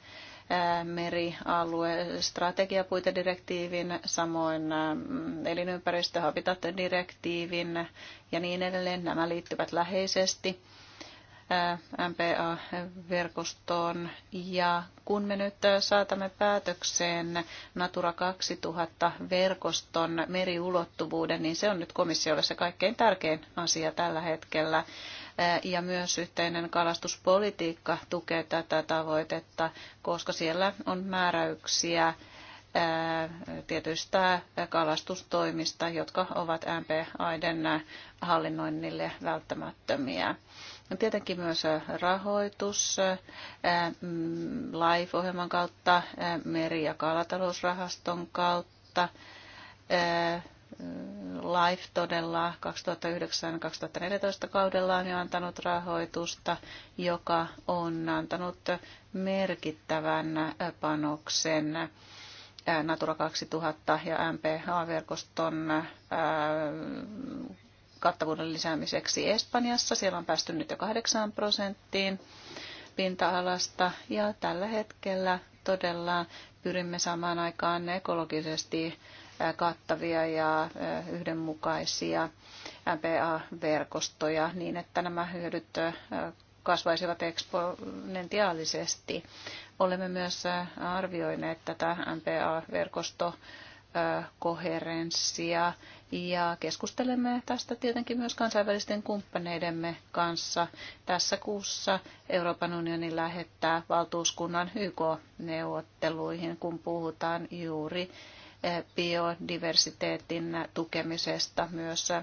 C: merialue strategiapuitedirektiivin, samoin elinympäristöhabitat-direktiivin ja niin edelleen. Nämä liittyvät läheisesti MPA-verkostoon. Ja kun me nyt saatamme päätökseen Natura 2000-verkoston meriulottuvuuden, niin se on nyt komissiolle se kaikkein tärkein asia tällä hetkellä. Ja myös yhteinen kalastuspolitiikka tukee tätä tavoitetta, koska siellä on määräyksiä tietyistä kalastustoimista, jotka ovat MPAiden hallinnoinnille välttämättömiä. Tietenkin myös äh, rahoitus äh, mm, LIFE-ohjelman kautta, äh, meri- ja kalatalousrahaston kautta. LIFE todella 2009-2014 kaudella on jo antanut rahoitusta, joka on antanut merkittävän panoksen Natura 2000 ja MPH-verkoston kattavuuden lisäämiseksi Espanjassa. Siellä on päästy nyt jo 8 prosenttiin pinta-alasta ja tällä hetkellä todella pyrimme saamaan aikaan ekologisesti kattavia ja yhdenmukaisia MPA-verkostoja niin, että nämä hyödyt kasvaisivat eksponentiaalisesti. Olemme myös arvioineet tätä MPA-verkosto koherenssia ja keskustelemme tästä tietenkin myös kansainvälisten kumppaneidemme kanssa. Tässä kuussa Euroopan unioni lähettää valtuuskunnan YK-neuvotteluihin, kun puhutaan juuri eh, biodiversiteetin tukemisesta myös eh,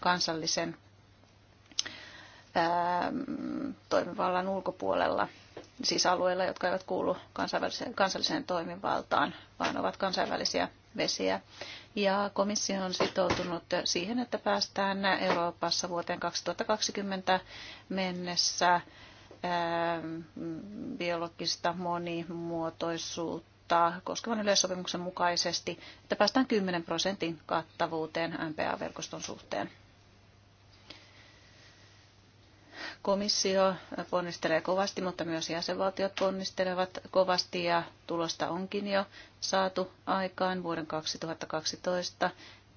C: kansallisen eh, toimivallan ulkopuolella, siis alueilla, jotka eivät kuulu kansalliseen toimivaltaan, vaan ovat kansainvälisiä vesiä. Ja komissio on sitoutunut siihen, että päästään Euroopassa vuoteen 2020 mennessä ähm, biologista monimuotoisuutta koskevan yleissopimuksen mukaisesti, että päästään 10 prosentin kattavuuteen MPA-verkoston suhteen. Komissio ponnistelee kovasti, mutta myös jäsenvaltiot ponnistelevat kovasti ja tulosta onkin jo saatu aikaan vuoden 2012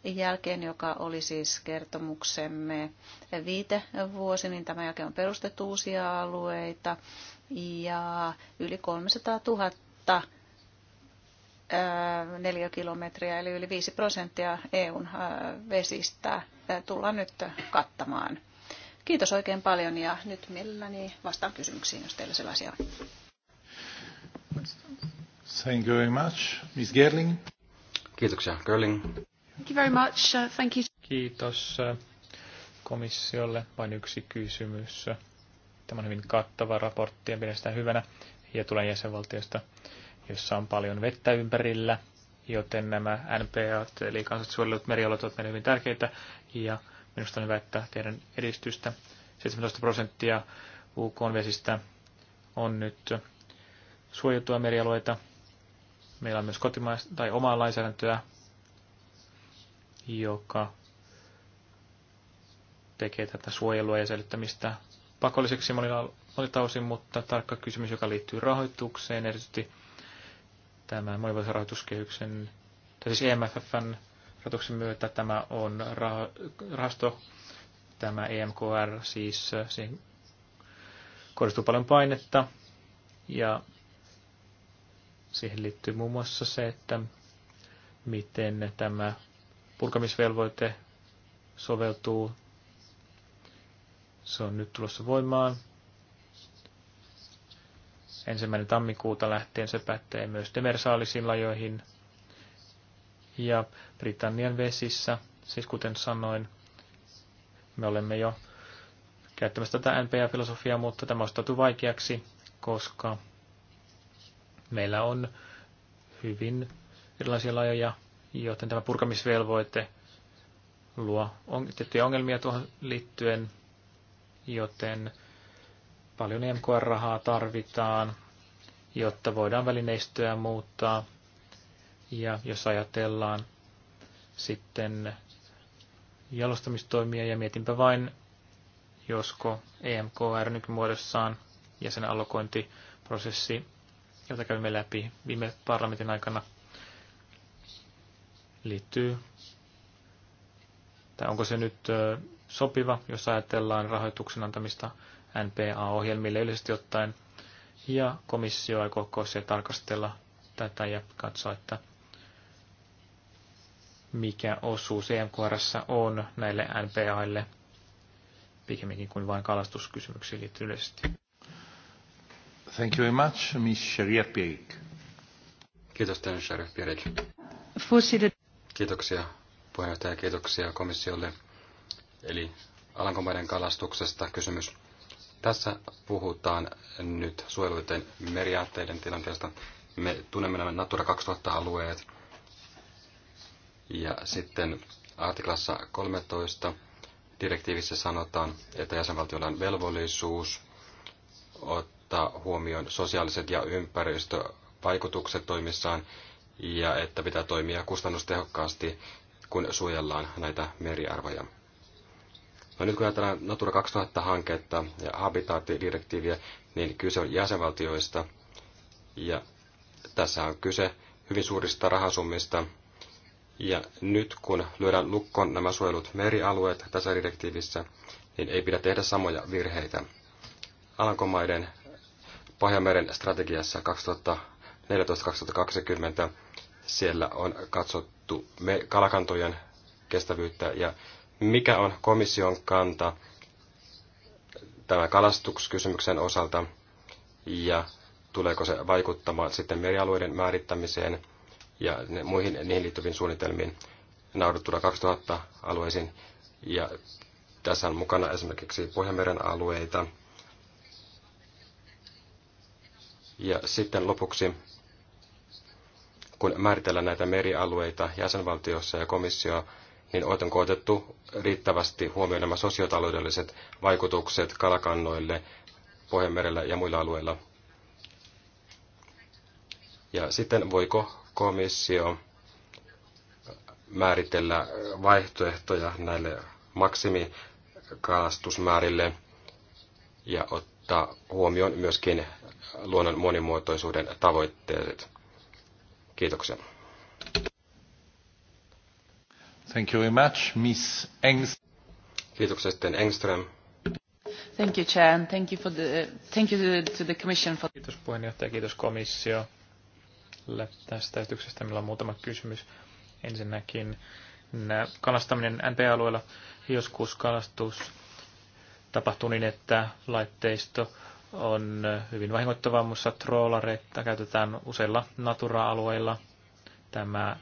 C: jälkeen, joka oli siis kertomuksemme viite vuosi, niin tämän jälkeen on perustettu uusia alueita ja yli 300 000 neliökilometriä, eli yli 5 prosenttia EUn vesistä tullaan nyt kattamaan. Kiitos oikein paljon ja nyt mielelläni vastaan kysymyksiin, jos teillä sellaisia on.
A: Thank you very much. Miss Gerling. Kiitoksia, Gerling.
E: Thank
D: you very much. Uh, thank you.
E: Kiitos uh, komissiolle. Vain yksi kysymys. Tämä on hyvin kattava raportti ja pidän sitä hyvänä. Ja tulee jäsenvaltiosta, jossa on paljon vettä ympärillä, joten nämä NPA, eli kansat suojelut meriolot, ovat meille hyvin tärkeitä. Ja Minusta on hyvä, että tehdään edistystä. 17 prosenttia UK-vesistä on nyt suojeltua merialueita. Meillä on myös kotimaista tai omaa lainsäädäntöä, joka tekee tätä suojelua ja säilyttämistä pakolliseksi monilla, monilta osin, mutta tarkka kysymys, joka liittyy rahoitukseen, erityisesti tämän monivuotisen rahoituskehyksen, tai siis EMFFn rahoituksen myötä. Tämä on rahasto, tämä EMKR, siis äh, siihen kohdistuu paljon painetta ja siihen liittyy muun muassa se, että miten tämä purkamisvelvoite soveltuu. Se on nyt tulossa voimaan. Ensimmäinen tammikuuta lähtien se pätee myös demersaalisiin lajoihin – ja Britannian vesissä, siis kuten sanoin, me olemme jo käyttämässä tätä NPA-filosofiaa, mutta tämä ostautuu vaikeaksi, koska meillä on hyvin erilaisia lajeja, joten tämä purkamisvelvoite luo on, tiettyjä ongelmia tuohon liittyen, joten paljon MKR-rahaa tarvitaan, jotta voidaan välineistöä muuttaa ja jos ajatellaan sitten jalostamistoimia, ja mietinpä vain, josko EMKR nykymuodossaan ja sen allokointiprosessi, jota kävimme läpi viime parlamentin aikana, liittyy, tai onko se nyt sopiva, jos ajatellaan rahoituksen antamista NPA-ohjelmille yleisesti ottaen, ja komissio aikoo tarkastella tätä ja katsoa, että mikä osuus EMKRssa on näille NPAille, pikemminkin kuin vain kalastuskysymyksiin liittyen yleisesti.
A: Thank you very much, Ms. Sharia Pierik. Kiitos tänne Sharia Pierik. Kiitoksia puheenjohtaja, kiitoksia komissiolle.
B: Eli Alankomaiden kalastuksesta kysymys. Tässä puhutaan nyt suojeluiden meriaatteiden tilanteesta. Me tunnemme nämä Natura 2000-alueet, ja sitten artiklassa 13 direktiivissä sanotaan, että jäsenvaltiolla on velvollisuus ottaa huomioon sosiaaliset ja ympäristövaikutukset toimissaan ja että pitää toimia kustannustehokkaasti, kun suojellaan näitä meriarvoja. No nyt kun ajatellaan Natura 2000-hanketta ja habitaattidirektiiviä, niin kyse on jäsenvaltioista. Ja tässä on kyse hyvin suurista rahasummista, ja nyt kun lyödään lukkoon nämä suojelut merialueet tässä direktiivissä, niin ei pidä tehdä samoja virheitä. Alankomaiden Pohjanmeren strategiassa 2014-2020 siellä on katsottu me kalakantojen kestävyyttä ja mikä on komission kanta tämän kalastuskysymyksen osalta ja tuleeko se vaikuttamaan sitten merialueiden määrittämiseen – ja ne, muihin niihin liittyviin suunnitelmiin Naurutura 2000 alueisiin. Ja tässä on mukana esimerkiksi Pohjanmeren alueita. Ja sitten lopuksi, kun määritellään näitä merialueita jäsenvaltiossa ja komissio, niin on otettu riittävästi huomioon nämä sosiotaloudelliset vaikutukset kalakannoille Pohjanmerellä ja muilla alueilla? Ja sitten voiko komissio määritellä vaihtoehtoja näille maksimikalastusmäärille ja ottaa huomioon myöskin luonnon monimuotoisuuden tavoitteet.
A: Kiitoksia. Thank you very much, Miss Engström. Kiitoksia sitten Engström.
E: Thank you, Chair, and thank you, for the, thank you to the Commission for... Kiitos puheenjohtaja, kiitos komissio tästä esityksestä. Meillä on muutama kysymys. Ensinnäkin kalastaminen NP-alueella. Joskus kalastus tapahtuu niin, että laitteisto on hyvin vahingoittavaa, mutta trollareita käytetään useilla natura-alueilla. Tämä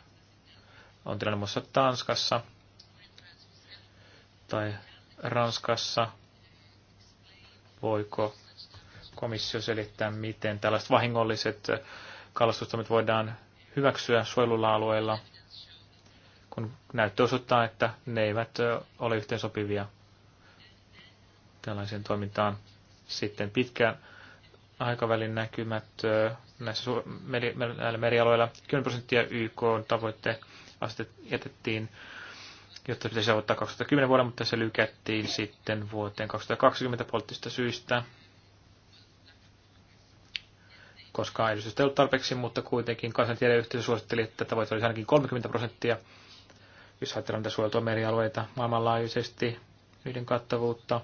E: on tilanne muassa Tanskassa tai Ranskassa. Voiko komissio selittää, miten tällaiset vahingolliset kalastustoimet voidaan hyväksyä suojelulla alueilla, kun näyttö osoittaa, että ne eivät ole yhteensopivia tällaiseen toimintaan. Sitten pitkään aikavälin näkymät näissä meri, näillä merialueilla. 10 prosenttia YK tavoitte jätettiin, jotta pitäisi saavuttaa 2010 vuonna, mutta se lykättiin sitten vuoteen 2020 poliittisista syistä koska aidosti ei ollut tarpeeksi, mutta kuitenkin kansantiedeyhteisö suositteli, että tavoite olisi ainakin 30 prosenttia, jos ajatellaan niitä suojeltua merialueita maailmanlaajuisesti, yhden kattavuutta.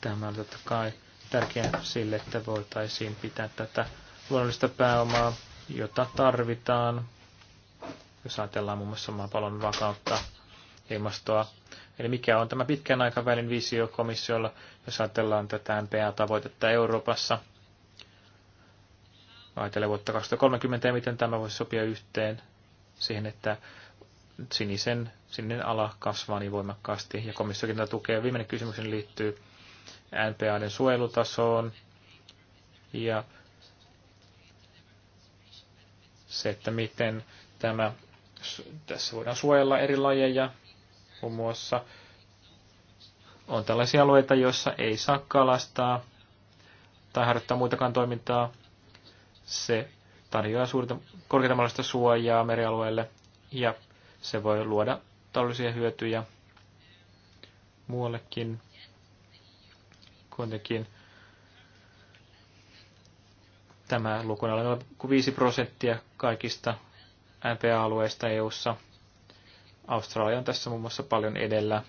E: Tämä on totta kai tärkeää sille, että voitaisiin pitää tätä luonnollista pääomaa, jota tarvitaan, jos ajatellaan muun muassa maapallon vakautta, ilmastoa. Eli mikä on tämä pitkän aikavälin visio komissiolla, jos ajatellaan tätä npa tavoitetta Euroopassa – ajatellen vuotta 2030 ja miten tämä voisi sopia yhteen siihen, että sinisen, sininen ala kasvaa niin voimakkaasti ja komissiokin tätä tukee. Viimeinen kysymys liittyy NPAiden suojelutasoon ja se, että miten tämä, tässä voidaan suojella eri lajeja, muun muassa on tällaisia alueita, joissa ei saa kalastaa tai harjoittaa muitakaan toimintaa se tarjoaa suurta, korkeatamallista suojaa merialueelle ja se voi luoda taloudellisia hyötyjä muuallekin. Kuitenkin tämä lukuna on 5 prosenttia kaikista MPA-alueista EU-ssa. Australia on tässä muun muassa paljon edellä.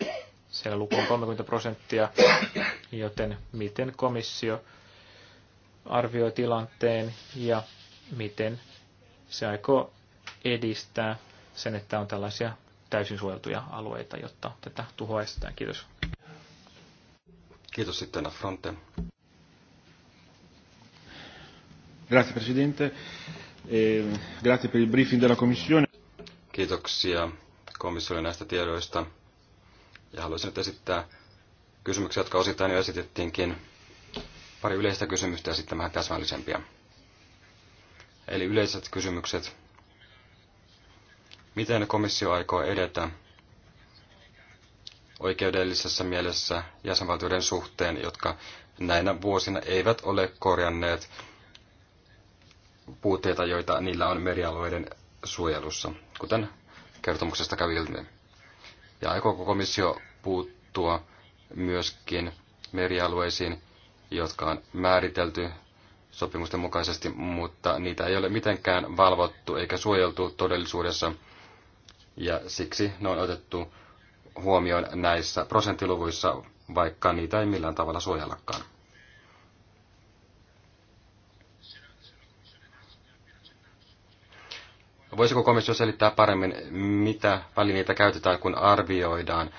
E: Siellä luku on 30 prosenttia, joten miten komissio arvioi tilanteen ja miten se aikoo edistää sen, että on tällaisia täysin suojeltuja alueita, jotta tätä tuhoa estetään. Kiitos. Kiitos sitten Fronten.
A: Grazie Presidente. Eh, grazie per il briefing della Commissione.
B: Kiitoksia komissiolle näistä tiedoista. Ja haluaisin nyt esittää kysymyksiä, jotka osittain jo esitettiinkin pari yleistä kysymystä ja sitten vähän täsmällisempiä. Eli yleiset kysymykset. Miten komissio aikoo edetä oikeudellisessa mielessä jäsenvaltioiden suhteen, jotka näinä vuosina eivät ole korjanneet puutteita, joita niillä on merialueiden suojelussa, kuten kertomuksesta kävi ilmi. Ja aikooko komissio puuttua myöskin merialueisiin, jotka on määritelty sopimusten mukaisesti, mutta niitä ei ole mitenkään valvottu eikä suojeltu todellisuudessa, ja siksi ne on otettu huomioon näissä prosenttiluvuissa, vaikka niitä ei millään tavalla suojellakaan. Voisiko komissio selittää paremmin, mitä välineitä käytetään, kun arvioidaan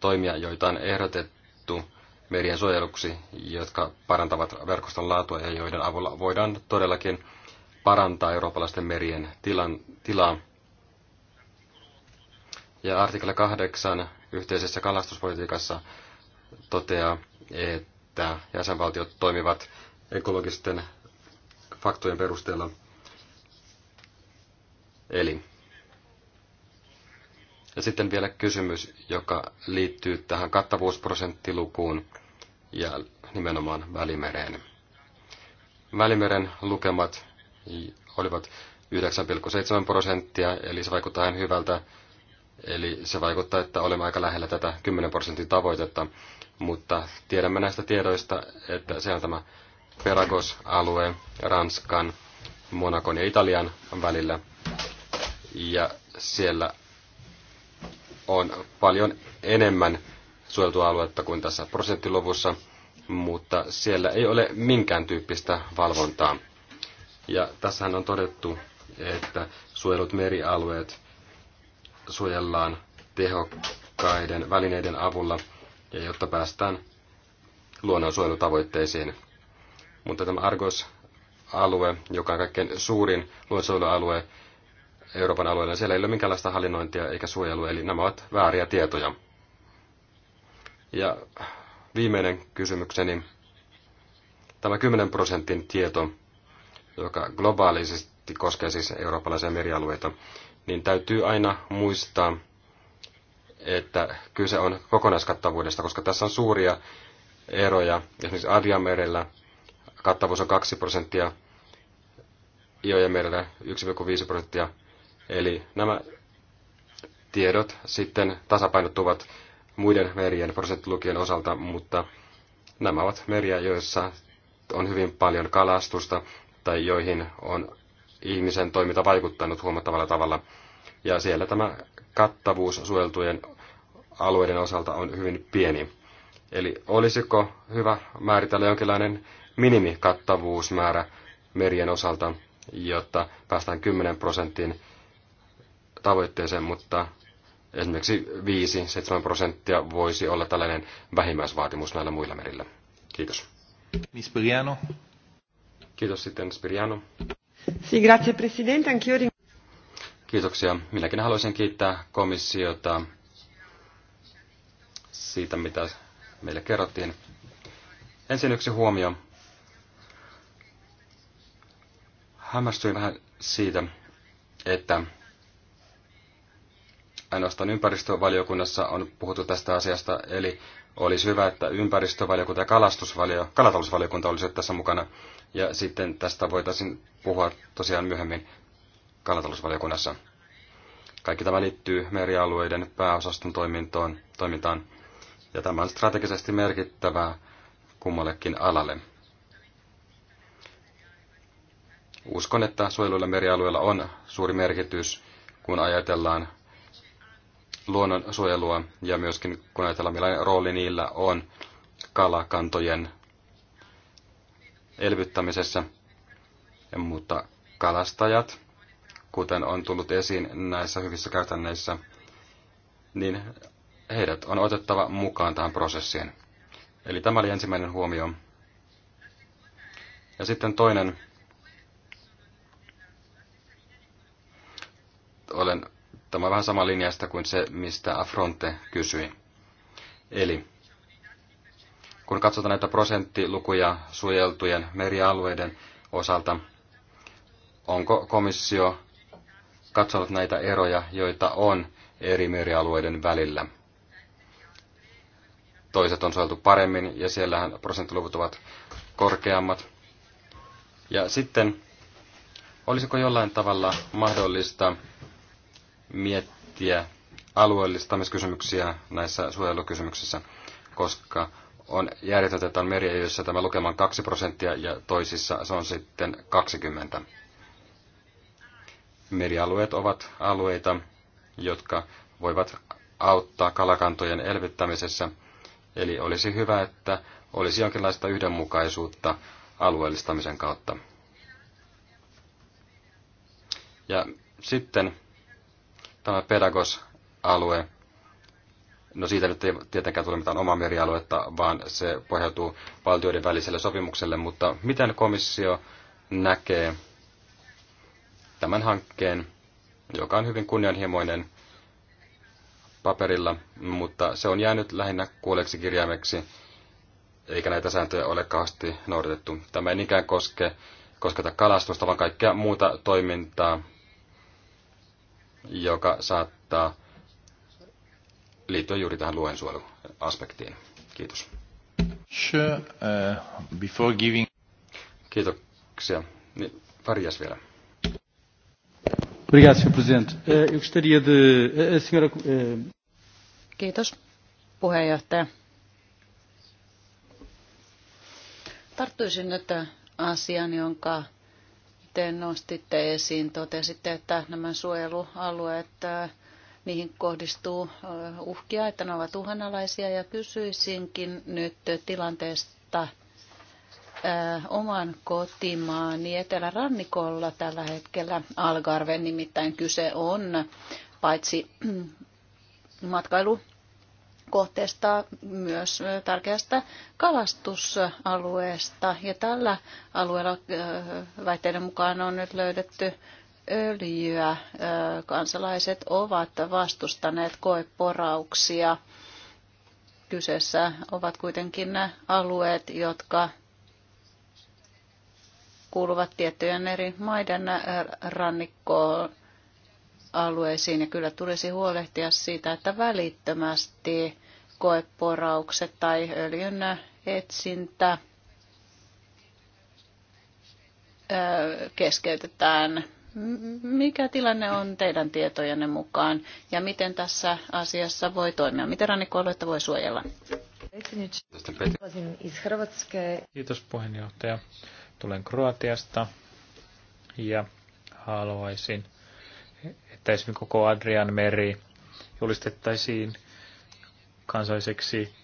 B: toimia, joita on ehdotettu merien suojeluksi, jotka parantavat verkoston laatua ja joiden avulla voidaan todellakin parantaa eurooppalaisten merien tilan, tilaa. Ja artikla 8 yhteisessä kalastuspolitiikassa toteaa, että jäsenvaltiot toimivat ekologisten faktojen perusteella. Eli. Ja sitten vielä kysymys, joka liittyy tähän kattavuusprosenttilukuun ja nimenomaan Välimereen. Välimeren lukemat olivat 9,7 prosenttia, eli se vaikuttaa ihan hyvältä. Eli se vaikuttaa, että olemme aika lähellä tätä 10 prosentin tavoitetta, mutta tiedämme näistä tiedoista, että se on tämä Peragos-alue Ranskan, Monakon ja Italian välillä. Ja siellä on paljon enemmän suojeltua aluetta kuin tässä prosenttiluvussa, mutta siellä ei ole minkään tyyppistä valvontaa. Ja tässähän on todettu, että suojelut merialueet suojellaan tehokkaiden välineiden avulla, ja jotta päästään luonnonsuojelutavoitteisiin. Mutta tämä Argos-alue, joka on kaikkein suurin luonnonsuojelualue Euroopan alueella, siellä ei ole minkäänlaista hallinnointia eikä suojelua, eli nämä ovat vääriä tietoja. Ja viimeinen kysymykseni. Tämä 10 prosentin tieto, joka globaalisesti koskee siis eurooppalaisia merialueita, niin täytyy aina muistaa, että kyse on kokonaiskattavuudesta, koska tässä on suuria eroja. Esimerkiksi Adriamerellä kattavuus on 2 prosenttia, merellä 1,5 prosenttia. Eli nämä tiedot sitten tasapainottuvat muiden merien prosenttilukien osalta, mutta nämä ovat meriä, joissa on hyvin paljon kalastusta tai joihin on ihmisen toiminta vaikuttanut huomattavalla tavalla. Ja siellä tämä kattavuus suojeltujen alueiden osalta on hyvin pieni. Eli olisiko hyvä määritellä jonkinlainen minimikattavuusmäärä merien osalta, jotta päästään 10 prosentin tavoitteeseen, mutta esimerkiksi 5-7 prosenttia voisi olla tällainen vähimmäisvaatimus näillä muilla merillä. Kiitos. Spiriano. Kiitos sitten Spiriano.
D: Si, grazie presidente, anch'io
B: Kiitoksia. Minäkin haluaisin kiittää komissiota siitä, mitä meille kerrottiin. Ensin yksi huomio. Hämmästyin vähän siitä, että ainoastaan ympäristövaliokunnassa on puhuttu tästä asiasta, eli olisi hyvä, että ympäristövaliokunta ja kalastusvalio, kalatalousvaliokunta olisivat tässä mukana, ja sitten tästä voitaisiin puhua tosiaan myöhemmin kalatalousvaliokunnassa. Kaikki tämä liittyy merialueiden pääosaston toimintoon, toimintaan, ja tämä on strategisesti merkittävää kummallekin alalle. Uskon, että suojeluilla merialueilla on suuri merkitys, kun ajatellaan luonnonsuojelua ja myöskin kun ajatellaan millainen rooli niillä on kalakantojen elvyttämisessä. Mutta kalastajat, kuten on tullut esiin näissä hyvissä käytänneissä, niin heidät on otettava mukaan tähän prosessiin. Eli tämä oli ensimmäinen huomio. Ja sitten toinen. Olen Tämä on vähän sama linjasta kuin se, mistä Afronte kysyi. Eli kun katsotaan näitä prosenttilukuja suojeltujen merialueiden osalta, onko komissio katsonut näitä eroja, joita on eri merialueiden välillä? Toiset on suojeltu paremmin ja siellähän prosenttiluvut ovat korkeammat. Ja sitten, olisiko jollain tavalla mahdollista miettiä alueellistamiskysymyksiä näissä suojelukysymyksissä, koska on järjetöntä, että on meriöissä tämä lukema 2 prosenttia ja toisissa se on sitten 20. Merialueet ovat alueita, jotka voivat auttaa kalakantojen elvyttämisessä, eli olisi hyvä, että olisi jonkinlaista yhdenmukaisuutta alueellistamisen kautta. Ja sitten tämä Pedagos-alue, no siitä nyt ei tietenkään tule mitään omaa merialuetta, vaan se pohjautuu valtioiden väliselle sopimukselle, mutta miten komissio näkee tämän hankkeen, joka on hyvin kunnianhimoinen paperilla, mutta se on jäänyt lähinnä kuoleeksi kirjaimeksi, eikä näitä sääntöjä ole kauheasti noudatettu. Tämä ei niinkään koske, kosketa kalastusta, vaan kaikkea muuta toimintaa, joka saattaa liittyä juuri tähän luensuojeluaspektiin. Kiitos.
A: Sure, uh, before giving... Kiitoksia. Niin, Farias vielä. Eh, eh, eh, Kiitos,
C: puheenjohtaja. Tarttuisin nyt asiaan, jonka te nostitte esiin, totesitte, että nämä suojelualueet, äh, niihin kohdistuu äh, uhkia, että ne ovat uhanalaisia ja kysyisinkin nyt tilanteesta äh, oman kotimaani etelärannikolla tällä hetkellä Algarve, nimittäin kyse on paitsi (clears throat) matkailu kohteesta myös tärkeästä kalastusalueesta. Ja tällä alueella väitteiden mukaan on nyt löydetty öljyä. Kansalaiset ovat vastustaneet koeporauksia. Kyseessä ovat kuitenkin ne alueet, jotka kuuluvat tiettyjen eri maiden rannikkoon alueisiin ja kyllä tulisi huolehtia siitä, että välittömästi koeporaukset tai öljyn etsintä keskeytetään. Mikä tilanne on teidän tietojenne mukaan ja miten tässä asiassa voi toimia? Miten rannikkoaluetta voi suojella?
E: Kiitos puheenjohtaja. Tulen Kroatiasta ja haluaisin että koko Adrian meri julistettaisiin kansalliseksi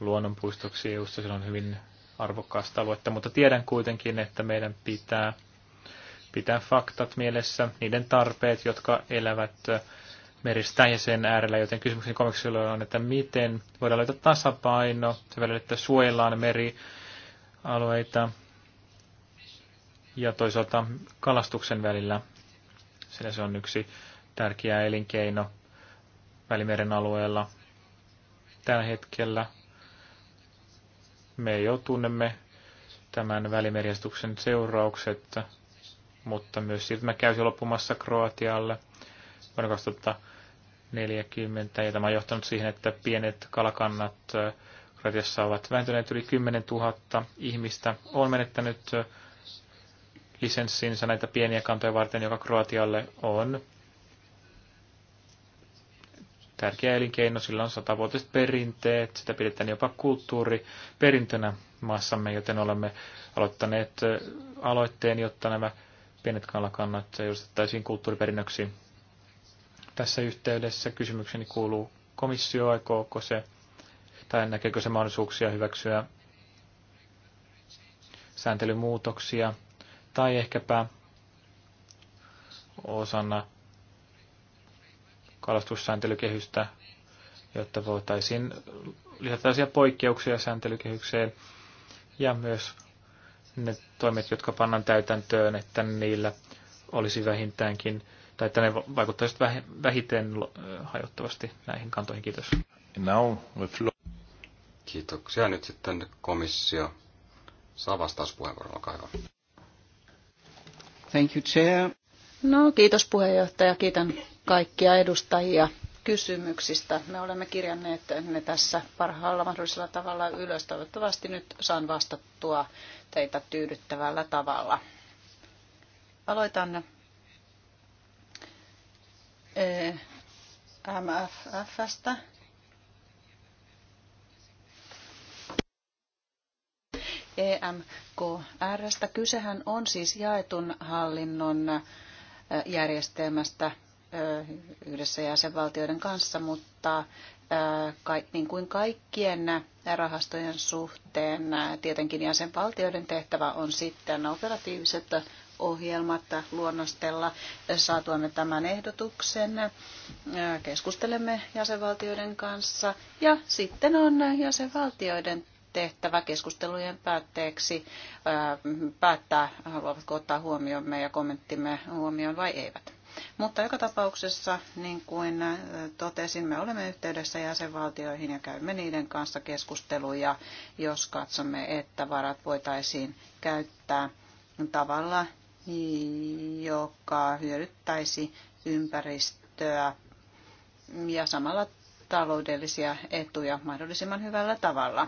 E: luonnonpuistoksi EUsta. Se on hyvin arvokasta aluetta, mutta tiedän kuitenkin, että meidän pitää pitää faktat mielessä, niiden tarpeet, jotka elävät meristä ja sen äärellä, joten kysymykseni komiksella on, että miten voidaan löytää tasapaino se välillä, että suojellaan merialueita ja toisaalta kalastuksen välillä, sillä se on yksi tärkeä elinkeino Välimeren alueella. Tällä hetkellä me jo tunnemme tämän välimeriastuksen seuraukset, mutta myös siirtymä käysi loppumassa Kroatialle vuonna 2040, ja tämä on johtanut siihen, että pienet kalakannat Kroatiassa ovat vähentyneet yli 10 000 ihmistä. On menettänyt lisenssinsä näitä pieniä kantoja varten, joka Kroatialle on tärkeä elinkeino, sillä on satavuotiset perinteet, sitä pidetään jopa kulttuuriperintönä maassamme, joten olemme aloittaneet aloitteen, jotta nämä pienet kalakannat julistettaisiin kulttuuriperinnöksi. Tässä yhteydessä kysymykseni kuuluu, komissio aikooko se tai näkeekö se mahdollisuuksia hyväksyä sääntelymuutoksia tai ehkäpä osana kalastussääntelykehystä, jotta voitaisiin lisätä tällaisia poikkeuksia sääntelykehykseen ja myös ne toimet, jotka pannaan täytäntöön, että niillä olisi vähintäänkin, tai että ne vaikuttaisivat vähiten hajottavasti näihin kantoihin. Kiitos.
B: Now Kiitoksia. Nyt sitten komissio saa
D: vastauspuheenvuoron. Olkaa hyvä. Thank you, Chair.
C: No, kiitos puheenjohtaja. Kiitän kaikkia edustajia kysymyksistä. Me olemme kirjanneet ne tässä parhaalla mahdollisella tavalla ylös. Toivottavasti nyt saan vastattua teitä tyydyttävällä tavalla. Aloitan eh, MFFstä. EMKRstä. Kysehän on siis jaetun hallinnon eh, järjestelmästä, yhdessä jäsenvaltioiden kanssa, mutta niin kuin kaikkien rahastojen suhteen tietenkin jäsenvaltioiden tehtävä on sitten operatiiviset ohjelmat luonnostella. Saatuamme tämän ehdotuksen, keskustelemme jäsenvaltioiden kanssa ja sitten on jäsenvaltioiden tehtävä keskustelujen päätteeksi päättää, haluavatko ottaa huomioon ja kommenttimme huomioon vai eivät. Mutta joka tapauksessa, niin kuin totesin, me olemme yhteydessä jäsenvaltioihin ja käymme niiden kanssa keskusteluja, jos katsomme, että varat voitaisiin käyttää tavalla, joka hyödyttäisi ympäristöä ja samalla taloudellisia etuja mahdollisimman hyvällä tavalla.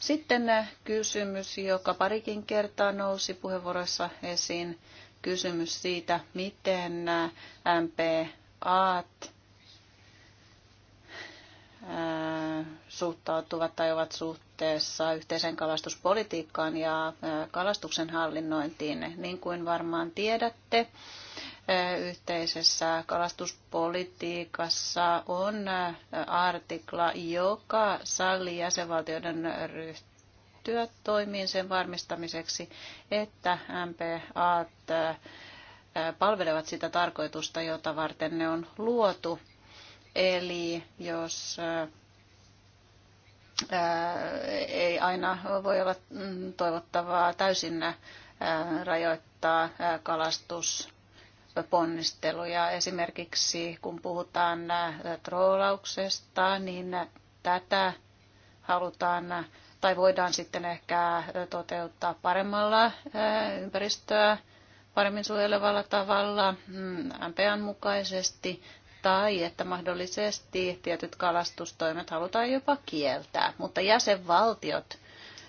C: Sitten kysymys, joka parikin kertaa nousi puheenvuoroissa esiin, kysymys siitä, miten MPAt suhtautuvat tai ovat suhteessa yhteiseen kalastuspolitiikkaan ja kalastuksen hallinnointiin. Niin kuin varmaan tiedätte, yhteisessä kalastuspolitiikassa on artikla, joka sallii jäsenvaltioiden ryhtyä ryhtyä toimiin sen varmistamiseksi, että MPA palvelevat sitä tarkoitusta, jota varten ne on luotu. Eli jos ei aina voi olla mm, toivottavaa täysin rajoittaa kalastus, ponnisteluja, Esimerkiksi kun puhutaan troolauksesta, niin tätä halutaan tai voidaan sitten ehkä toteuttaa paremmalla ympäristöä paremmin suojelevalla tavalla mm, MPN mukaisesti tai että mahdollisesti tietyt kalastustoimet halutaan jopa kieltää. Mutta jäsenvaltiot,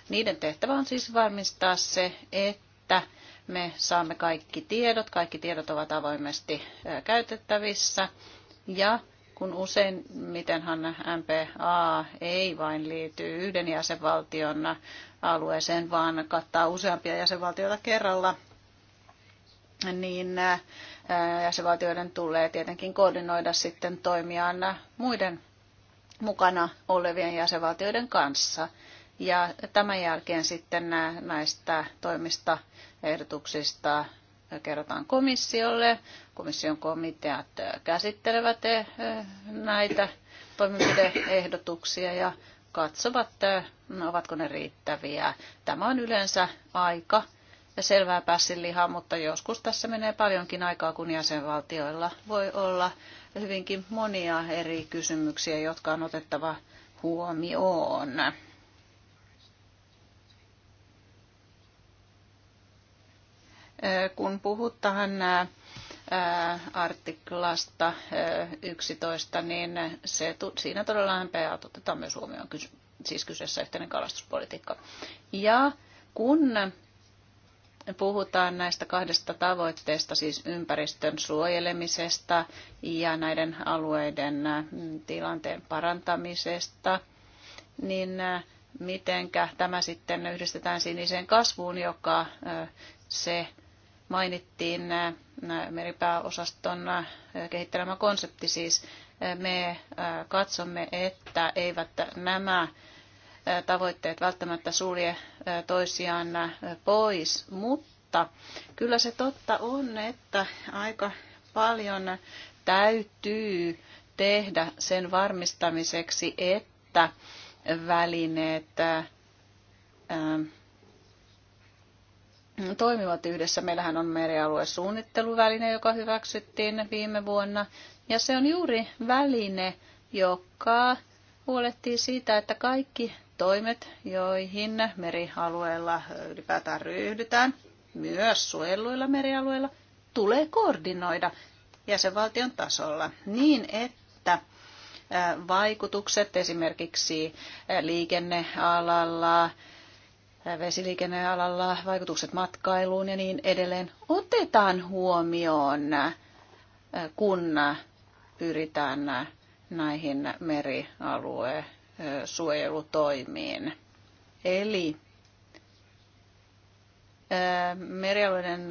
C: niiden tehtävä on siis varmistaa se, että me saamme kaikki tiedot, kaikki tiedot ovat avoimesti käytettävissä ja kun usein mitenhän MPA ei vain liity yhden jäsenvaltion alueeseen, vaan kattaa useampia jäsenvaltioita kerralla, niin jäsenvaltioiden tulee tietenkin koordinoida sitten toimiaan muiden mukana olevien jäsenvaltioiden kanssa. Ja tämän jälkeen sitten näistä toimista ehdotuksista kerrotaan komissiolle, komission komiteat käsittelevät näitä toimenpideehdotuksia ja katsovat, ovatko ne riittäviä. Tämä on yleensä aika ja selvää pässinlihaa, mutta joskus tässä menee paljonkin aikaa, kun jäsenvaltioilla voi olla hyvinkin monia eri kysymyksiä, jotka on otettava huomioon. Kun puhutaan artiklasta 11, niin se, siinä todella MPA otetaan myös huomioon, siis kyseessä yhteinen kalastuspolitiikka. Ja kun puhutaan näistä kahdesta tavoitteesta, siis ympäristön suojelemisesta ja näiden alueiden tilanteen parantamisesta, niin mitenkä tämä sitten yhdistetään siniseen kasvuun, joka se mainittiin äh, meripääosaston äh, kehittelemä konsepti siis. Äh, me katsomme, että eivät nämä tavoitteet välttämättä sulje toisiaan pois, mutta kyllä se totta on, että aika paljon täytyy tehdä sen varmistamiseksi, että välineet toimivat yhdessä. Meillähän on merialuesuunnitteluväline, joka hyväksyttiin viime vuonna. Ja se on juuri väline, joka huolehtii siitä, että kaikki toimet, joihin merialueella ylipäätään ryhdytään, myös suojelluilla merialueilla, tulee koordinoida jäsenvaltion tasolla niin, että vaikutukset esimerkiksi liikennealalla, vesiliikennealalla, vaikutukset matkailuun ja niin edelleen otetaan huomioon, kun pyritään näihin merialueen suojelutoimiin. Eli merialueiden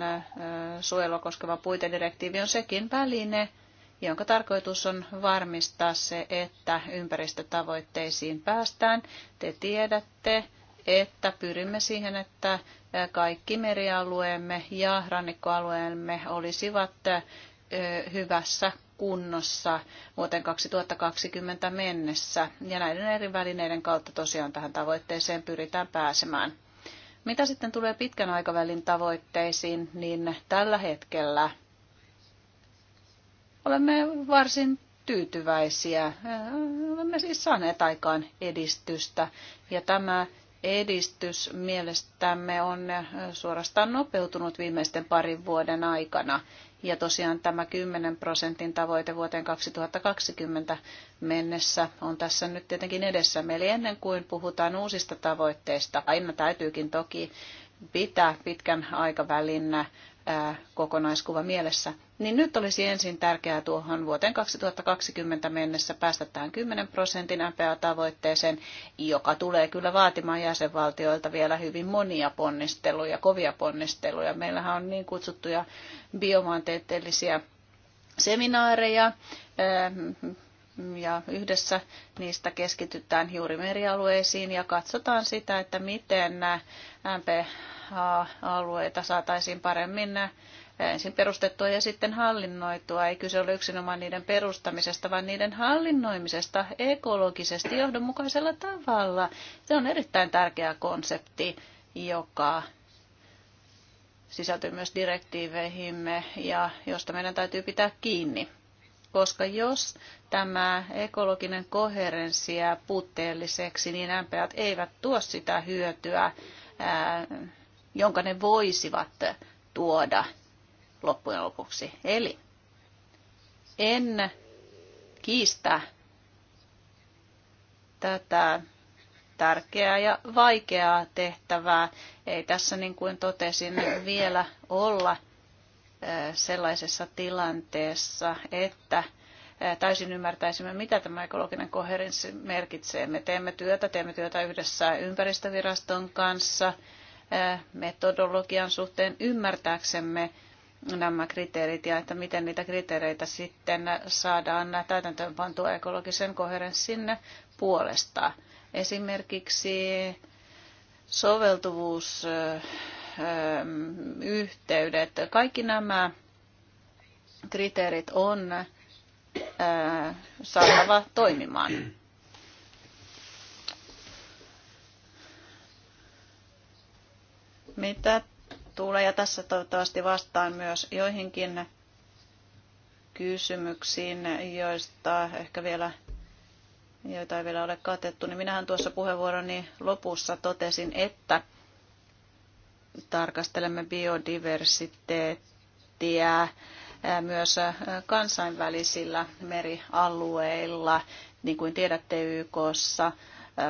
C: suojelua koskeva puitedirektiivi on sekin väline, jonka tarkoitus on varmistaa se, että ympäristötavoitteisiin päästään. Te tiedätte, että pyrimme siihen, että kaikki merialueemme ja rannikkoalueemme olisivat hyvässä kunnossa vuoteen 2020 mennessä. Ja näiden eri välineiden kautta tosiaan tähän tavoitteeseen pyritään pääsemään. Mitä sitten tulee pitkän aikavälin tavoitteisiin, niin tällä hetkellä olemme varsin tyytyväisiä. Olemme siis saaneet aikaan edistystä ja tämä edistys mielestämme on suorastaan nopeutunut viimeisten parin vuoden aikana. Ja tosiaan tämä 10 prosentin tavoite vuoteen 2020 mennessä on tässä nyt tietenkin edessä. Eli ennen kuin puhutaan uusista tavoitteista, aina täytyykin toki pitää pitkän aikavälin kokonaiskuva mielessä, niin nyt olisi ensin tärkeää tuohon vuoteen 2020 mennessä päästä tähän 10 prosentin MPA-tavoitteeseen, joka tulee kyllä vaatimaan jäsenvaltioilta vielä hyvin monia ponnisteluja, kovia ponnisteluja. Meillähän on niin kutsuttuja biomaantieteellisiä seminaareja, ja yhdessä niistä keskitytään juuri merialueisiin ja katsotaan sitä, että miten MPA alueita saataisiin paremmin ensin perustettua ja sitten hallinnoitua. Ei kyse ole yksinomaan niiden perustamisesta, vaan niiden hallinnoimisesta ekologisesti johdonmukaisella tavalla. Se on erittäin tärkeä konsepti, joka sisältyy myös direktiiveihimme ja josta meidän täytyy pitää kiinni. Koska jos tämä ekologinen koherenssi jää puutteelliseksi, niin MPAt eivät tuo sitä hyötyä jonka ne voisivat tuoda loppujen lopuksi. Eli en kiistä tätä tärkeää ja vaikeaa tehtävää. Ei tässä, niin kuin totesin, vielä olla sellaisessa tilanteessa, että täysin ymmärtäisimme, mitä tämä ekologinen koherenssi merkitsee. Me teemme työtä, teemme työtä yhdessä ympäristöviraston kanssa – Äh, metodologian suhteen ymmärtääksemme nämä kriteerit ja että miten niitä kriteereitä sitten saadaan täytäntöönpantua ekologisen koherenssin puolesta. Esimerkiksi soveltuvuusyhteydet, äh, kaikki nämä kriteerit on äh, saatava toimimaan. Mitä tulee, ja tässä toivottavasti vastaan myös joihinkin kysymyksiin, joista ehkä vielä joita ei vielä ole katettu, niin minähän tuossa puheenvuoroni lopussa totesin, että tarkastelemme biodiversiteettiä myös kansainvälisillä merialueilla. Niin kuin tiedätte YKssa,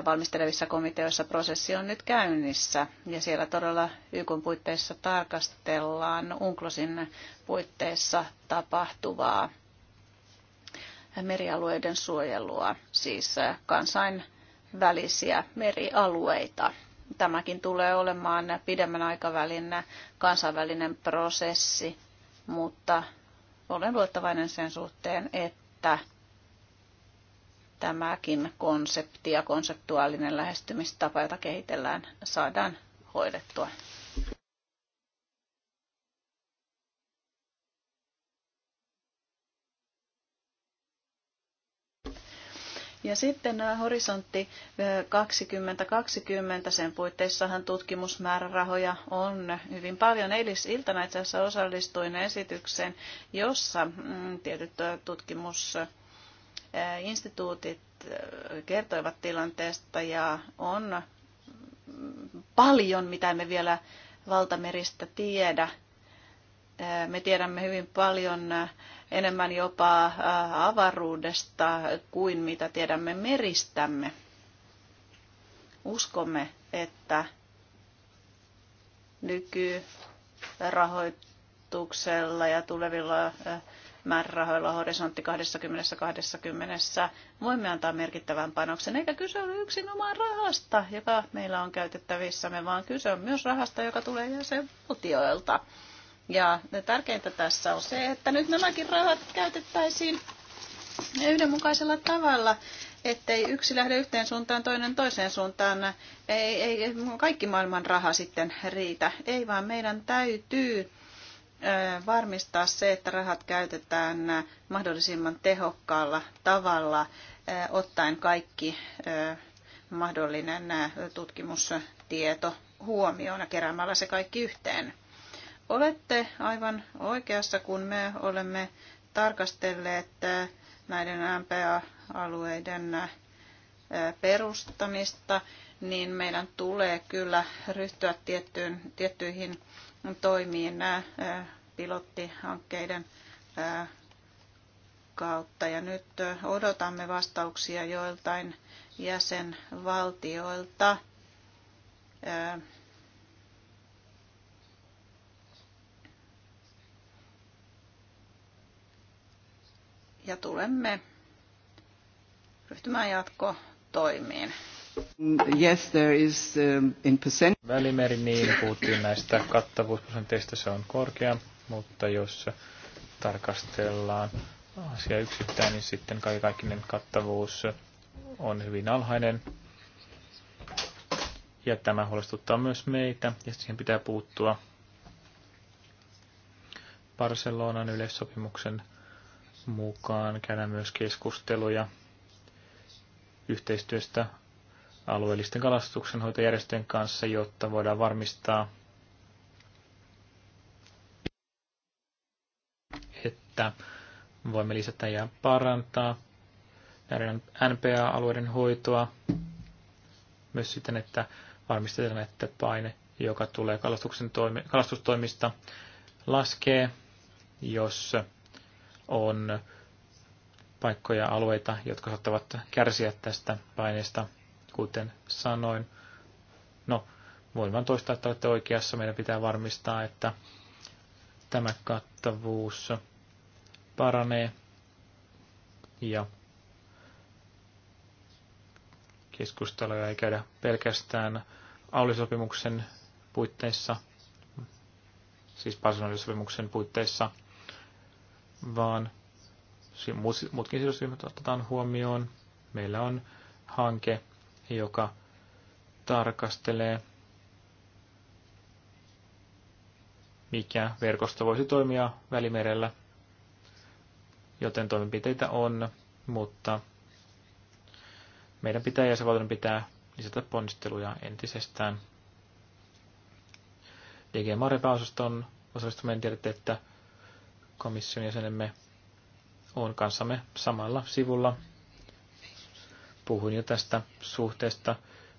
C: valmistelevissa komiteoissa prosessi on nyt käynnissä ja siellä todella YK puitteissa tarkastellaan UNCLOSin puitteissa tapahtuvaa merialueiden suojelua, siis kansainvälisiä merialueita. Tämäkin tulee olemaan pidemmän aikavälin kansainvälinen prosessi, mutta olen luottavainen sen suhteen, että tämäkin konsepti ja konseptuaalinen lähestymistapa, jota kehitellään, saadaan hoidettua. Ja sitten äh, horisontti 2020, äh, sen puitteissahan tutkimusmäärärahoja on hyvin paljon. Eilisiltana itse asiassa osallistuin esitykseen, jossa mm, tietyt äh, tutkimus Äh, instituutit äh, kertoivat tilanteesta ja on paljon, mitä me vielä valtameristä tiedä. Äh, me tiedämme hyvin paljon enemmän jopa avaruudesta kuin mitä tiedämme meristämme. Uskomme, että nykyrahoitus rahoituksella ja tulevilla määrärahoilla horisontti 2020. voimme antaa merkittävän panoksen. Eikä kyse ole yksinomaan rahasta, joka meillä on käytettävissämme, vaan kyse on myös rahasta, joka tulee jäsenvaltioilta. Ja tärkeintä tässä on se, että nyt nämäkin rahat käytettäisiin yhdenmukaisella tavalla, ettei yksi lähde yhteen suuntaan, toinen toiseen suuntaan. Ei, ei kaikki maailman raha sitten riitä. Ei, vaan meidän täytyy varmistaa se, että rahat käytetään mahdollisimman tehokkaalla tavalla, ottaen kaikki mahdollinen tutkimustieto huomioon ja keräämällä se kaikki yhteen. Olette aivan oikeassa, kun me olemme tarkastelleet näiden MPA-alueiden perustamista, niin meidän tulee kyllä ryhtyä tiettyyn, tiettyihin toimiin pilottihankkeiden kautta. Ja nyt odotamme vastauksia joiltain jäsenvaltioilta. Ja tulemme ryhtymään jatkotoimiin.
E: Mm, yes, there is um, in percent... Välimeri, niin puhuttiin näistä kattavuusprosenteista, se on korkea, mutta jos tarkastellaan asia yksittäin, niin sitten kaikkinen kattavuus on hyvin alhainen. Ja tämä huolestuttaa myös meitä, ja siihen pitää puuttua. Barcelonan yleissopimuksen mukaan käydään myös keskusteluja yhteistyöstä alueellisten kalastuksenhoitojärjestöjen kanssa, jotta voidaan varmistaa, että voimme lisätä ja parantaa näiden NPA-alueiden hoitoa. Myös siten, että varmistetaan, että paine, joka tulee kalastuksen toimi, kalastustoimista, laskee, jos on paikkoja alueita, jotka saattavat kärsiä tästä paineesta kuten sanoin. No, voin vain toistaa, että olette oikeassa. Meidän pitää varmistaa, että tämä kattavuus paranee ja keskusteluja ei käydä pelkästään aulisopimuksen puitteissa, siis Barcelonan puitteissa, vaan muutkin sidosryhmät otetaan huomioon. Meillä on hanke, joka tarkastelee, mikä verkosto voisi toimia välimerellä, joten toimenpiteitä on, mutta meidän pitää ja pitää lisätä ponnisteluja entisestään. DG Mare pääosaston osallistuminen tiedätte, että komission jäsenemme on kanssamme samalla sivulla Puhuin jo tästä suhteesta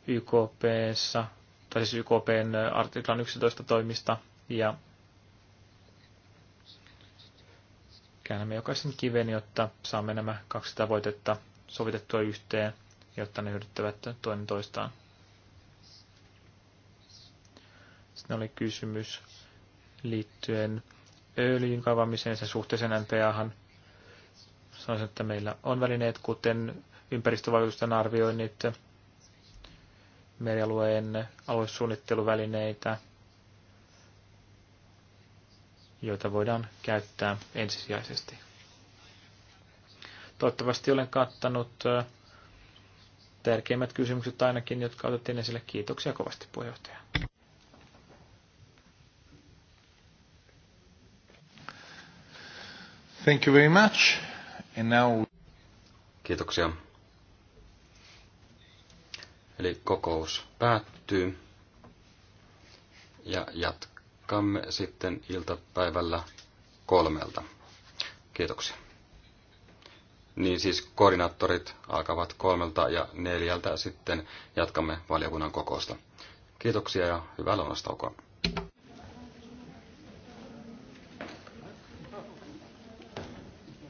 E: YKP, tai siis YKPn artiklan 11 toimista, ja käännämme jokaisen kiven, jotta saamme nämä kaksi tavoitetta sovitettua yhteen, jotta ne hyödyttävät toinen toistaan. Sitten oli kysymys liittyen öljyn kaivamiseen ja sen suhteeseen NPAhan. Sanoisin, että meillä on välineet, kuten ympäristövaikutusten arvioinnit, merialueen aluesuunnitteluvälineitä, joita voidaan käyttää ensisijaisesti. Toivottavasti olen kattanut tärkeimmät kysymykset ainakin, jotka otettiin esille. Kiitoksia kovasti puheenjohtaja.
A: Thank you very much. And now... Kiitoksia. Eli kokous päättyy
B: ja jatkamme sitten iltapäivällä kolmelta. Kiitoksia. Niin siis koordinaattorit alkavat kolmelta ja neljältä sitten jatkamme valiokunnan kokousta. Kiitoksia ja hyvää lounastaukoa.